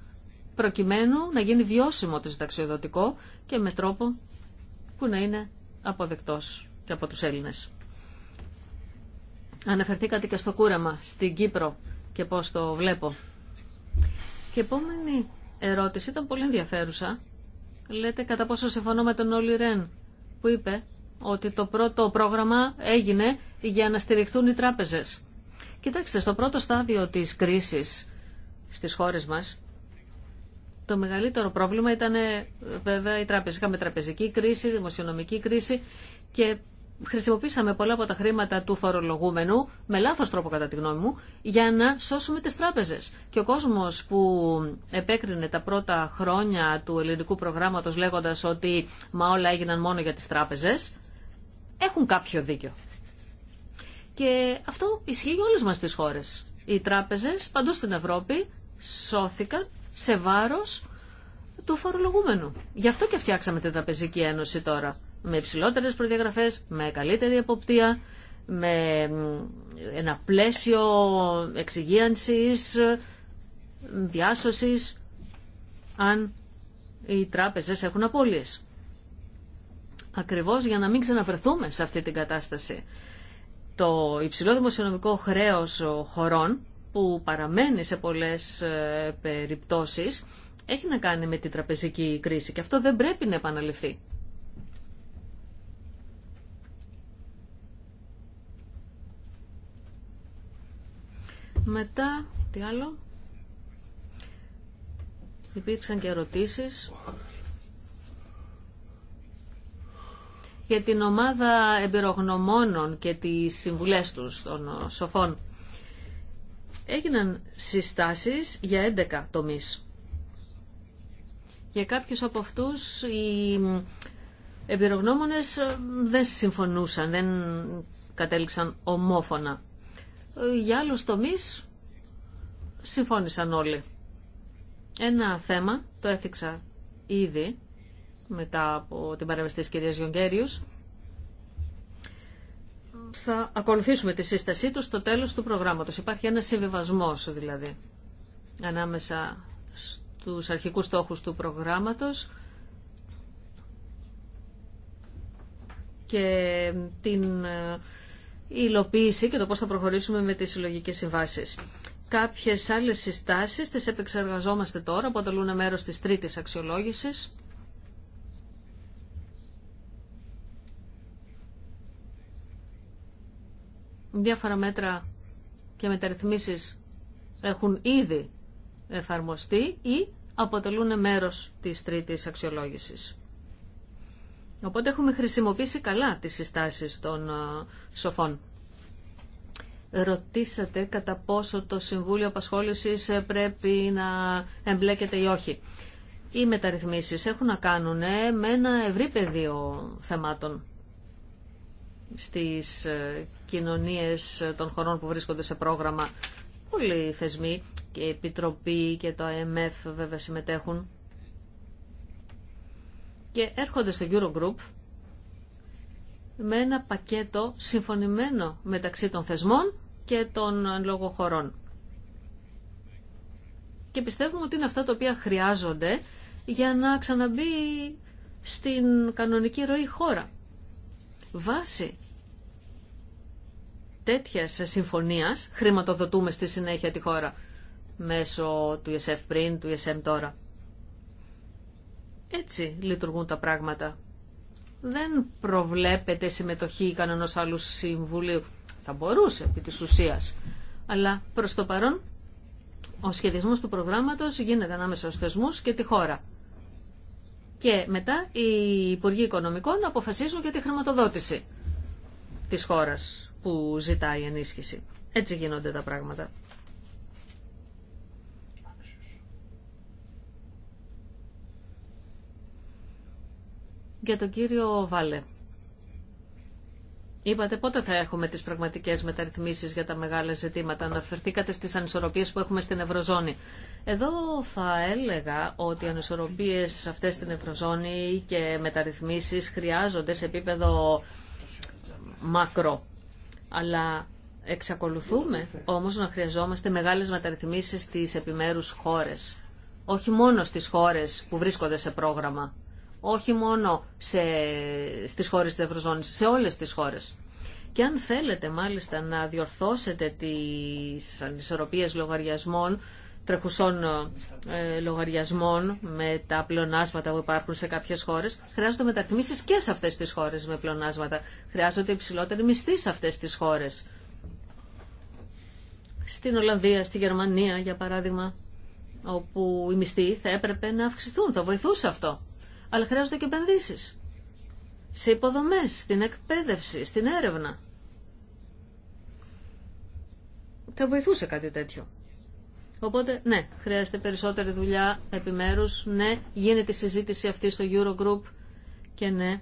προκειμένου να γίνει βιώσιμο το συνταξιοδοτικό και με τρόπο που να είναι αποδεκτός και από τους Έλληνες. Αναφερθήκατε και στο κούρεμα στην Κύπρο και πώς το βλέπω. Και η επόμενη ερώτηση ήταν πολύ ενδιαφέρουσα. Λέτε κατά πόσο συμφωνώ με τον Όλυ Ρεν που είπε ότι το πρώτο πρόγραμμα έγινε για να στηριχθούν οι τράπεζες. Κοιτάξτε, στο πρώτο στάδιο της κρίσης στις χώρες μας, το μεγαλύτερο πρόβλημα ήταν ε, βέβαια η τράπεζα. Είχαμε τραπεζική κρίση, δημοσιονομική κρίση και χρησιμοποίησαμε πολλά από τα χρήματα του φορολογούμενου, με λάθο τρόπο κατά τη γνώμη μου, για να σώσουμε τις τράπεζες. Και ο κόσμος που επέκρινε τα πρώτα χρόνια του ελληνικού προγράμματος λέγοντας ότι μα όλα έγιναν μόνο για τις τράπεζες, έχουν κάποιο δίκιο. Και αυτό ισχύει για όλε μας τις χώρες. Οι τράπεζες παντού στην Ευρώπη σώθηκαν σε βάρο του φορολογούμενου. Γι' αυτό και φτιάξαμε την Τραπεζική Ένωση τώρα με υψηλότερες προδιαγραφές, με καλύτερη εποπτεία, με ένα πλαίσιο εξυγίανσης, διάσωσης, αν οι τράπεζες έχουν απώλειες. Ακριβώς για να μην ξαναβρεθούμε σε αυτή την κατάσταση. Το υψηλό δημοσιονομικό χρέος χωρών, που παραμένει σε πολλές ε, περιπτώσεις, έχει να κάνει με την τραπεζική κρίση και αυτό δεν πρέπει να επαναληφθεί. Μετά, τι άλλο. Υπήρξαν και ερωτήσεις για την ομάδα εμπειρογνωμόνων και τις συμβουλές τους των σοφών. Έγιναν συστάσεις για 11 τομείς. Για κάποιους από αυτούς οι εμπειρογνώμονες δεν συμφωνούσαν, δεν κατέληξαν ομόφωνα. Για άλλους τομείς συμφώνησαν όλοι. Ένα θέμα, το έθιξα ήδη μετά από την παρέμβαση της κυρίας Γιονγκέριους, θα ακολουθήσουμε τη σύστασή του στο τέλος του προγράμματος. Υπάρχει ένα συμβιβασμός δηλαδή ανάμεσα στους αρχικούς στόχους του προγράμματος και την ε, η υλοποίηση και το πώς θα προχωρήσουμε με τις συλλογικές συμβάσεις. Κάποιες άλλες συστάσεις τις επεξεργαζόμαστε τώρα, αποτελούν μέρος της τρίτης αξιολόγησης. Διάφορα μέτρα και μεταρρυθμίσεις έχουν ήδη εφαρμοστεί ή αποτελούν μέρος της τρίτης αξιολόγησης. Οπότε έχουμε χρησιμοποιήσει καλά τις συστάσεις των σοφών. Ρωτήσατε κατά πόσο το Συμβούλιο Απασχόλησης πρέπει να εμπλέκεται ή όχι. Οι μεταρρυθμίσεις έχουν να κάνουν ε, με ένα ευρύ πεδίο θεμάτων στις ε, κοινωνίες των χωρών που βρίσκονται σε πρόγραμμα. Πολλοί θεσμοί και η Επιτροπή και το ΑΕΜΕΦ βέβαια συμμετέχουν και έρχονται στο Eurogroup με ένα πακέτο συμφωνημένο μεταξύ των θεσμών και των λογοχωρών. Και πιστεύουμε ότι είναι αυτά τα οποία χρειάζονται για να ξαναμπεί στην κανονική ροή χώρα. Βάση τέτοιας συμφωνίας χρηματοδοτούμε στη συνέχεια τη χώρα μέσω του ESF πριν, του ESM τώρα. Έτσι λειτουργούν τα πράγματα. Δεν προβλέπεται συμμετοχή κανένα άλλου συμβουλίου. Θα μπορούσε επί τη ουσία. Αλλά προ το παρόν ο σχεδιασμό του προγράμματος γίνεται ανάμεσα στου θεσμού και τη χώρα. Και μετά οι Υπουργοί Οικονομικών αποφασίζουν για τη χρηματοδότηση της χώρας που ζητάει ενίσχυση. Έτσι γίνονται τα πράγματα. Για τον κύριο Βάλε. Είπατε πότε θα έχουμε τις πραγματικές μεταρρυθμίσεις για τα μεγάλα ζητήματα. Αναφερθήκατε στις ανισορροπίες που έχουμε στην Ευρωζώνη. Εδώ θα έλεγα ότι οι ανισορροπίες αυτές στην Ευρωζώνη και μεταρρυθμίσεις χρειάζονται σε επίπεδο μακρό. Αλλά εξακολουθούμε όμως να χρειαζόμαστε μεγάλες μεταρρυθμίσεις στις επιμέρους χώρες. Όχι μόνο στις χώρες που βρίσκονται σε πρόγραμμα όχι μόνο σε, στις χώρες της Ευρωζώνης, σε όλες τις χώρες. Και αν θέλετε μάλιστα να διορθώσετε τις ανισορροπίες λογαριασμών, τρεχουσών ε, λογαριασμών με τα πλεονάσματα που υπάρχουν σε κάποιες χώρες, χρειάζονται μεταρρυθμίσεις και σε αυτές τις χώρες με πλεονάσματα. Χρειάζονται υψηλότερη μισθή σε αυτές τις χώρες. Στην Ολλανδία, στη Γερμανία για παράδειγμα, όπου οι μισθοί θα έπρεπε να αυξηθούν, θα βοηθούσε αυτό αλλά χρειάζονται και επενδύσεις. Σε υποδομές, στην εκπαίδευση, στην έρευνα. Θα βοηθούσε κάτι τέτοιο. Οπότε, ναι, χρειάζεται περισσότερη δουλειά επιμέρους, ναι, γίνεται η συζήτηση αυτή στο Eurogroup και ναι,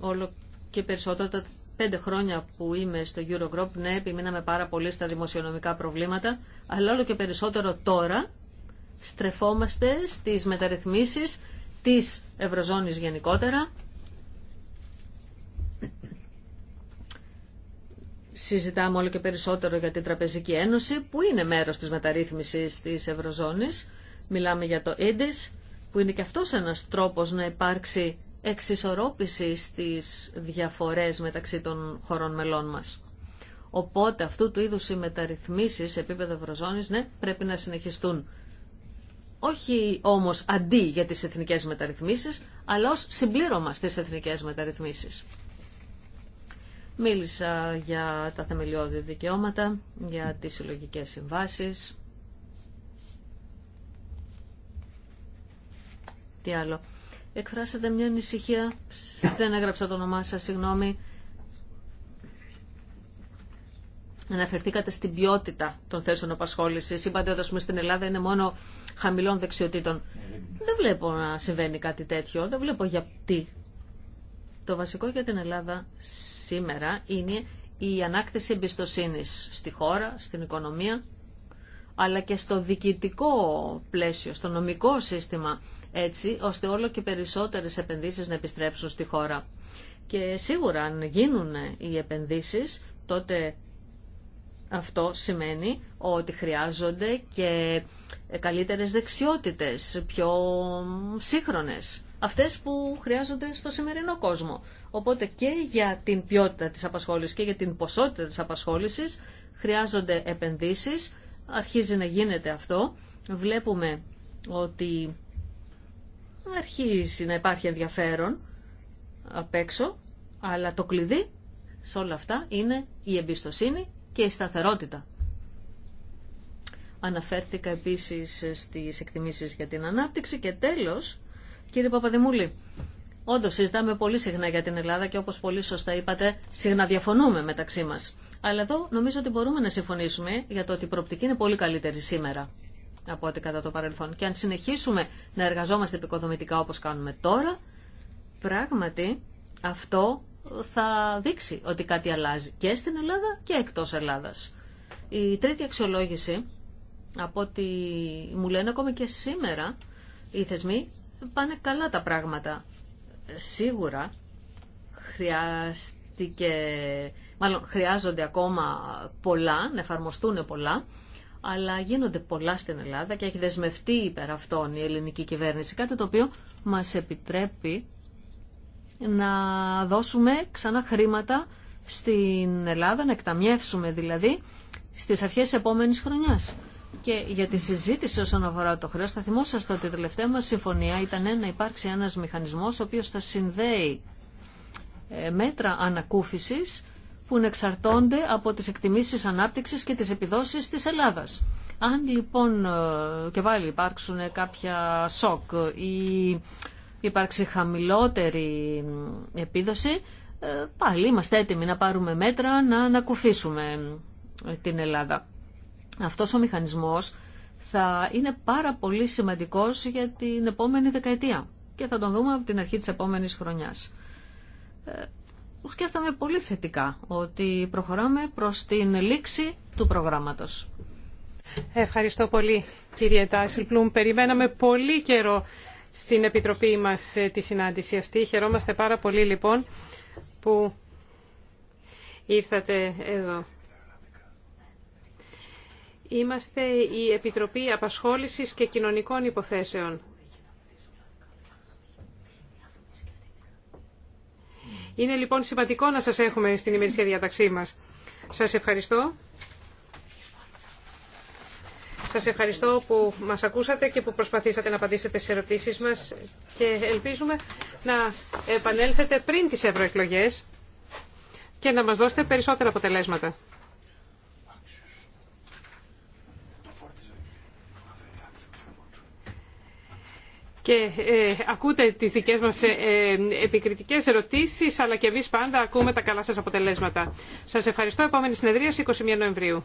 όλο και περισσότερο τα πέντε χρόνια που είμαι στο Eurogroup, ναι, επιμείναμε πάρα πολύ στα δημοσιονομικά προβλήματα, αλλά όλο και περισσότερο τώρα στρεφόμαστε στις μεταρρυθμίσεις της Ευρωζώνης γενικότερα. Συζητάμε όλο και περισσότερο για την Τραπεζική Ένωση που είναι μέρος της μεταρρύθμισης της Ευρωζώνης. Μιλάμε για το EDIS που είναι και αυτός ένας τρόπος να υπάρξει εξισορρόπηση στις διαφορές μεταξύ των χωρών μελών μας. Οπότε αυτού του είδους οι μεταρρυθμίσεις σε επίπεδο Ευρωζώνης ναι, πρέπει να συνεχιστούν όχι όμως αντί για τις εθνικές μεταρρυθμίσεις, αλλά ως συμπλήρωμα στις εθνικές μεταρρυθμίσεις. Μίλησα για τα θεμελιώδη δικαιώματα, για τις συλλογικές συμβάσεις. Τι άλλο. Εκφράσατε μια ανησυχία, δεν έγραψα το όνομά σας, συγγνώμη. Αναφερθήκατε στην ποιότητα των θέσεων απασχόληση. Είπατε ότι στην Ελλάδα είναι μόνο χαμηλών δεξιοτήτων. Δεν βλέπω να συμβαίνει κάτι τέτοιο, δεν βλέπω γιατί. Το βασικό για την Ελλάδα σήμερα είναι η ανάκτηση εμπιστοσύνη στη χώρα, στην οικονομία, αλλά και στο διοικητικό πλαίσιο, στο νομικό σύστημα, έτσι ώστε όλο και περισσότερες επενδύσεις να επιστρέψουν στη χώρα. Και σίγουρα αν γίνουν οι επενδύσεις, τότε αυτό σημαίνει ότι χρειάζονται και καλύτερες δεξιότητες, πιο σύγχρονες, αυτές που χρειάζονται στο σημερινό κόσμο. Οπότε και για την ποιότητα της απασχόλησης και για την ποσότητα της απασχόλησης χρειάζονται επενδύσεις. Αρχίζει να γίνεται αυτό. Βλέπουμε ότι αρχίζει να υπάρχει ενδιαφέρον απ' έξω, αλλά το κλειδί σε όλα αυτά είναι η εμπιστοσύνη και η σταθερότητα. Αναφέρθηκα επίσης στις εκτιμήσεις για την ανάπτυξη και τέλος, κύριε Παπαδημούλη, όντω συζητάμε πολύ συχνά για την Ελλάδα και όπως πολύ σωστά είπατε, συχνά διαφωνούμε μεταξύ μας. Αλλά εδώ νομίζω ότι μπορούμε να συμφωνήσουμε για το ότι η προοπτική είναι πολύ καλύτερη σήμερα από ό,τι κατά το παρελθόν. Και αν συνεχίσουμε να εργαζόμαστε επικοδομητικά όπως κάνουμε τώρα, πράγματι αυτό θα δείξει ότι κάτι αλλάζει και στην Ελλάδα και εκτός Ελλάδας. Η τρίτη αξιολόγηση, από ό,τι μου λένε ακόμα και σήμερα, οι θεσμοί πάνε καλά τα πράγματα. Σίγουρα χρειάστηκε, μάλλον χρειάζονται ακόμα πολλά, να εφαρμοστούν πολλά, αλλά γίνονται πολλά στην Ελλάδα και έχει δεσμευτεί υπέρ αυτών η ελληνική κυβέρνηση, κάτι το οποίο μας επιτρέπει να δώσουμε ξανά χρήματα στην Ελλάδα, να εκταμιεύσουμε δηλαδή, στις αρχές της επόμενης χρονιάς. Και για τη συζήτηση όσον αφορά το χρέο, θα θυμόσαστε ότι η τελευταία μα συμφωνία ήταν να υπάρξει ένα μηχανισμό ο οποίο θα συνδέει ε, μέτρα ανακούφιση που εξαρτώνται από τι εκτιμήσει ανάπτυξη και τι επιδόσει τη Ελλάδα. Αν λοιπόν ε, και πάλι υπάρξουν κάποια σοκ ή υπάρξει χαμηλότερη επίδοση, ε, πάλι είμαστε έτοιμοι να πάρουμε μέτρα να ανακουφίσουμε ε, την Ελλάδα. Αυτός ο μηχανισμός θα είναι πάρα πολύ σημαντικός για την επόμενη δεκαετία και θα τον δούμε από την αρχή της επόμενης χρονιάς. Ε, σκέφτομαι πολύ θετικά ότι προχωράμε προς την λήξη του προγράμματος. Ευχαριστώ πολύ κύριε Τάσιλπλουμ. Περιμέναμε πολύ καιρό στην Επιτροπή μας ε, τη συνάντηση αυτή. Χαιρόμαστε πάρα πολύ λοιπόν που ήρθατε εδώ. Είμαστε η Επιτροπή Απασχόλησης και Κοινωνικών Υποθέσεων. Είναι λοιπόν σημαντικό να σας έχουμε στην ημερήσια διάταξή μας. Σας ευχαριστώ. Σας ευχαριστώ που μας ακούσατε και που προσπαθήσατε να απαντήσετε στις ερωτήσεις μας και ελπίζουμε να επανέλθετε πριν τις ευρωεκλογέ και να μας δώσετε περισσότερα αποτελέσματα. Και ε, ακούτε τις δικές μας ε, ε, επικριτικές ερωτήσεις, αλλά και εμείς πάντα ακούμε τα καλά σας αποτελέσματα. Σας ευχαριστώ. Επόμενη συνεδρία 21 Νοεμβρίου.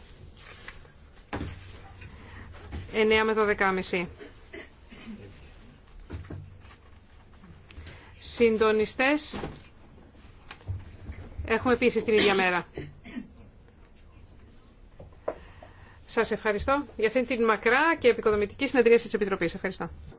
9 με 12.30. Συντονιστές έχουμε επίσης την ίδια μέρα. Σας ευχαριστώ για αυτήν την μακρά και επικοδομητική συνεδρίαση της Επιτροπής. Ευχαριστώ.